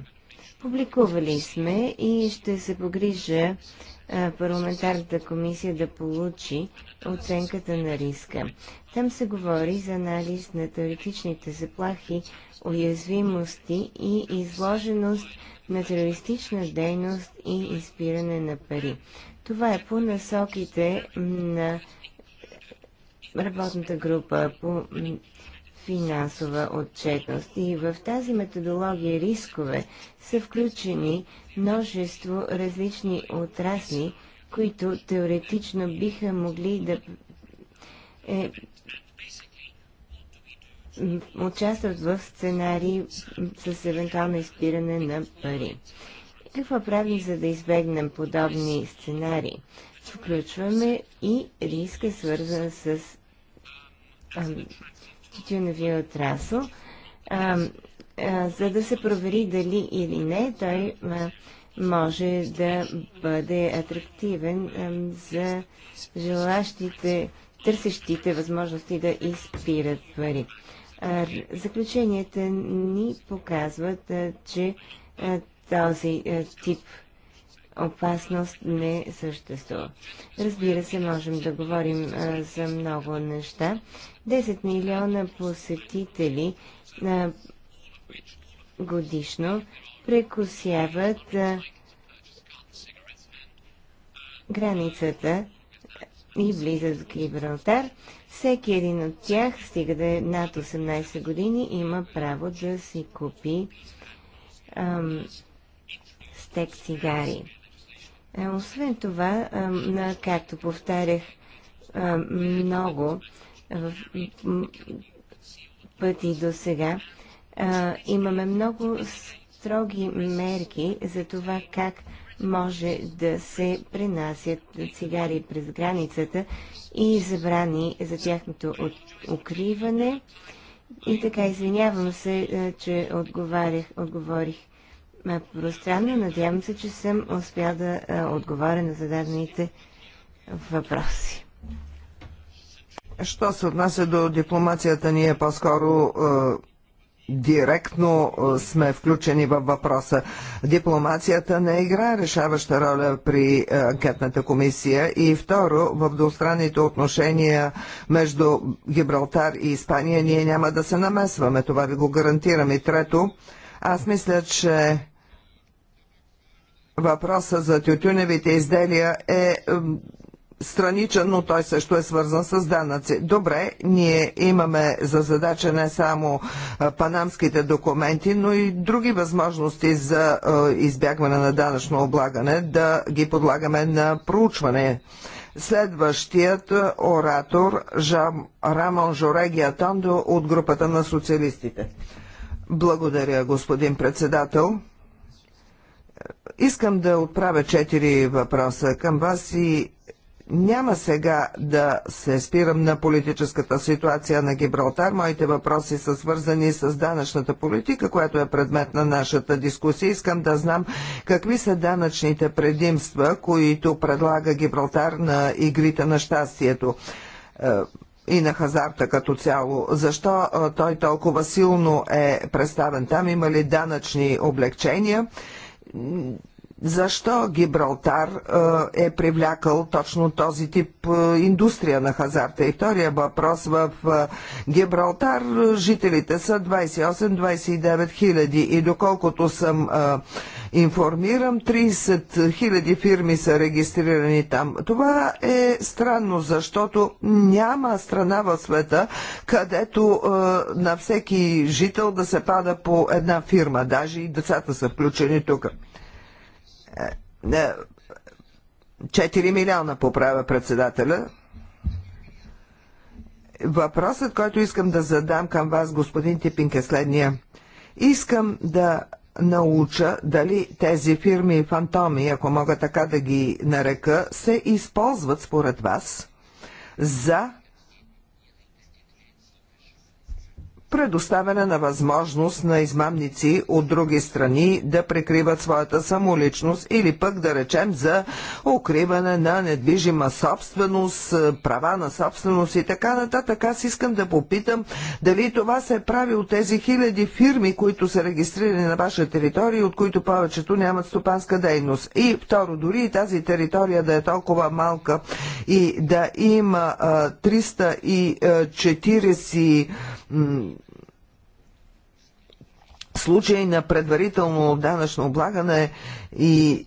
Публикували сме и ще се погрижа парламентарната комисия да получи оценката на риска. Там се говори за анализ на теоретичните заплахи, уязвимости и изложеност на терористична дейност и изпиране на пари. Това е по насоките на работната група по финансова отчетност. И в тази методология рискове са включени множество различни отрасли, които теоретично биха могли да е, участват в сценарии с евентуално изпиране на пари. Какво правим, за да избегнем подобни сценарии? Включваме и риска, свързан с тютюновия отрасъл, а, а, за да се провери дали или не той а, може да бъде атрактивен а, за желащите, търсещите възможности да изпират пари. А, заключенията ни показват, а, че а, този а, тип опасност не съществува. Разбира се, можем да говорим а, за много неща. 10 милиона посетители а, годишно прекусяват а, границата и близък до Гибралтар. Всеки един от тях, стига да е над 18 години, има право да си купи ам, стек цигари. Е, освен това, както повтарях много пъти до сега, имаме много строги мерки за това как може да се пренасят цигари през границата и забрани за тяхното укриване. И така, извинявам се, че отговорих пространно. Надявам се, че съм успял да е, отговоря на зададените въпроси. Що се отнася до дипломацията, ние по-скоро е, директно е, сме включени във въпроса. Дипломацията не играе решаваща роля при анкетната комисия и второ, в двустранните отношения между Гибралтар и Испания ние няма да се намесваме, това ви го гарантирам. И трето, аз мисля, че въпроса за тютюневите изделия е страничен, но той също е свързан с данъци. Добре, ние имаме за задача не само панамските документи, но и други възможности за избягване на данъчно облагане, да ги подлагаме на проучване. Следващият оратор Жам, Рамон Жорегия Тондо от групата на социалистите. Благодаря, господин председател. Искам да отправя четири въпроса към вас и няма сега да се спирам на политическата ситуация на Гибралтар. Моите въпроси са свързани с данъчната политика, която е предмет на нашата дискусия. Искам да знам какви са данъчните предимства, които предлага Гибралтар на игрите на щастието е, и на хазарта като цяло. Защо е, той толкова силно е представен там? Има ли данъчни облегчения? защо Гибралтар е привлякал точно този тип индустрия на хазарта. И втория въпрос в Гибралтар жителите са 28-29 хиляди и доколкото съм информирам. 30 хиляди фирми са регистрирани там. Това е странно, защото няма страна в света, където е, на всеки жител да се пада по една фирма. Даже и децата са включени тук. 4 е, е, милиона поправя председателя. Въпросът, който искам да задам към вас, господин Типинг, е следния. Искам да науча дали тези фирми фантоми, ако мога така да ги нарека, се използват според вас за предоставяне на възможност на измамници от други страни да прикриват своята самоличност или пък да речем за укриване на недвижима собственост, права на собственост и така нататък. Аз искам да попитам дали това се прави от тези хиляди фирми, които са регистрирани на ваша територия, от които повечето нямат стопанска дейност. И второ, дори и тази територия да е толкова малка и да има 340 случаи на предварително данъчно облагане и е,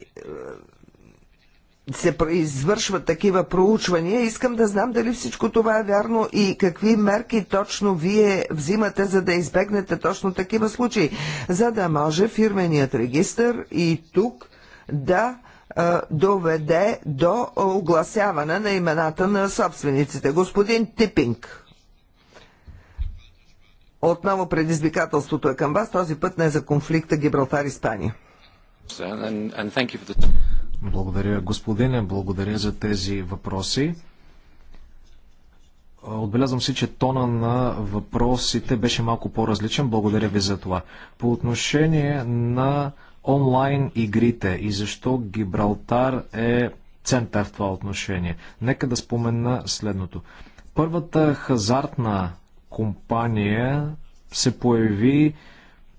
се извършват такива проучвания. Искам да знам дали всичко това е вярно и какви мерки точно вие взимате, за да избегнете точно такива случаи, за да може фирменият регистр и тук да е, доведе до огласяване на имената на собствениците. Господин Типинг. Отново предизвикателството е към вас, този път не е за конфликта Гибралтар-Испания. Благодаря, господине. Благодаря за тези въпроси. Отбелязвам си, че тона на въпросите беше малко по-различен. Благодаря ви за това. По отношение на онлайн игрите и защо Гибралтар е център в това отношение. Нека да спомена следното. Първата хазартна компания се появи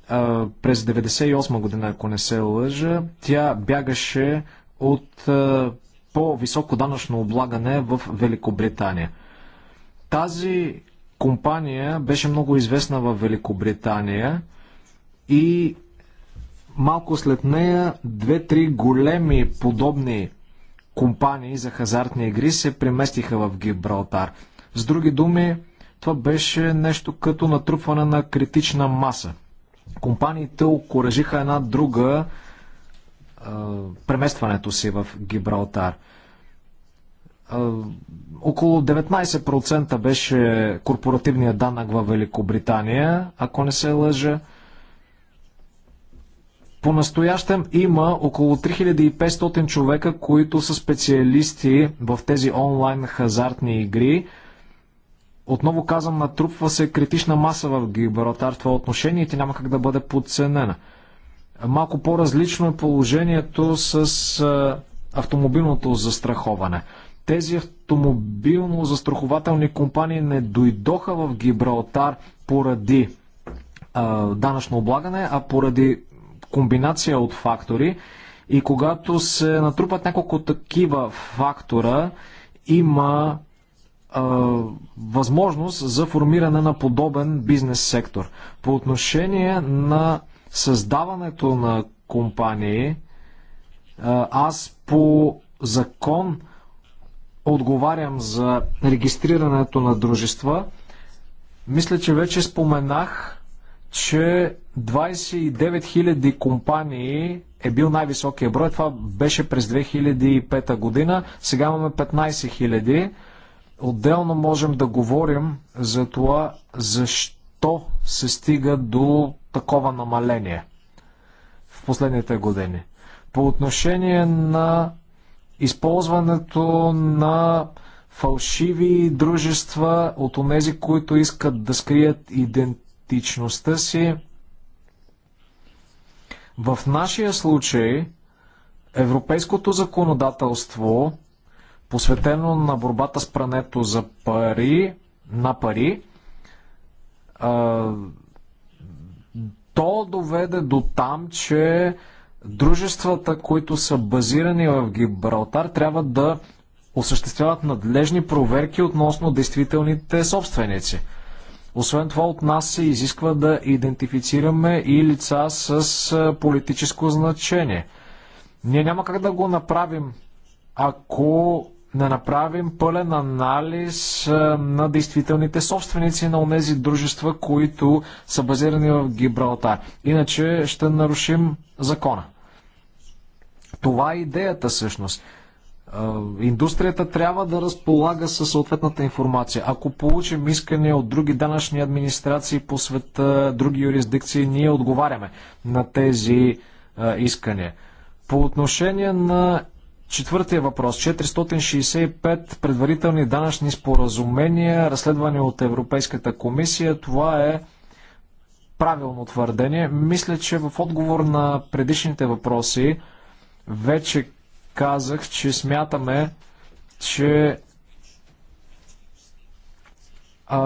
а, през 1998 година, ако не се лъжа. Тя бягаше от а, по-високо данъчно облагане в Великобритания. Тази компания беше много известна в Великобритания и малко след нея две-три големи подобни компании за хазартни игри се преместиха в Гибралтар. С други думи, това беше нещо като натрупване на критична маса. Компаниите окоръжиха една друга преместването си в Гибралтар. около 19% беше корпоративният данък във Великобритания, ако не се лъжа. По-настоящем има около 3500 човека, които са специалисти в тези онлайн хазартни игри – отново казвам, натрупва се критична маса в Гибралтар това отношение и тя няма как да бъде подценена. Малко по-различно е положението с автомобилното застраховане. Тези автомобилно-застрахователни компании не дойдоха в Гибралтар поради а, данъчно облагане, а поради комбинация от фактори. И когато се натрупат няколко такива фактора, има възможност за формиране на подобен бизнес сектор. По отношение на създаването на компании, аз по закон отговарям за регистрирането на дружества. Мисля, че вече споменах, че 29 000 компании е бил най-високия брой. Това беше през 2005 година. Сега имаме 15 000. Отделно можем да говорим за това, защо се стига до такова намаление в последните години. По отношение на използването на фалшиви дружества от онези, които искат да скрият идентичността си. В нашия случай европейското законодателство посветено на борбата с прането за пари, на пари, то доведе до там, че дружествата, които са базирани в Гибралтар, трябва да осъществяват надлежни проверки относно действителните собственици. Освен това от нас се изисква да идентифицираме и лица с политическо значение. Ние няма как да го направим, ако да направим пълен анализ на действителните собственици на онези дружества, които са базирани в Гибралтар. Иначе ще нарушим закона. Това е идеята всъщност. Индустрията трябва да разполага със съответната информация. Ако получим искания от други данъчни администрации по света, други юрисдикции, ние отговаряме на тези искания. По отношение на Четвъртия въпрос. 465 предварителни данъчни споразумения, разследвани от Европейската комисия. Това е правилно твърдение. Мисля, че в отговор на предишните въпроси вече казах, че смятаме, че а,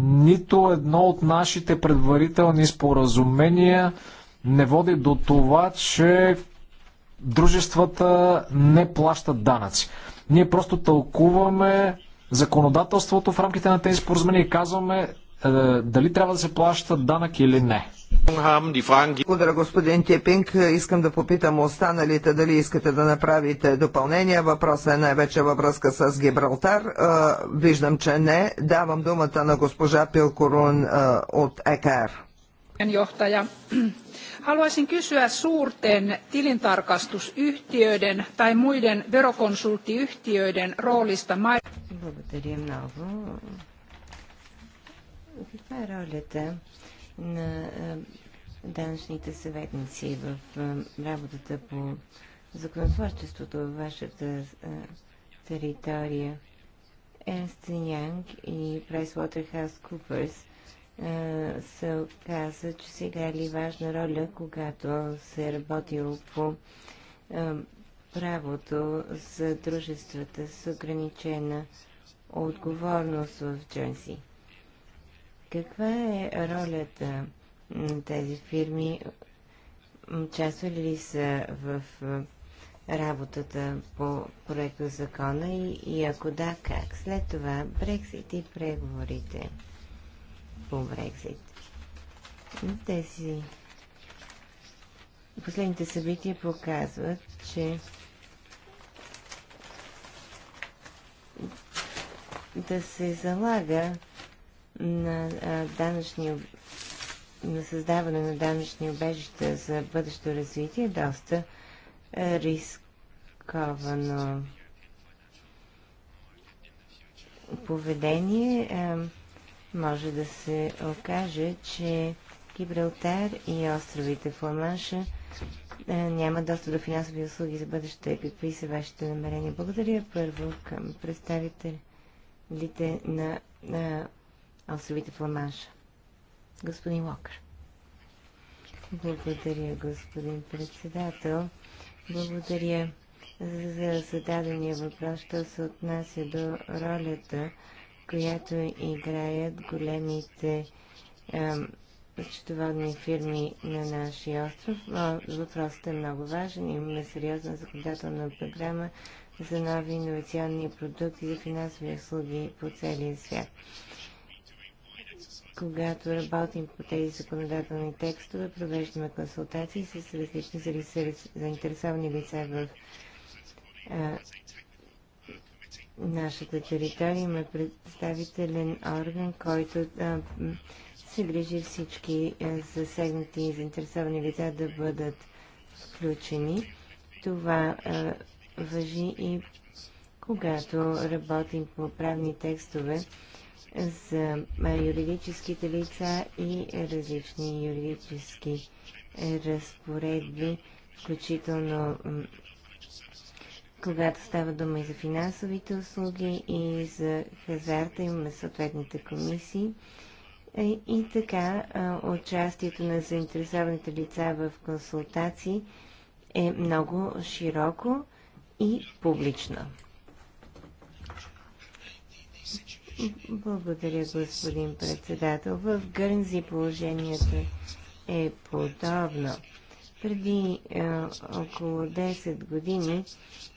нито едно от нашите предварителни споразумения не води до това, че дружествата не плащат данъци. Ние просто тълкуваме законодателството в рамките на тези споразумения и казваме е, дали трябва да се плаща данък или не. Благодаря, господин Тепинг. Искам да попитам останалите дали искате да направите допълнение. Въпросът е най-вече във връзка с Гибралтар. Е, виждам, че не. Давам думата на госпожа Пилкорун е, от ЕКР. Haluaisin kysyä suurten tilintarkastusyhtiöiden tai muiden verokonsulttiyhtiöiden roolista ma- данъчните съветници в работата по законотворчеството във вашата територия? Ernst Young и PricewaterhouseCoopers се оказа, че сега е важна роля, когато се е работило по правото за дружествата с ограничена отговорност в Джонси. Каква е ролята на тези фирми? Участвали ли са в работата по проекта закона и, и ако да, как? След това Брексит и преговорите по Брекзит. Тези последните събития показват, че да се залага на, данъчни, на създаване на данъчни обежища за бъдещо развитие е доста рисковано поведение може да се окаже, че Гибралтар и островите Фламанша е, няма доста до финансови услуги за бъдещето, Какви са вашите намерения? Благодаря първо към представителите на, на островите Фламанша. Господин Локър. Благодаря, господин председател. Благодаря за зададения въпрос, що се отнася до ролята която играят големите счетоводни фирми на нашия остров. Въпросът е много важен. Имаме сериозна законодателна програма за нови инновационни продукти за финансови услуги по целия свят. Когато работим по тези законодателни текстове, провеждаме консултации с различни заинтересовани лица в нашата територия има представителен орган, който а, се грижи всички засегнати и заинтересовани лица да бъдат включени. Това а, въжи и когато работим по правни текстове за юридическите лица и различни юридически разпоредби, включително когато става дума и за финансовите услуги, и за хазарта, имаме съответните комисии. Е, и, така, участието на заинтересованите лица в консултации е много широко и публично. Благодаря, господин председател. В Гърнзи положението е подобно. Преди е, около 10 години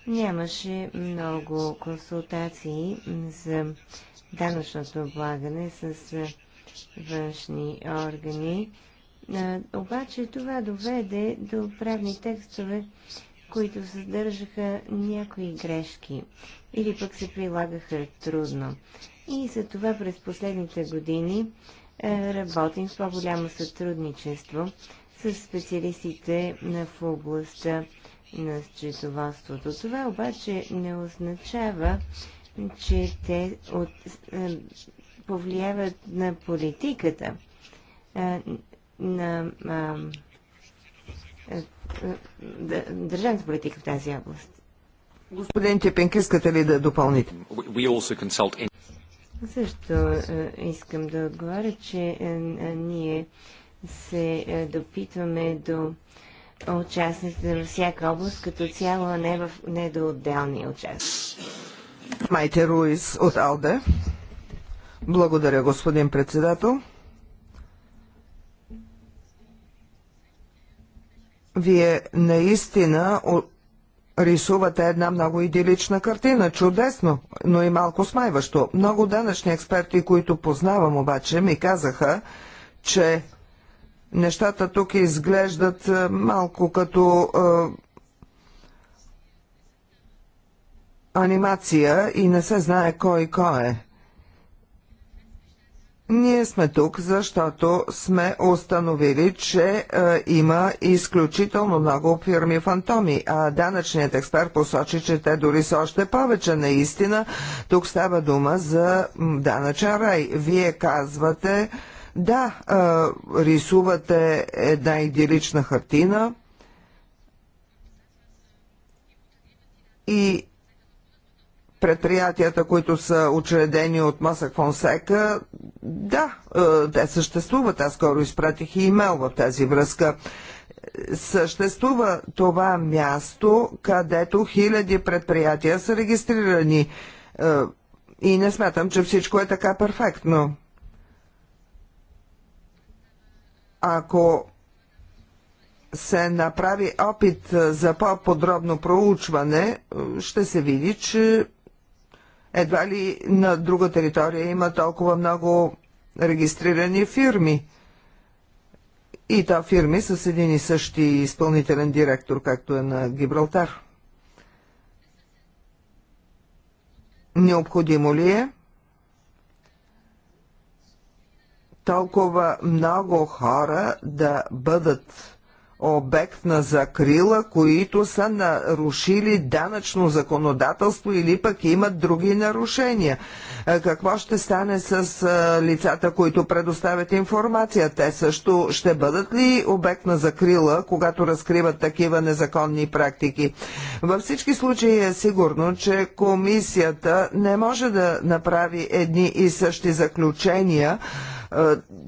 нямаше много консултации за данъчното облагане с е, външни органи. Е, обаче това доведе до правни текстове, които съдържаха някои грешки или пък се прилагаха трудно. И за това през последните години е, работим с по-голямо сътрудничество с специалистите в областта на счетоводството. Това обаче не означава, че те от, е, повлияват на политиката, е, на е, е, държавната политика в тази област. Господин Тепенк, искате ли да допълните? Също е, искам да отговоря, че е, ние се е, допитваме до участниците на всяка област като цяло, а не, в, не до отделни участници. Майте Руис от Алде. Благодаря, господин председател. Вие наистина рисувате една много идилична картина, чудесно, но и малко смайващо. Много данъчни експерти, които познавам обаче, ми казаха, че Нещата тук изглеждат е, малко като е, анимация и не се знае кой кой е. Ние сме тук, защото сме установили, че е, има изключително много фирми фантоми, а данъчният експерт посочи, че те дори са още повече. Наистина, тук става дума за данъчен рай. Вие казвате, е, да, рисувате една идилична хартина и предприятията, които са учредени от Масък Фонсека, да, те съществуват. Аз скоро изпратих и имейл в тази връзка. Съществува това място, където хиляди предприятия са регистрирани. И не смятам, че всичко е така перфектно. ако се направи опит за по-подробно проучване, ще се види, че едва ли на друга територия има толкова много регистрирани фирми. И то фирми с един и същи изпълнителен директор, както е на Гибралтар. Необходимо ли е? толкова много хора да бъдат обект на закрила, които са нарушили данъчно законодателство или пък имат други нарушения. Какво ще стане с лицата, които предоставят информация? Те също ще бъдат ли обект на закрила, когато разкриват такива незаконни практики? Във всички случаи е сигурно, че комисията не може да направи едни и същи заключения е,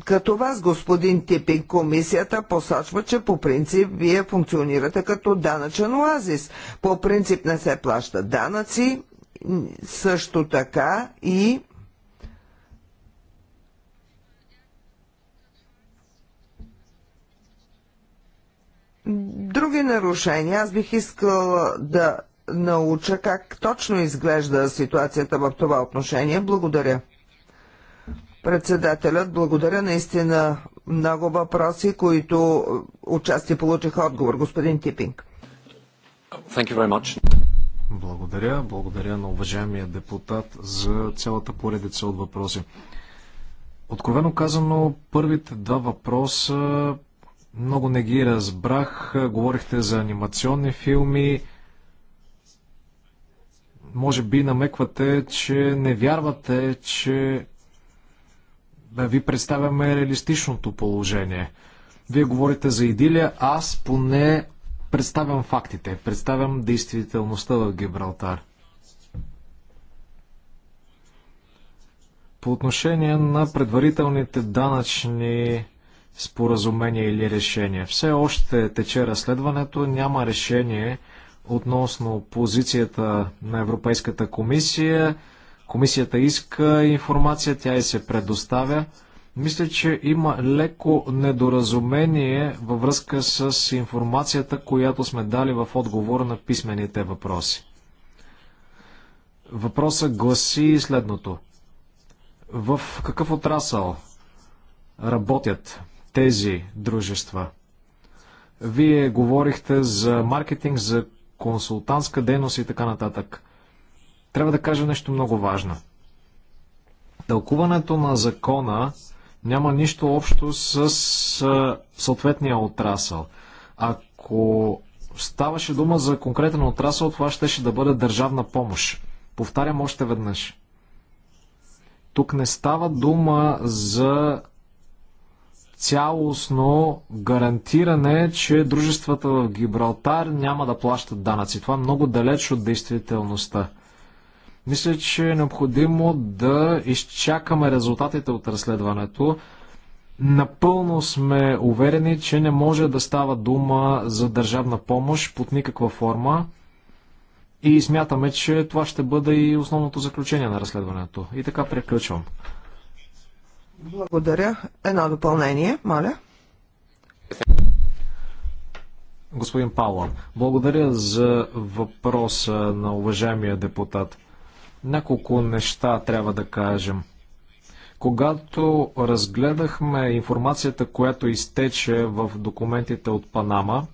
като вас, господин Типин, комисията посочва, че по принцип вие функционирате като данъчен оазис. По принцип не се плаща данъци, също така и Други нарушения. Аз бих искал да науча как точно изглежда ситуацията в това отношение. Благодаря. Председателят, благодаря наистина много въпроси, които е, участие получиха отговор. Господин Типинг. Благодаря. Благодаря на уважаемия депутат за цялата поредица от въпроси. Откровено казано, първите два въпроса много не ги разбрах. Говорихте за анимационни филми. Може би намеквате, че не вярвате, че да ви представяме реалистичното положение. Вие говорите за идилия, аз поне представям фактите, представям действителността в Гибралтар. По отношение на предварителните данъчни споразумения или решения. Все още тече разследването, няма решение относно позицията на Европейската комисия. Комисията иска информация, тя и се предоставя. Мисля, че има леко недоразумение във връзка с информацията, която сме дали в отговор на писмените въпроси. Въпросът гласи следното. В какъв отрасъл работят тези дружества? Вие говорихте за маркетинг, за консултантска дейност и така нататък трябва да кажа нещо много важно. Тълкуването на закона няма нищо общо с съответния отрасъл. Ако ставаше дума за конкретен отрасъл, това щеше да бъде държавна помощ. Повтарям още веднъж. Тук не става дума за цялостно гарантиране, че дружествата в Гибралтар няма да плащат данъци. Това е много далеч от действителността. Мисля, че е необходимо да изчакаме резултатите от разследването. Напълно сме уверени, че не може да става дума за държавна помощ под никаква форма. И смятаме, че това ще бъде и основното заключение на разследването. И така приключвам. Благодаря. Едно допълнение, моля. Господин Павлов, благодаря за въпроса на уважаемия депутат. Няколко неща трябва да кажем. Когато разгледахме информацията, която изтече в документите от Панама,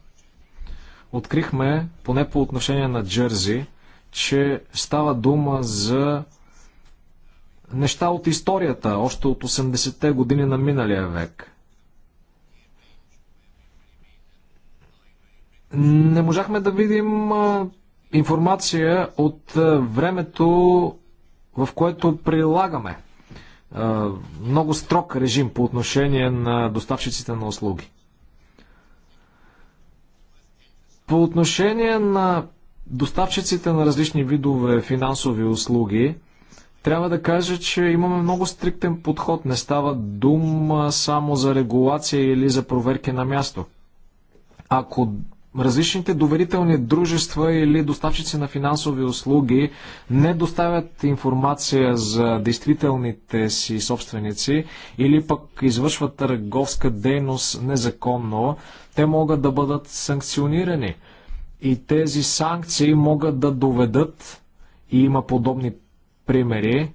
открихме, поне по отношение на Джерзи, че става дума за неща от историята, още от 80-те години на миналия век. Не можахме да видим информация от е, времето, в което прилагаме е, много строг режим по отношение на доставчиците на услуги. По отношение на доставчиците на различни видове финансови услуги, трябва да кажа, че имаме много стриктен подход. Не става дума само за регулация или за проверки на място. Ако различните доверителни дружества или доставчици на финансови услуги не доставят информация за действителните си собственици или пък извършват търговска дейност незаконно, те могат да бъдат санкционирани. И тези санкции могат да доведат, и има подобни примери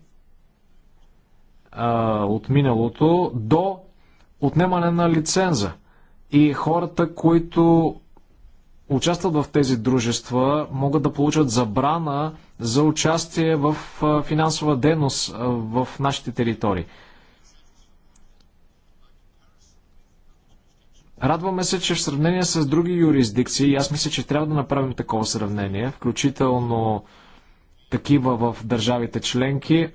а, от миналото, до отнемане на лиценза. И хората, които участват в тези дружества, могат да получат забрана за участие в финансова дейност в нашите територии. Радваме се, че в сравнение с други юрисдикции, аз мисля, че трябва да направим такова сравнение, включително такива в държавите членки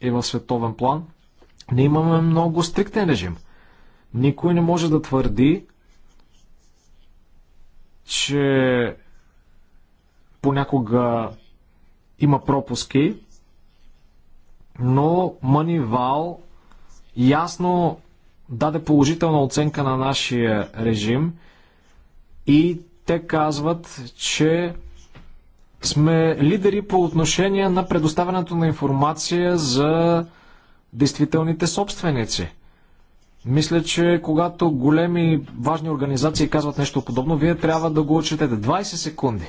и в световен план, ние имаме много стриктен режим. Никой не може да твърди, че понякога има пропуски, но Манивал ясно даде положителна оценка на нашия режим и те казват, че сме лидери по отношение на предоставянето на информация за действителните собственици. Мисля, че когато големи важни организации казват нещо подобно, вие трябва да го отчетете. 20 секунди.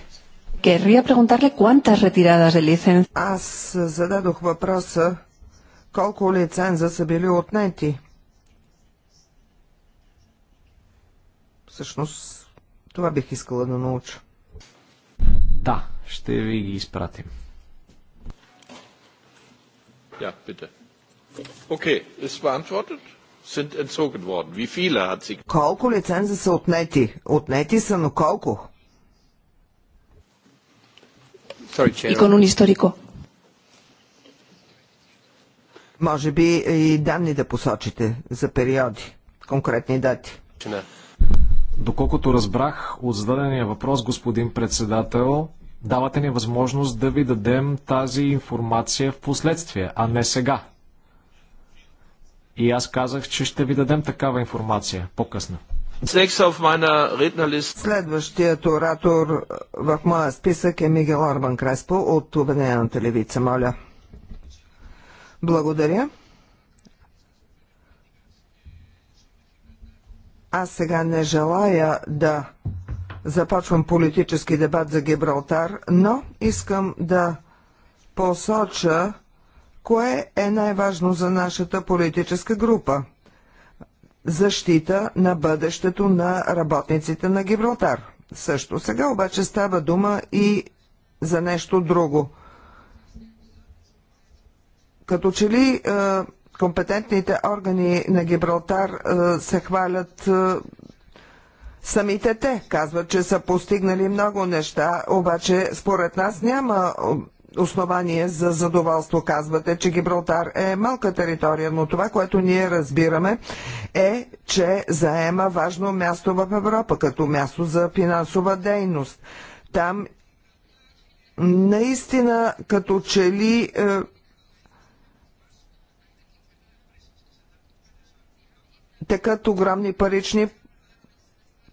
Querría preguntarle cuántas retiradas de licencia. Аз зададох въпроса колко лиценза са били отнети. Всъщност, това бих искала да науча. Да, ще ви ги изпратим. Ja, bitte. Okay, ist beantwortet? Колко лиценза са отнети? Отнети са, но колко? Може би и данни да посочите за периоди, конкретни дати. Доколкото разбрах от зададения въпрос, господин председател, давате ни възможност да ви дадем тази информация в последствие, а не сега. И аз казах, че ще ви дадем такава информация по-късно. Следващият оратор в моя списък е Мигел Орбан Креспо от Обединената левица, моля. Благодаря. Аз сега не желая да започвам политически дебат за Гибралтар, но искам да посоча Кое е най-важно за нашата политическа група? Защита на бъдещето на работниците на Гибралтар. Също сега обаче става дума и за нещо друго. Като че ли е, компетентните органи на Гибралтар е, се хвалят е, самите те. Казват, че са постигнали много неща, обаче според нас няма основание за задоволство. Казвате, че Гибралтар е малка територия, но това, което ние разбираме е, че заема важно място в Европа, като място за финансова дейност. Там наистина като че ли е, текат огромни парични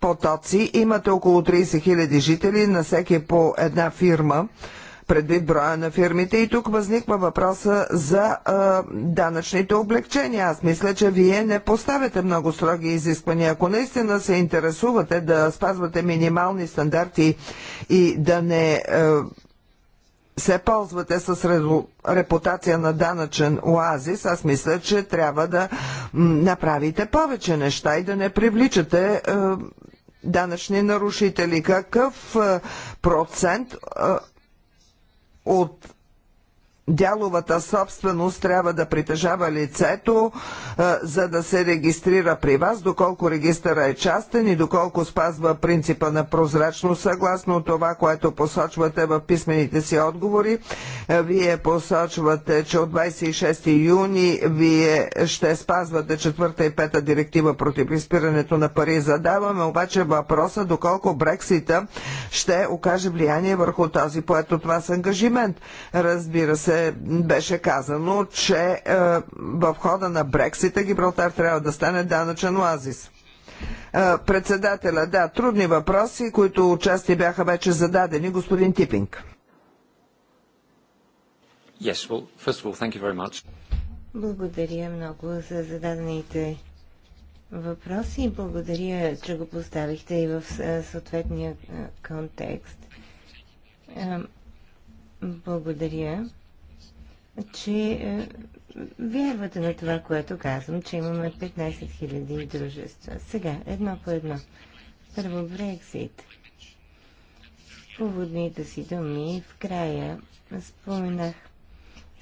потоци. Имате около 30 000 жители, на всеки по една фирма предвид броя на фирмите. И тук възниква въпроса за а, данъчните облегчения. Аз мисля, че вие не поставяте много строги изисквания. Ако наистина се интересувате да спазвате минимални стандарти и да не а, се ползвате с репутация на данъчен оазис, аз мисля, че трябва да направите повече неща и да не привличате А, данъчни нарушители. Какъв процент от дяловата собственост трябва да притежава лицето, е, за да се регистрира при вас, доколко регистъра е частен и доколко спазва принципа на прозрачност, съгласно това, което посочвате в писмените си отговори. Е, вие посочвате, че от 26 юни вие ще спазвате четвърта и пета директива против изпирането на пари. Задаваме обаче въпроса доколко Брексита ще окаже влияние върху този поет от вас ангажимент. Разбира се, се беше казано, че е, в хода на Брексита Гибралтар трябва да стане данъчен оазис. Е, председателя, да, трудни въпроси, които участи бяха вече зададени. Господин Типинг. Yes, well, all, Благодаря много за зададените въпроси и благодаря, че го поставихте и в е, съответния контекст. Благодаря че е, вярвате на това, което казвам, че имаме 15 000 дружества. Сега, едно по едно. Първо Брексит. Поводните си думи в края споменах.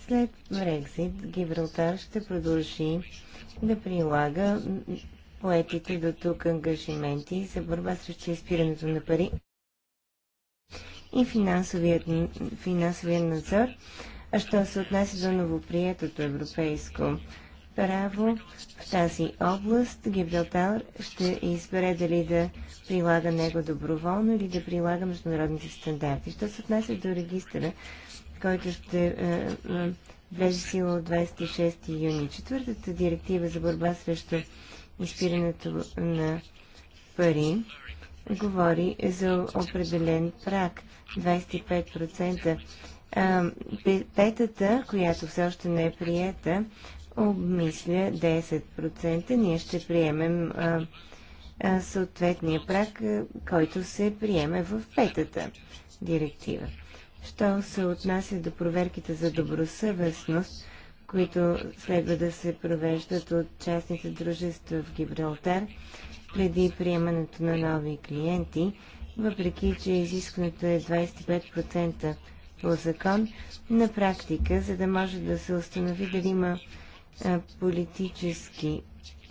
След Брексит Гибралтар ще продължи да прилага поетите до тук ангажименти за борба срещу изпирането на пари и финансовият, финансовия надзор а Що се отнася до новоприетото европейско право в тази област, Гибралтар ще избере дали да прилага него доброволно или да прилага международните стандарти. Що се отнася до регистъра, който ще е, е, влезе сила от 26 юни. Четвъртата директива за борба срещу изпирането на пари говори за определен прак 25% Петата, която все още не е приета, обмисля 10%. Ние ще приемем съответния прак, който се приеме в петата директива. Що се отнася до проверките за добросъвестност, които следва да се провеждат от частните дружества в Гибралтар преди приемането на нови клиенти, въпреки че изискването е 25% по закон на практика, за да може да се установи дали има политически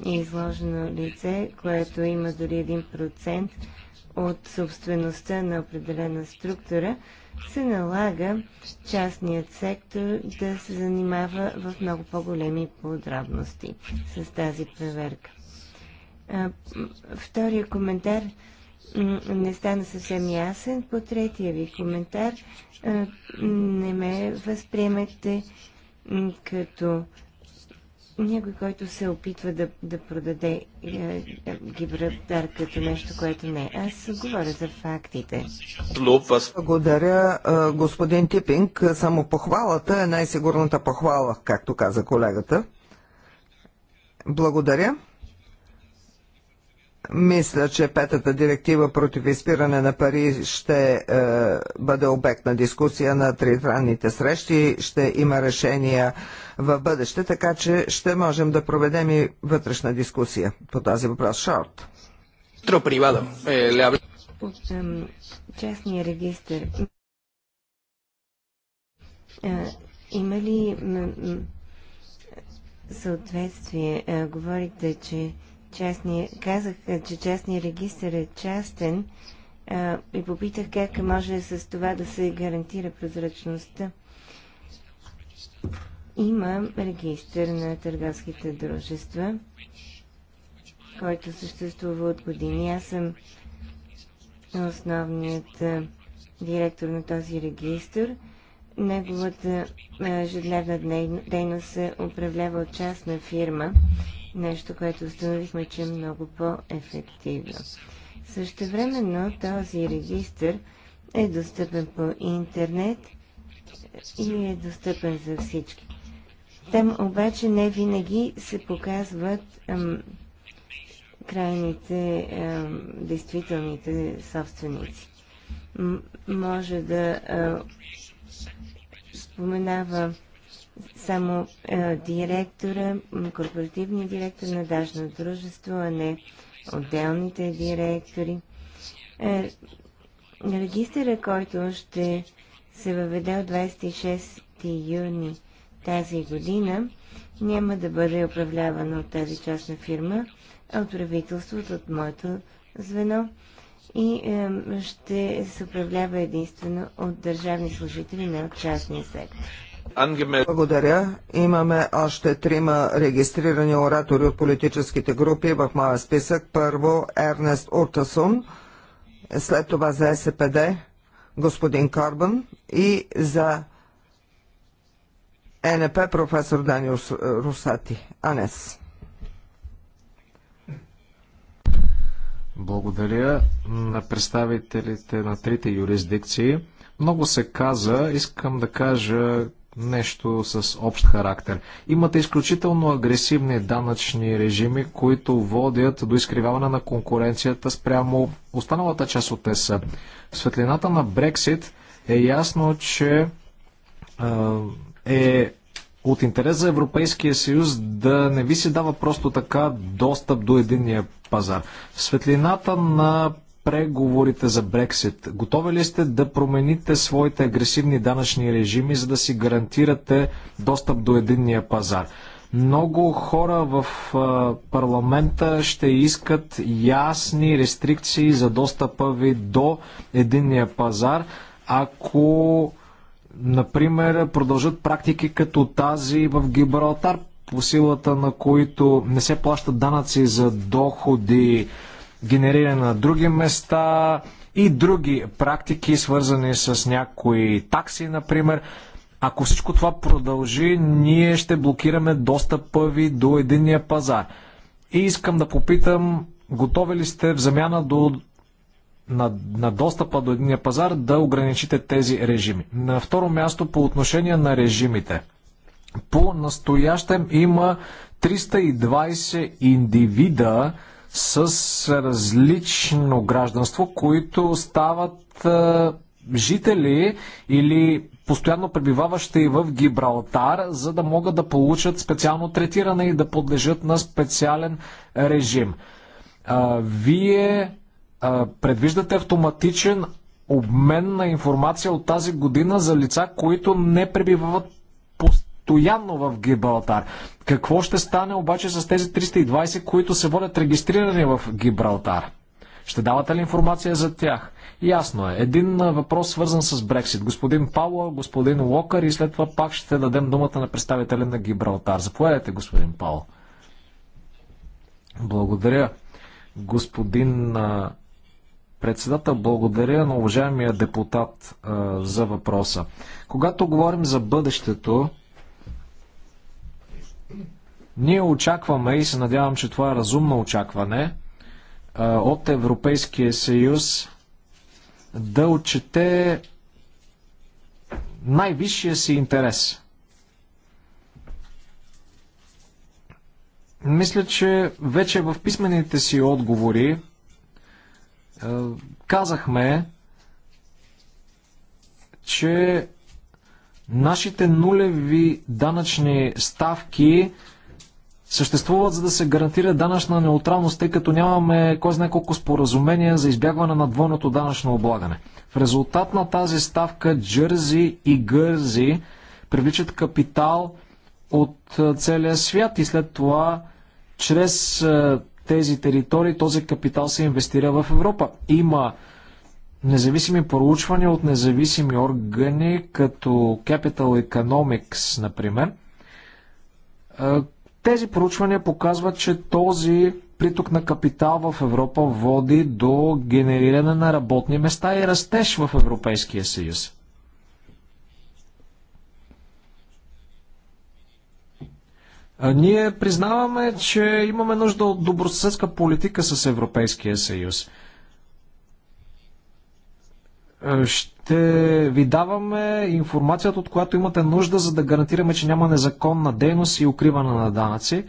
изложено лице, което има дори 1% от собствеността на определена структура, се налага частният сектор да се занимава в много по-големи подробности с тази проверка. Втория коментар – не стана съвсем ясен. По третия ви коментар не ме възприемете като някой, който се опитва да, да продаде е, е Гибралтар като нещо, което не е. Аз говоря за фактите. Благодаря, господин Типинг. Само похвалата е най-сигурната похвала, както каза колегата. Благодаря. Мисля, че петата директива против изпиране на пари ще е, бъде обект на дискусия на тритранните срещи, ще има решения в бъдеще, така че ще можем да проведем и вътрешна дискусия по този въпрос. Шорт. От е, частния регистр. Е, има ли съответствие? Е, говорите, че казах, че частния регистр е частен а, и попитах как може с това да се гарантира прозрачността. Има регистр на търговските дружества, който съществува от години. Аз съм основният директор на този регистр. Неговата ежедневна дейност се управлява от частна фирма нещо, което установихме, че е много по-ефективно. Същевременно този регистр е достъпен по интернет и е достъпен за всички. Там обаче не винаги се показват ам, крайните, ам, действителните собственици. М- може да споменава само е, директора, корпоративния директор на дажно дружество, а не отделните директори. Е, регистъра, който ще се въведе от 26 юни тази година, няма да бъде управлявана от тази частна фирма, а от правителството, от моето звено и е, ще се управлява единствено от държавни служители не от частния сектор. Благодаря. Имаме още трима регистрирани оратори от политическите групи в моя списък. Първо Ернест Уртасун, след това за СПД господин Корбан и за НП професор Данил Русати. Анес. Благодаря на представителите на трите юрисдикции. Много се каза, искам да кажа нещо с общ характер. Имате изключително агресивни данъчни режими, които водят до изкривяване на конкуренцията спрямо останалата част от ЕС. В светлината на Брексит е ясно, че е от интерес за Европейския съюз да не ви се дава просто така достъп до единния пазар. В светлината на преговорите за Брексит. Готови ли сте да промените своите агресивни данъчни режими, за да си гарантирате достъп до единния пазар? Много хора в парламента ще искат ясни рестрикции за достъпа ви до единния пазар, ако, например, продължат практики като тази в Гибралтар, по силата на които не се плащат данъци за доходи генериране на други места и други практики, свързани с някои такси, например. Ако всичко това продължи, ние ще блокираме достъпа ви до единния пазар. И искам да попитам, готови ли сте в замяна до, на, на достъпа до единния пазар да ограничите тези режими? На второ място по отношение на режимите. По настоящем има 320 индивида, с различно гражданство, които стават жители или постоянно пребиваващи в Гибралтар, за да могат да получат специално третиране и да подлежат на специален режим. вие предвиждате автоматичен обмен на информация от тази година за лица, които не пребивават постоянно постоянно в Гибралтар. Какво ще стане обаче с тези 320, които се водят регистрирани в Гибралтар? Ще давате ли информация за тях? Ясно е. Един въпрос свързан с Брексит. Господин Пауъл, господин Локър и след това пак ще дадем думата на представителя на Гибралтар. Заповядайте, господин Пауъл. Благодаря, господин председател. Благодаря на уважаемия депутат за въпроса. Когато говорим за бъдещето, ние очакваме и се надявам, че това е разумно очакване от Европейския съюз да отчете най-висшия си интерес. Мисля, че вече в писмените си отговори казахме, че нашите нулеви данъчни ставки съществуват, за да се гарантира данъчна неутралност, тъй като нямаме кой знае колко споразумения за избягване на двойното данъчно облагане. В резултат на тази ставка Джерзи и Гързи привличат капитал от целия свят и след това чрез тези територии този капитал се инвестира в Европа. Има независими проучвания от независими органи, като Capital Economics, например, тези проучвания показват, че този приток на капитал в Европа води до генериране на работни места и растеж в Европейския съюз. Ние признаваме, че имаме нужда от добросъседска политика с Европейския съюз. Е, ще ви даваме информацията, от която имате нужда, за да гарантираме, че няма незаконна дейност и укриване на данъци.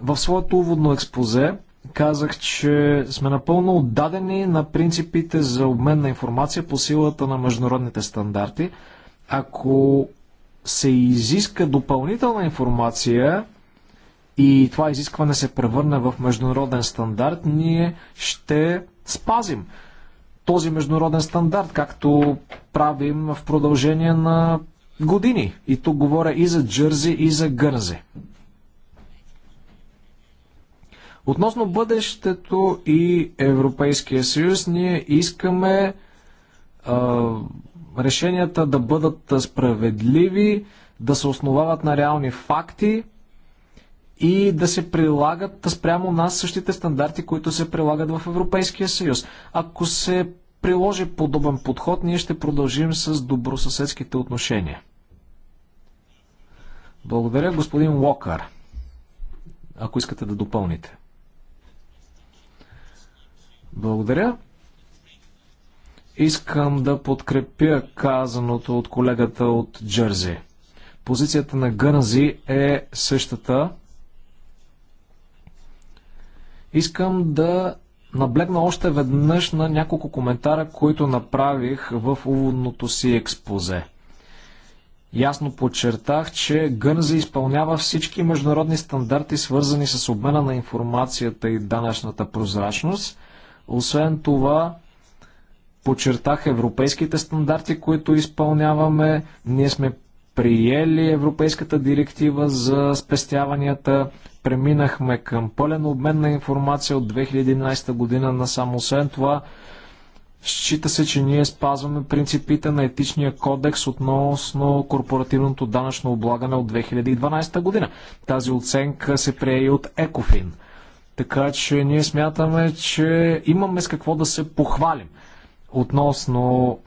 В своето уводно експозе казах, че сме напълно отдадени на принципите за обмен на информация по силата на международните стандарти. Ако се изиска допълнителна информация и това изискване се превърне в международен стандарт, ние ще спазим този международен стандарт, както правим в продължение на години. И тук говоря и за джързи, и за Гързи. Относно бъдещето и Европейския съюз, ние искаме а, решенията да бъдат справедливи, да се основават на реални факти, и да се прилагат спрямо нас същите стандарти, които се прилагат в Европейския съюз. Ако се приложи подобен подход, ние ще продължим с добросъседските отношения. Благодаря, господин Локър. Ако искате да допълните. Благодаря. Искам да подкрепя казаното от колегата от Джерзи. Позицията на Гънзи е същата. Искам да наблегна още веднъж на няколко коментара, които направих в уводното си експозе. Ясно подчертах, че Гързи изпълнява всички международни стандарти, свързани с обмена на информацията и данъчната прозрачност. Освен това, подчертах европейските стандарти, които изпълняваме. Ние сме приели Европейската директива за спестяванията, преминахме към пълен обмен на информация от 2011 година на само Освен това, счита се, че ние спазваме принципите на етичния кодекс относно корпоративното данъчно облагане от 2012 година. Тази оценка се прие и от Екофин. Така че ние смятаме, че имаме с какво да се похвалим относно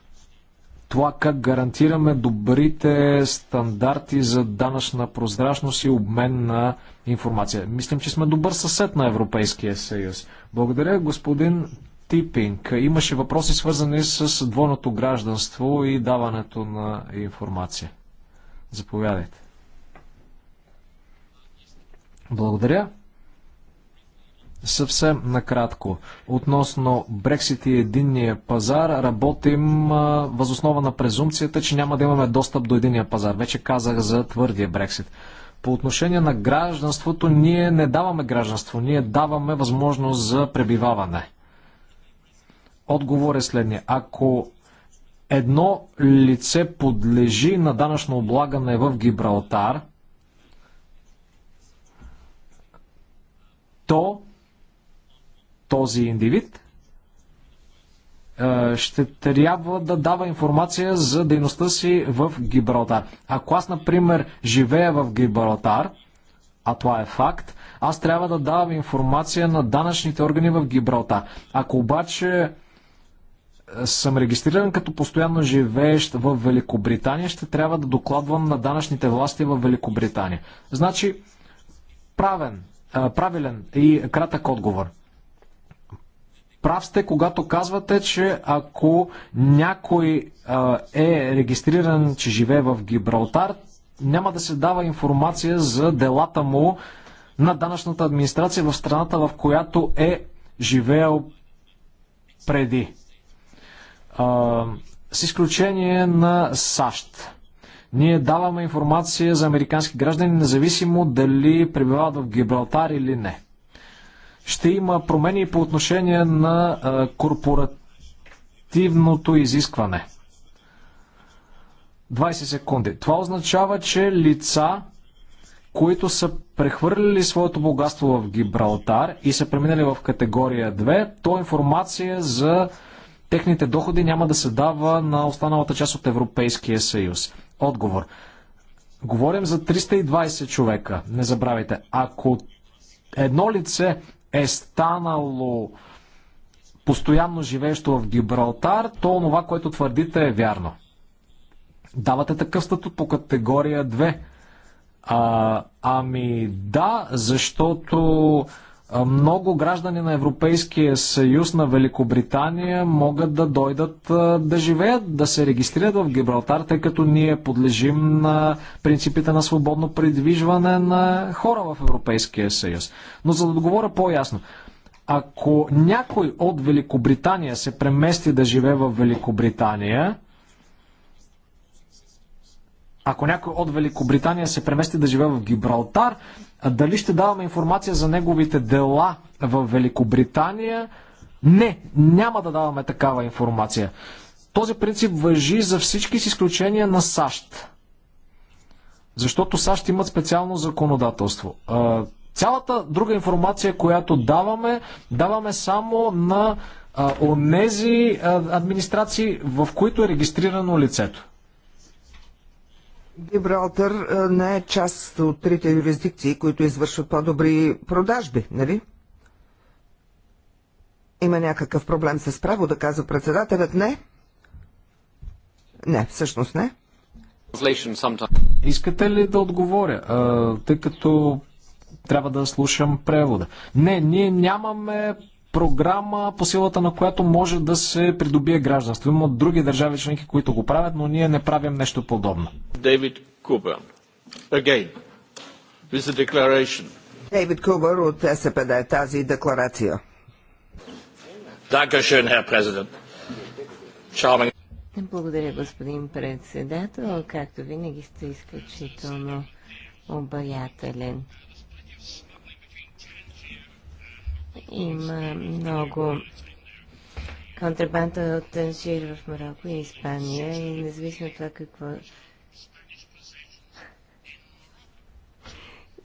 това как гарантираме добрите стандарти за данъчна прозрачност и обмен на информация. Мислим, че сме добър съсед на Европейския съюз. Благодаря, господин Типинг. Имаше въпроси свързани с двойното гражданство и даването на информация. Заповядайте. Благодаря. Съвсем накратко. Относно Брексит и единния пазар, работим възоснова на презумцията, че няма да имаме достъп до единния пазар. Вече казах за твърдия Брексит. По отношение на гражданството, ние не даваме гражданство, ние даваме възможност за пребиваване. Отговор е следния. Ако едно лице подлежи на данъчно облагане в Гибралтар, то този индивид, ще трябва да дава информация за дейността си в Гибралтар. Ако аз, например, живея в Гибралтар, а това е факт, аз трябва да давам информация на данъчните органи в Гибралтар. Ако обаче съм регистриран като постоянно живеещ в Великобритания, ще трябва да докладвам на данъчните власти в Великобритания. Значи, правен, правилен и кратък отговор – Прав сте, когато казвате, че ако някой а, е регистриран, че живее в Гибралтар, няма да се дава информация за делата му на данъчната администрация в страната, в която е живеел преди. А, с изключение на САЩ. Ние даваме информация за американски граждани, независимо дали пребивават в Гибралтар или не. Ще има промени по отношение на корпоративното изискване. 20 секунди. Това означава, че лица, които са прехвърлили своето богатство в Гибралтар и са преминали в категория 2, то информация за техните доходи няма да се дава на останалата част от Европейския съюз. Отговор. Говорим за 320 човека. Не забравяйте. Ако едно лице е станало постоянно живеещо в Гибралтар, то това, което твърдите е вярно. Давате такъв статут по категория 2. А, ами да, защото много граждани на Европейския съюз, на Великобритания могат да дойдат да живеят, да се регистрират в Гибралтар, тъй като ние подлежим на принципите на свободно придвижване на хора в Европейския съюз. Но за да отговоря по-ясно, ако някой от Великобритания се премести да живее в Великобритания, ако някой от Великобритания се премести да живее в Гибралтар, дали ще даваме информация за неговите дела в Великобритания? Не, няма да даваме такава информация. Този принцип въжи за всички с изключение на САЩ. Защото САЩ имат специално законодателство. Цялата друга информация, която даваме, даваме само на онези администрации, в които е регистрирано лицето. Гибралтър не е част от трите юрисдикции, които извършват по-добри продажби, нали? Има някакъв проблем с право, да казва председателят. Не. Не, всъщност не. Искате ли да отговоря, а, тъй като трябва да слушам превода? Не, ние нямаме програма, по силата на която може да се придобие гражданство. Има други държави членки, които го правят, но ние не правим нещо подобно. Дейвид Купер. Again. This is a declaration. Дейвид Кубър от СПД е тази декларация. хер президент. Благодаря, господин председател. Както винаги сте изключително обаятелен. Има много контрабанда от Танжир в Марокко и Испания и независимо от това какво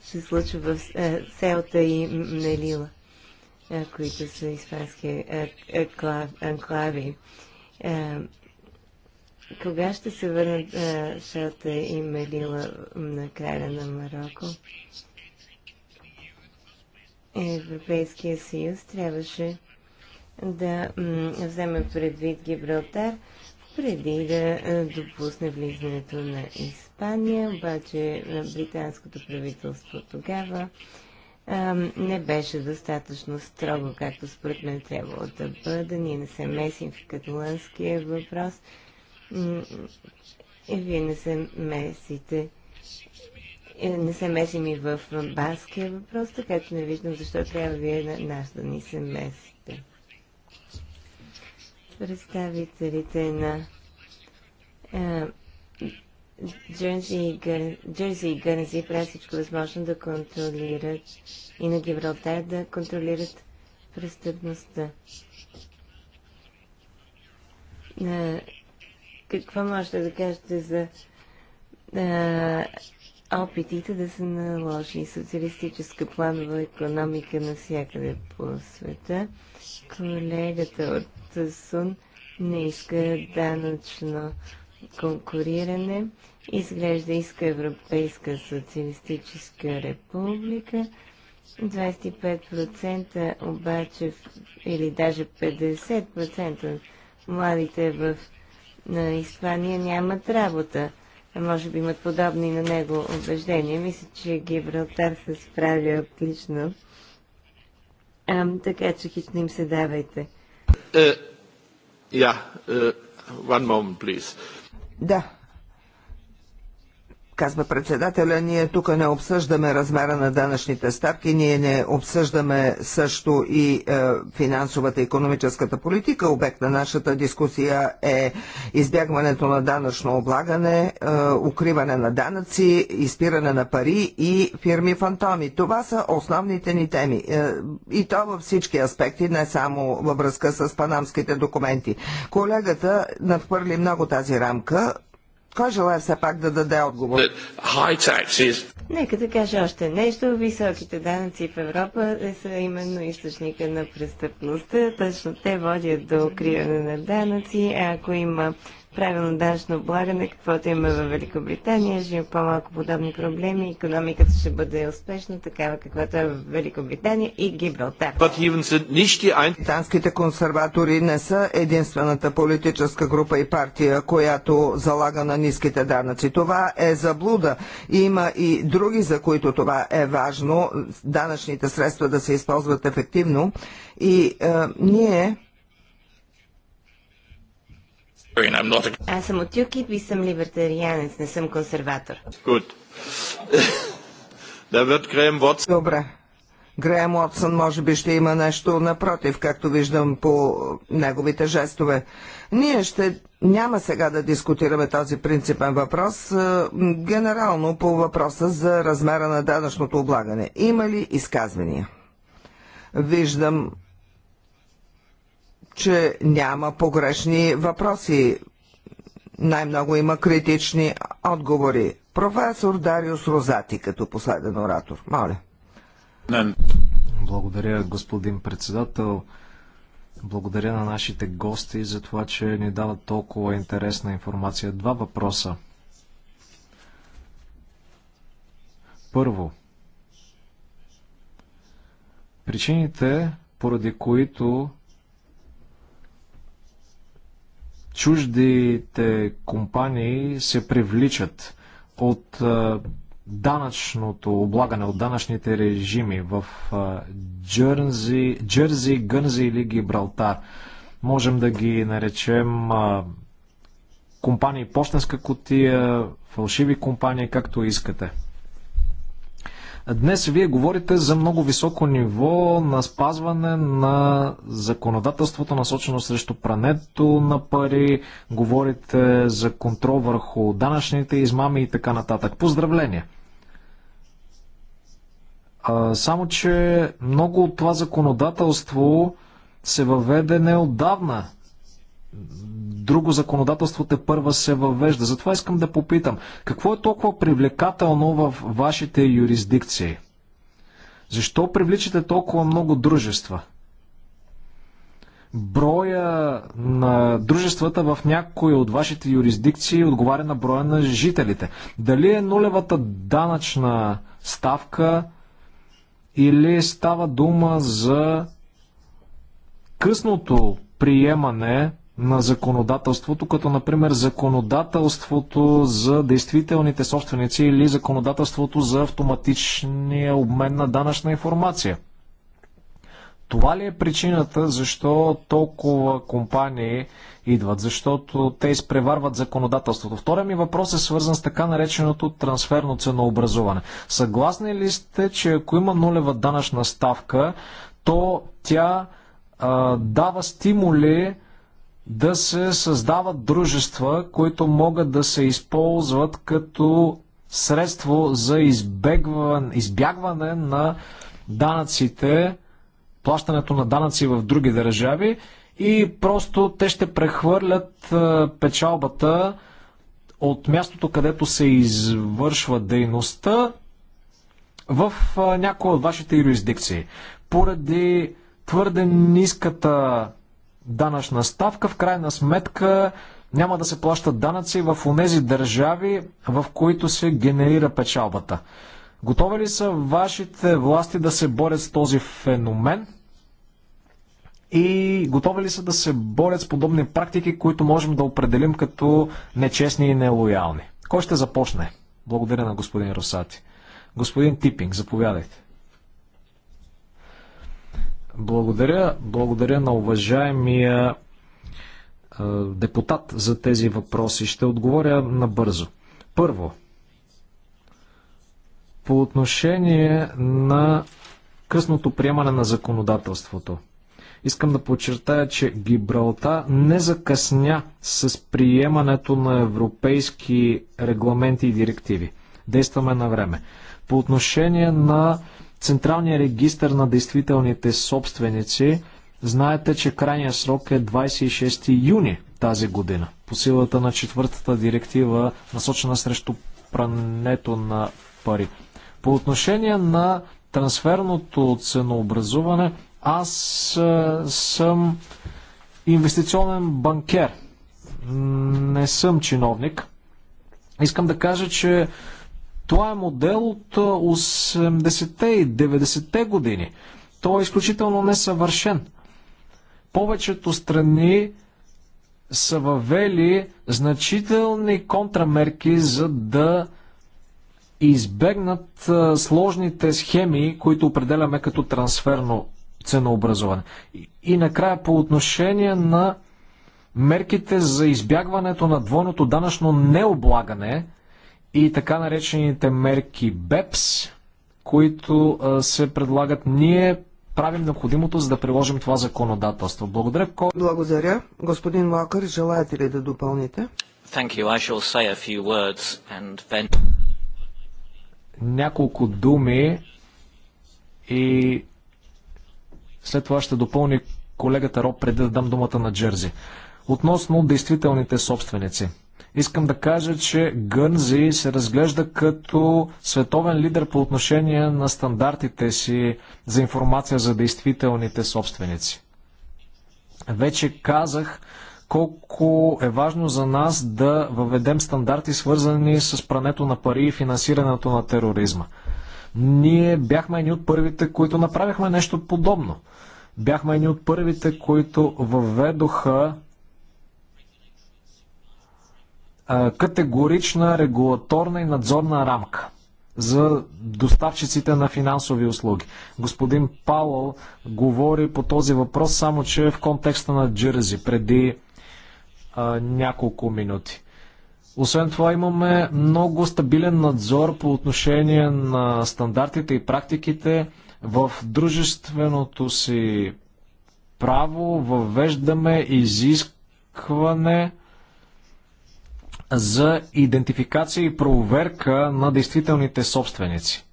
се случва в е, селта и Мелила, е, които са испански е, анклави. Кога ще се върнат селта и Мелила на края на Марокко? Европейския съюз трябваше да вземе предвид Гибралтар преди да допусне влизането на Испания, обаче британското правителство тогава а, не беше достатъчно строго, както според мен трябвало да бъде. Ние не се месим в каталанския въпрос. И вие не се месите е, не се месим и в банския въпрос, така че не виждам защо трябва вие на нас да ни се месите. Представителите на е, Джерси и Гърнзи правят всичко възможно да контролират и на Гибралтар да контролират престъпността. А, е, какво можете да кажете за а, опитите да се наложи социалистическа планова економика навсякъде по света. Колегата от СУН не иска данъчно конкуриране. Изглежда иска Европейска социалистическа република. 25% обаче, или даже 50% младите в на Испания нямат работа може би имат подобни на него убеждения. Мисля, че Гибралтар се справя отлично. А, така че хич не им се давайте. Uh, yeah, uh, one moment, please. Да, казва председателя, ние тук не обсъждаме размера на данъчните ставки, ние не обсъждаме също и е, финансовата и економическата политика. Обект на нашата дискусия е избягването на данъчно облагане, е, укриване на данъци, изпиране на пари и фирми фантоми. Това са основните ни теми. Е, и то във всички аспекти, не само във връзка с панамските документи. Колегата надхвърли много тази рамка кой желая все пак да даде отговор? Нека да кажа още нещо. Високите данъци в Европа е са именно източника на престъпността. Точно те водят до укриване на данъци. Ако има правилно данъчно облагане, каквото има в Великобритания, ще има по-малко подобни проблеми, економиката ще бъде успешна, такава каквато е в Великобритания и Гибралтар. Британските консерватори не са единствената политическа група и партия, която залага на ниските данъци. Това е заблуда. Има и други, за които това е важно, данъчните средства да се използват ефективно. И е, ние аз съм от Юки и съм либертарианец, не съм консерватор. Good. да Добре. Греем Уотсън може би ще има нещо напротив, както виждам по неговите жестове. Ние ще няма сега да дискутираме този принципен въпрос, генерално по въпроса за размера на данъчното облагане. Има ли изказвания? Виждам че няма погрешни въпроси. Най-много има критични отговори. Професор Дариус Розати като последен оратор. Моля. Благодаря, господин председател. Благодаря на нашите гости за това, че ни дават толкова интересна информация. Два въпроса. Първо, причините, поради които чуждите компании се привличат от данъчното облагане, от данъчните режими в Джерзи, Джерзи, Гързи или Гибралтар. Можем да ги наречем компании почтенска котия, фалшиви компании, както искате. Днес вие говорите за много високо ниво на спазване на законодателството, насочено срещу прането на пари, говорите за контрол върху данъчните измами и така нататък. Поздравления! Само, че много от това законодателство се въведе неотдавна друго законодателство те първа се въвежда. Затова искам да попитам, какво е толкова привлекателно в вашите юрисдикции? Защо привличате толкова много дружества? Броя на дружествата в някои от вашите юрисдикции отговаря на броя на жителите. Дали е нулевата данъчна ставка или става дума за късното приемане на законодателството, като например законодателството за действителните собственици или законодателството за автоматичния обмен на данъчна информация. Това ли е причината, защо толкова компании идват? Защото те изпреварват законодателството. Втория ми въпрос е свързан с така нареченото трансферно ценообразуване. Съгласни ли сте, че ако има нулева данъчна ставка, то тя а, дава стимули да се създават дружества, които могат да се използват като средство за избягване, избягване на данъците, плащането на данъци в други държави и просто те ще прехвърлят печалбата от мястото, където се извършва дейността в някои от вашите юрисдикции. Поради твърде ниската данъчна ставка. В крайна сметка няма да се плащат данъци в онези държави, в които се генерира печалбата. Готови ли са вашите власти да се борят с този феномен? И готови ли са да се борят с подобни практики, които можем да определим като нечестни и нелоялни? Кой ще започне? Благодаря на господин Росати. Господин Типинг, заповядайте. Благодаря, благодаря на уважаемия депутат за тези въпроси. Ще отговоря набързо. Първо, по отношение на късното приемане на законодателството. Искам да подчертая, че Гибралта не закъсня с приемането на европейски регламенти и директиви. Действаме на време. По отношение на Централния регистр на действителните собственици. Знаете, че крайният срок е 26 юни тази година по силата на четвъртата директива, насочена срещу прането на пари. По отношение на трансферното ценообразуване, аз е, съм инвестиционен банкер. Не съм чиновник. Искам да кажа, че това е модел от 80-те и 90-те години. Той е изключително несъвършен. Повечето страни са въвели значителни контрамерки, за да избегнат сложните схеми, които определяме като трансферно ценообразуване. И, и накрая по отношение на мерките за избягването на двойното данъчно необлагане, и така наречените мерки БЕПС, които се предлагат. Ние правим необходимото, за да приложим това законодателство. Благодаря. Ко... Благодаря. Господин Лакър, желаете ли да допълните? Thank you. I shall say a few words and then... Няколко думи и след това ще допълни колегата Роб преди да дам думата на Джерзи. Относно действителните собственици. Искам да кажа, че Гънзи се разглежда като световен лидер по отношение на стандартите си за информация за действителните собственици. Вече казах колко е важно за нас да въведем стандарти, свързани с прането на пари и финансирането на тероризма. Ние бяхме едни от първите, които направихме нещо подобно. Бяхме едни от първите, които въведоха категорична регулаторна и надзорна рамка за доставчиците на финансови услуги. Господин Пауъл говори по този въпрос, само че в контекста на Джерзи преди а, няколко минути. Освен това имаме много стабилен надзор по отношение на стандартите и практиките в дружественото си право въвеждаме изискване за идентификация и проверка на действителните собственици.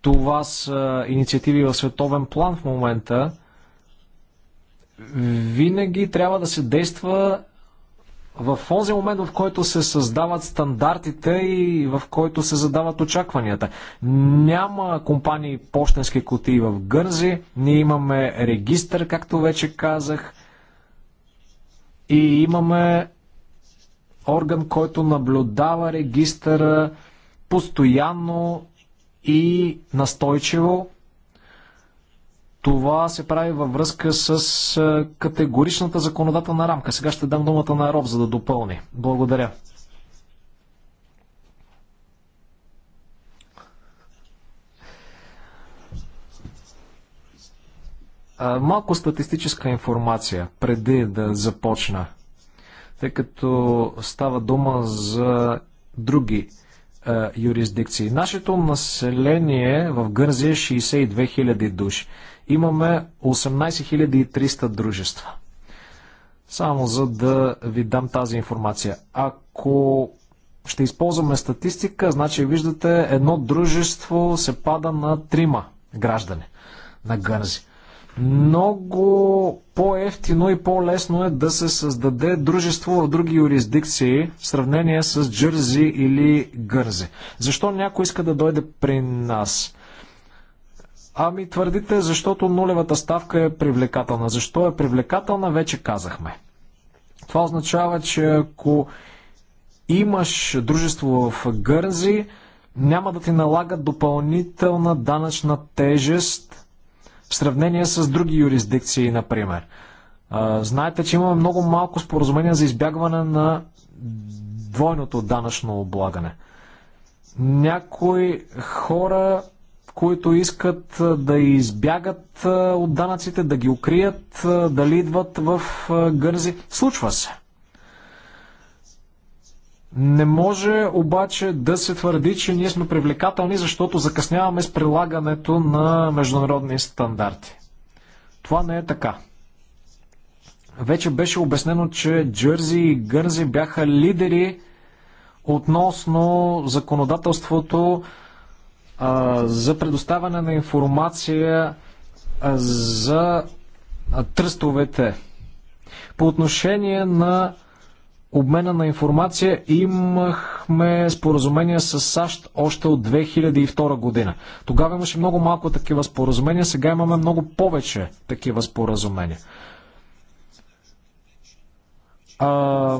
Това са инициативи в световен план в момента. Винаги трябва да се действа в този момент, в който се създават стандартите и в който се задават очакванията. Няма компании почтенски кутии в Гързи, ние имаме регистър, както вече казах, и имаме орган, който наблюдава регистъра постоянно и настойчиво. Това се прави във връзка с категоричната законодателна рамка. Сега ще дам думата на Роб, за да допълни. Благодаря. Малко статистическа информация преди да започна тъй като става дума за други е, юрисдикции. Нашето население в Гързия е 62 000 души. Имаме 18 300 дружества. Само за да ви дам тази информация. Ако ще използваме статистика, значи виждате едно дружество се пада на трима граждане на Гързи. Много по-ефтино и по-лесно е да се създаде дружество в други юрисдикции в сравнение с Джерзи или Гързи. Защо някой иска да дойде при нас? Ами твърдите, защото нулевата ставка е привлекателна. Защо е привлекателна, вече казахме. Това означава, че ако имаш дружество в Гързи, няма да ти налагат допълнителна данъчна тежест в сравнение с други юрисдикции, например. Знаете, че имаме много малко споразумения за избягване на двойното данъчно облагане. Някои хора, които искат да избягат от данъците, да ги укрият, дали идват в гързи, случва се. Не може обаче да се твърди, че ние сме привлекателни, защото закъсняваме с прилагането на международни стандарти. Това не е така. Вече беше обяснено, че Джерзи и Гързи бяха лидери относно законодателството а, за предоставяне на информация а, за а, тръстовете. По отношение на обмена на информация имахме споразумения с САЩ още от 2002 година. Тогава имаше много малко такива споразумения, сега имаме много повече такива споразумения. А,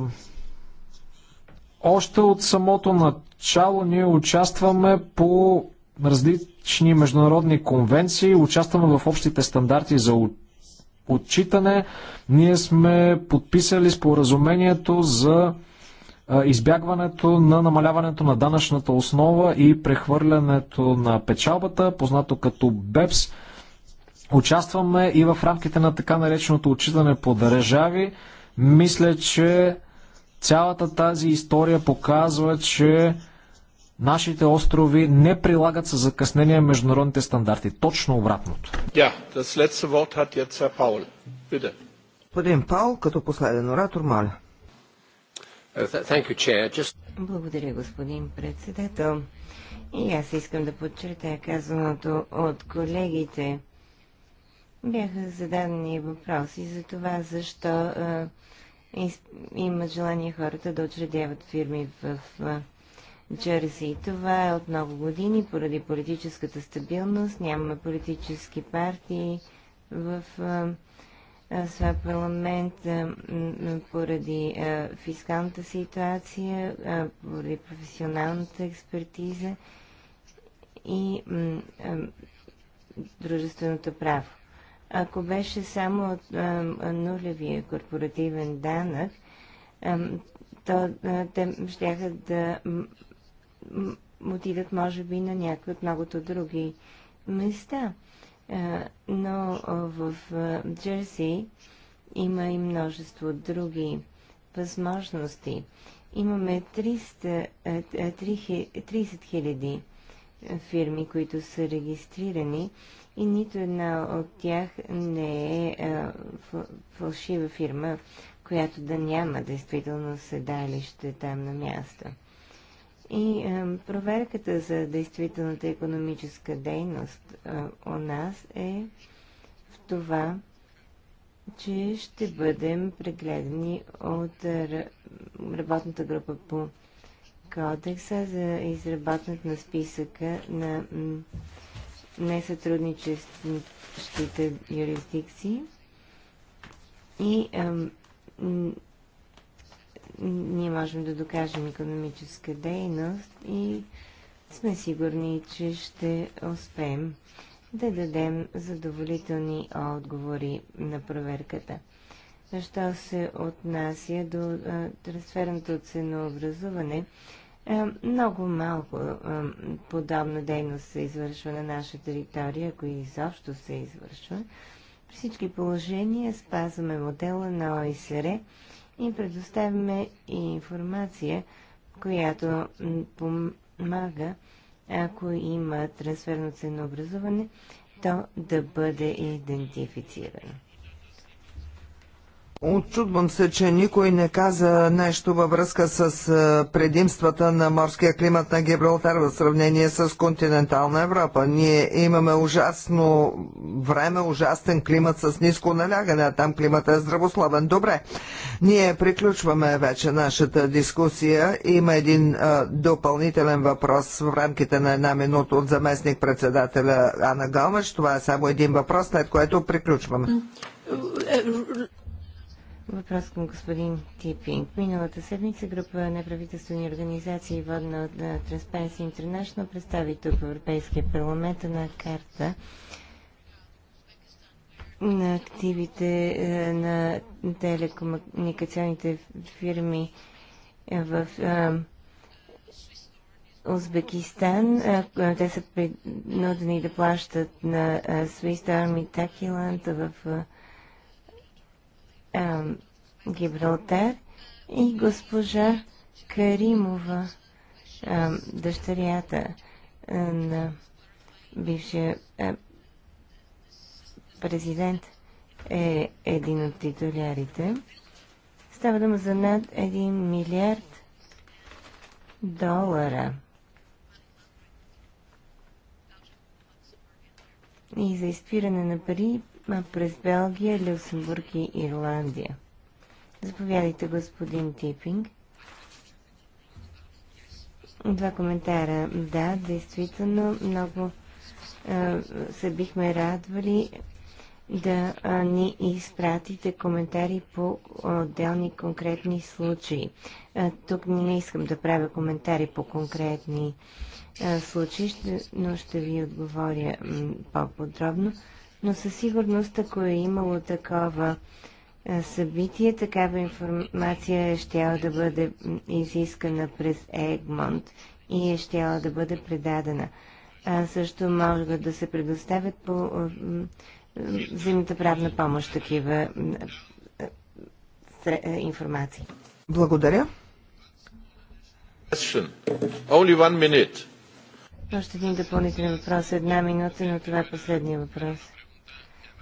още от самото начало ние участваме по различни международни конвенции, участваме в общите стандарти за участие отчитане. Ние сме подписали споразумението за избягването на намаляването на данъчната основа и прехвърлянето на печалбата, познато като БЕПС. Участваме и в рамките на така нареченото отчитане по държави. Мисля, че цялата тази история показва, че нашите острови не прилагат с закъснение международните стандарти. Точно обратното. Да, das letzte Wort hat Паул. Господин Паул, като последен оратор, моля. Uh, Благодаря, господин председател. И аз искам да подчертая казаното от колегите. Бяха зададени въпроси за това, защо а, из, има желание хората да учредяват фирми в а, Джерси. Това е от много години поради политическата стабилност. Нямаме политически партии в своя парламент поради фискалната ситуация, поради професионалната експертиза и дружественото право. Ако беше само от нулевия корпоративен данък, то те ще да отидат, може би, на някои от многото други места. Но в Джерси има и множество други възможности. Имаме 30 хиляди фирми, които са регистрирани и нито една от тях не е фалшива фирма, която да няма действително седалище там на място. И а, проверката за действителната економическа дейност а, у нас е в това, че ще бъдем прегледани от работната група по кодекса за изработването на списъка на несътрудничестващите юрисдикции и а, ние можем да докажем економическа дейност и сме сигурни, че ще успеем да дадем задоволителни отговори на проверката. Защо се отнася до а, трансферното ценообразуване, а, много малко а, подобна дейност се извършва на наша територия, ако изобщо се извършва. При всички положения спазваме модела на ОИСР им предоставяме и информация, която помага, ако има трансферно ценообразуване, то да бъде идентифицирано. Отчудвам се, че никой не каза нещо във връзка с предимствата на морския климат на Гибралтар в сравнение с континентална Европа. Ние имаме ужасно време, ужасен климат с ниско налягане, а там климата е здравословен. Добре, ние приключваме вече нашата дискусия. Има един а, допълнителен въпрос в рамките на една минута от заместник председателя Ана Галмаш. Това е само един въпрос, след което приключваме. Въпрос към господин Типинг. Миналата седмица група неправителствени организации, водна от Transparency International, представи тук в Европейския парламент една карта на активите на телекомуникационните фирми в Узбекистан. Те са принудени да плащат на Swiss Army Takiland в а, Гибралтар и госпожа Каримова, а, дъщерята а, на бившия а, президент, е един от титулярите. Става дума за над 1 милиард долара. И за изпиране на пари през Белгия, Люксембург и Ирландия. Заповядайте, господин Типинг. Два коментара. Да, действително много а, се бихме радвали да ни изпратите коментари по отделни конкретни случаи. Тук не искам да правя коментари по конкретни случаи, но ще ви отговоря по-подробно но със сигурност, ако е имало такова е, събитие, такава информация е щяла да бъде изискана през Егмонт и е щяла да бъде предадена. А също могат да се предоставят по взаимната правна помощ такива е, информации. Благодаря. Още един допълнителен въпрос. Една минута, но това е последния въпрос.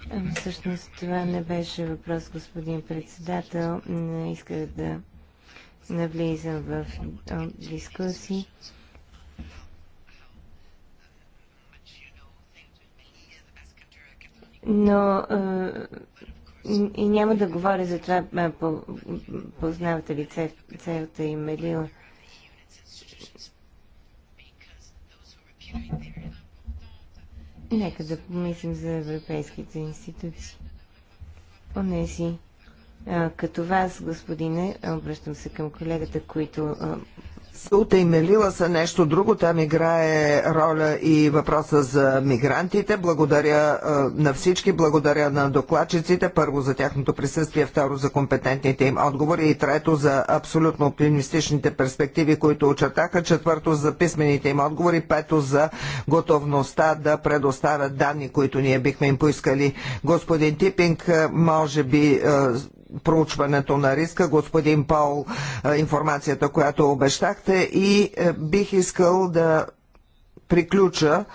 Ами, всъщност това не беше въпрос, господин председател. Не исках да навлизам в дискусии. Но и няма да говоря за това, познавате ли целта и Мелила. Нека да помислим за европейските институции. Онези, като вас, господине, обръщам се към колегата, които а, Саута и Мелила са нещо друго. Там играе роля и въпроса за мигрантите. Благодаря на всички, благодаря на докладчиците. Първо за тяхното присъствие, второ за компетентните им отговори и трето за абсолютно оптимистичните перспективи, които очертаха, четвърто за писмените им отговори, пето за готовността да предоставят данни, които ние бихме им поискали. Господин Типинг, може би проучването на риска, господин Пол, информацията, която обещахте и е, бих искал да приключа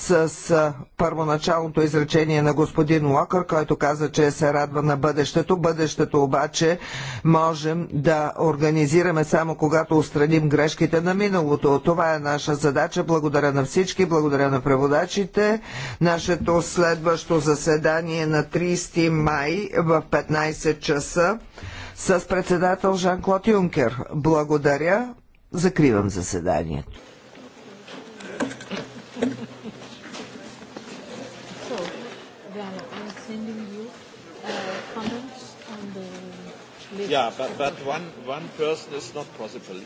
с първоначалното изречение на господин Локър, който каза, че се радва на бъдещето. Бъдещето обаче можем да организираме само когато устраним грешките на миналото. Това е наша задача. Благодаря на всички, благодаря на преводачите. Нашето следващо заседание на 30 май в 15 часа с председател Жан-Клод Юнкер. Благодаря. Закривам заседанието. Yeah, but, but one, one person is not possible.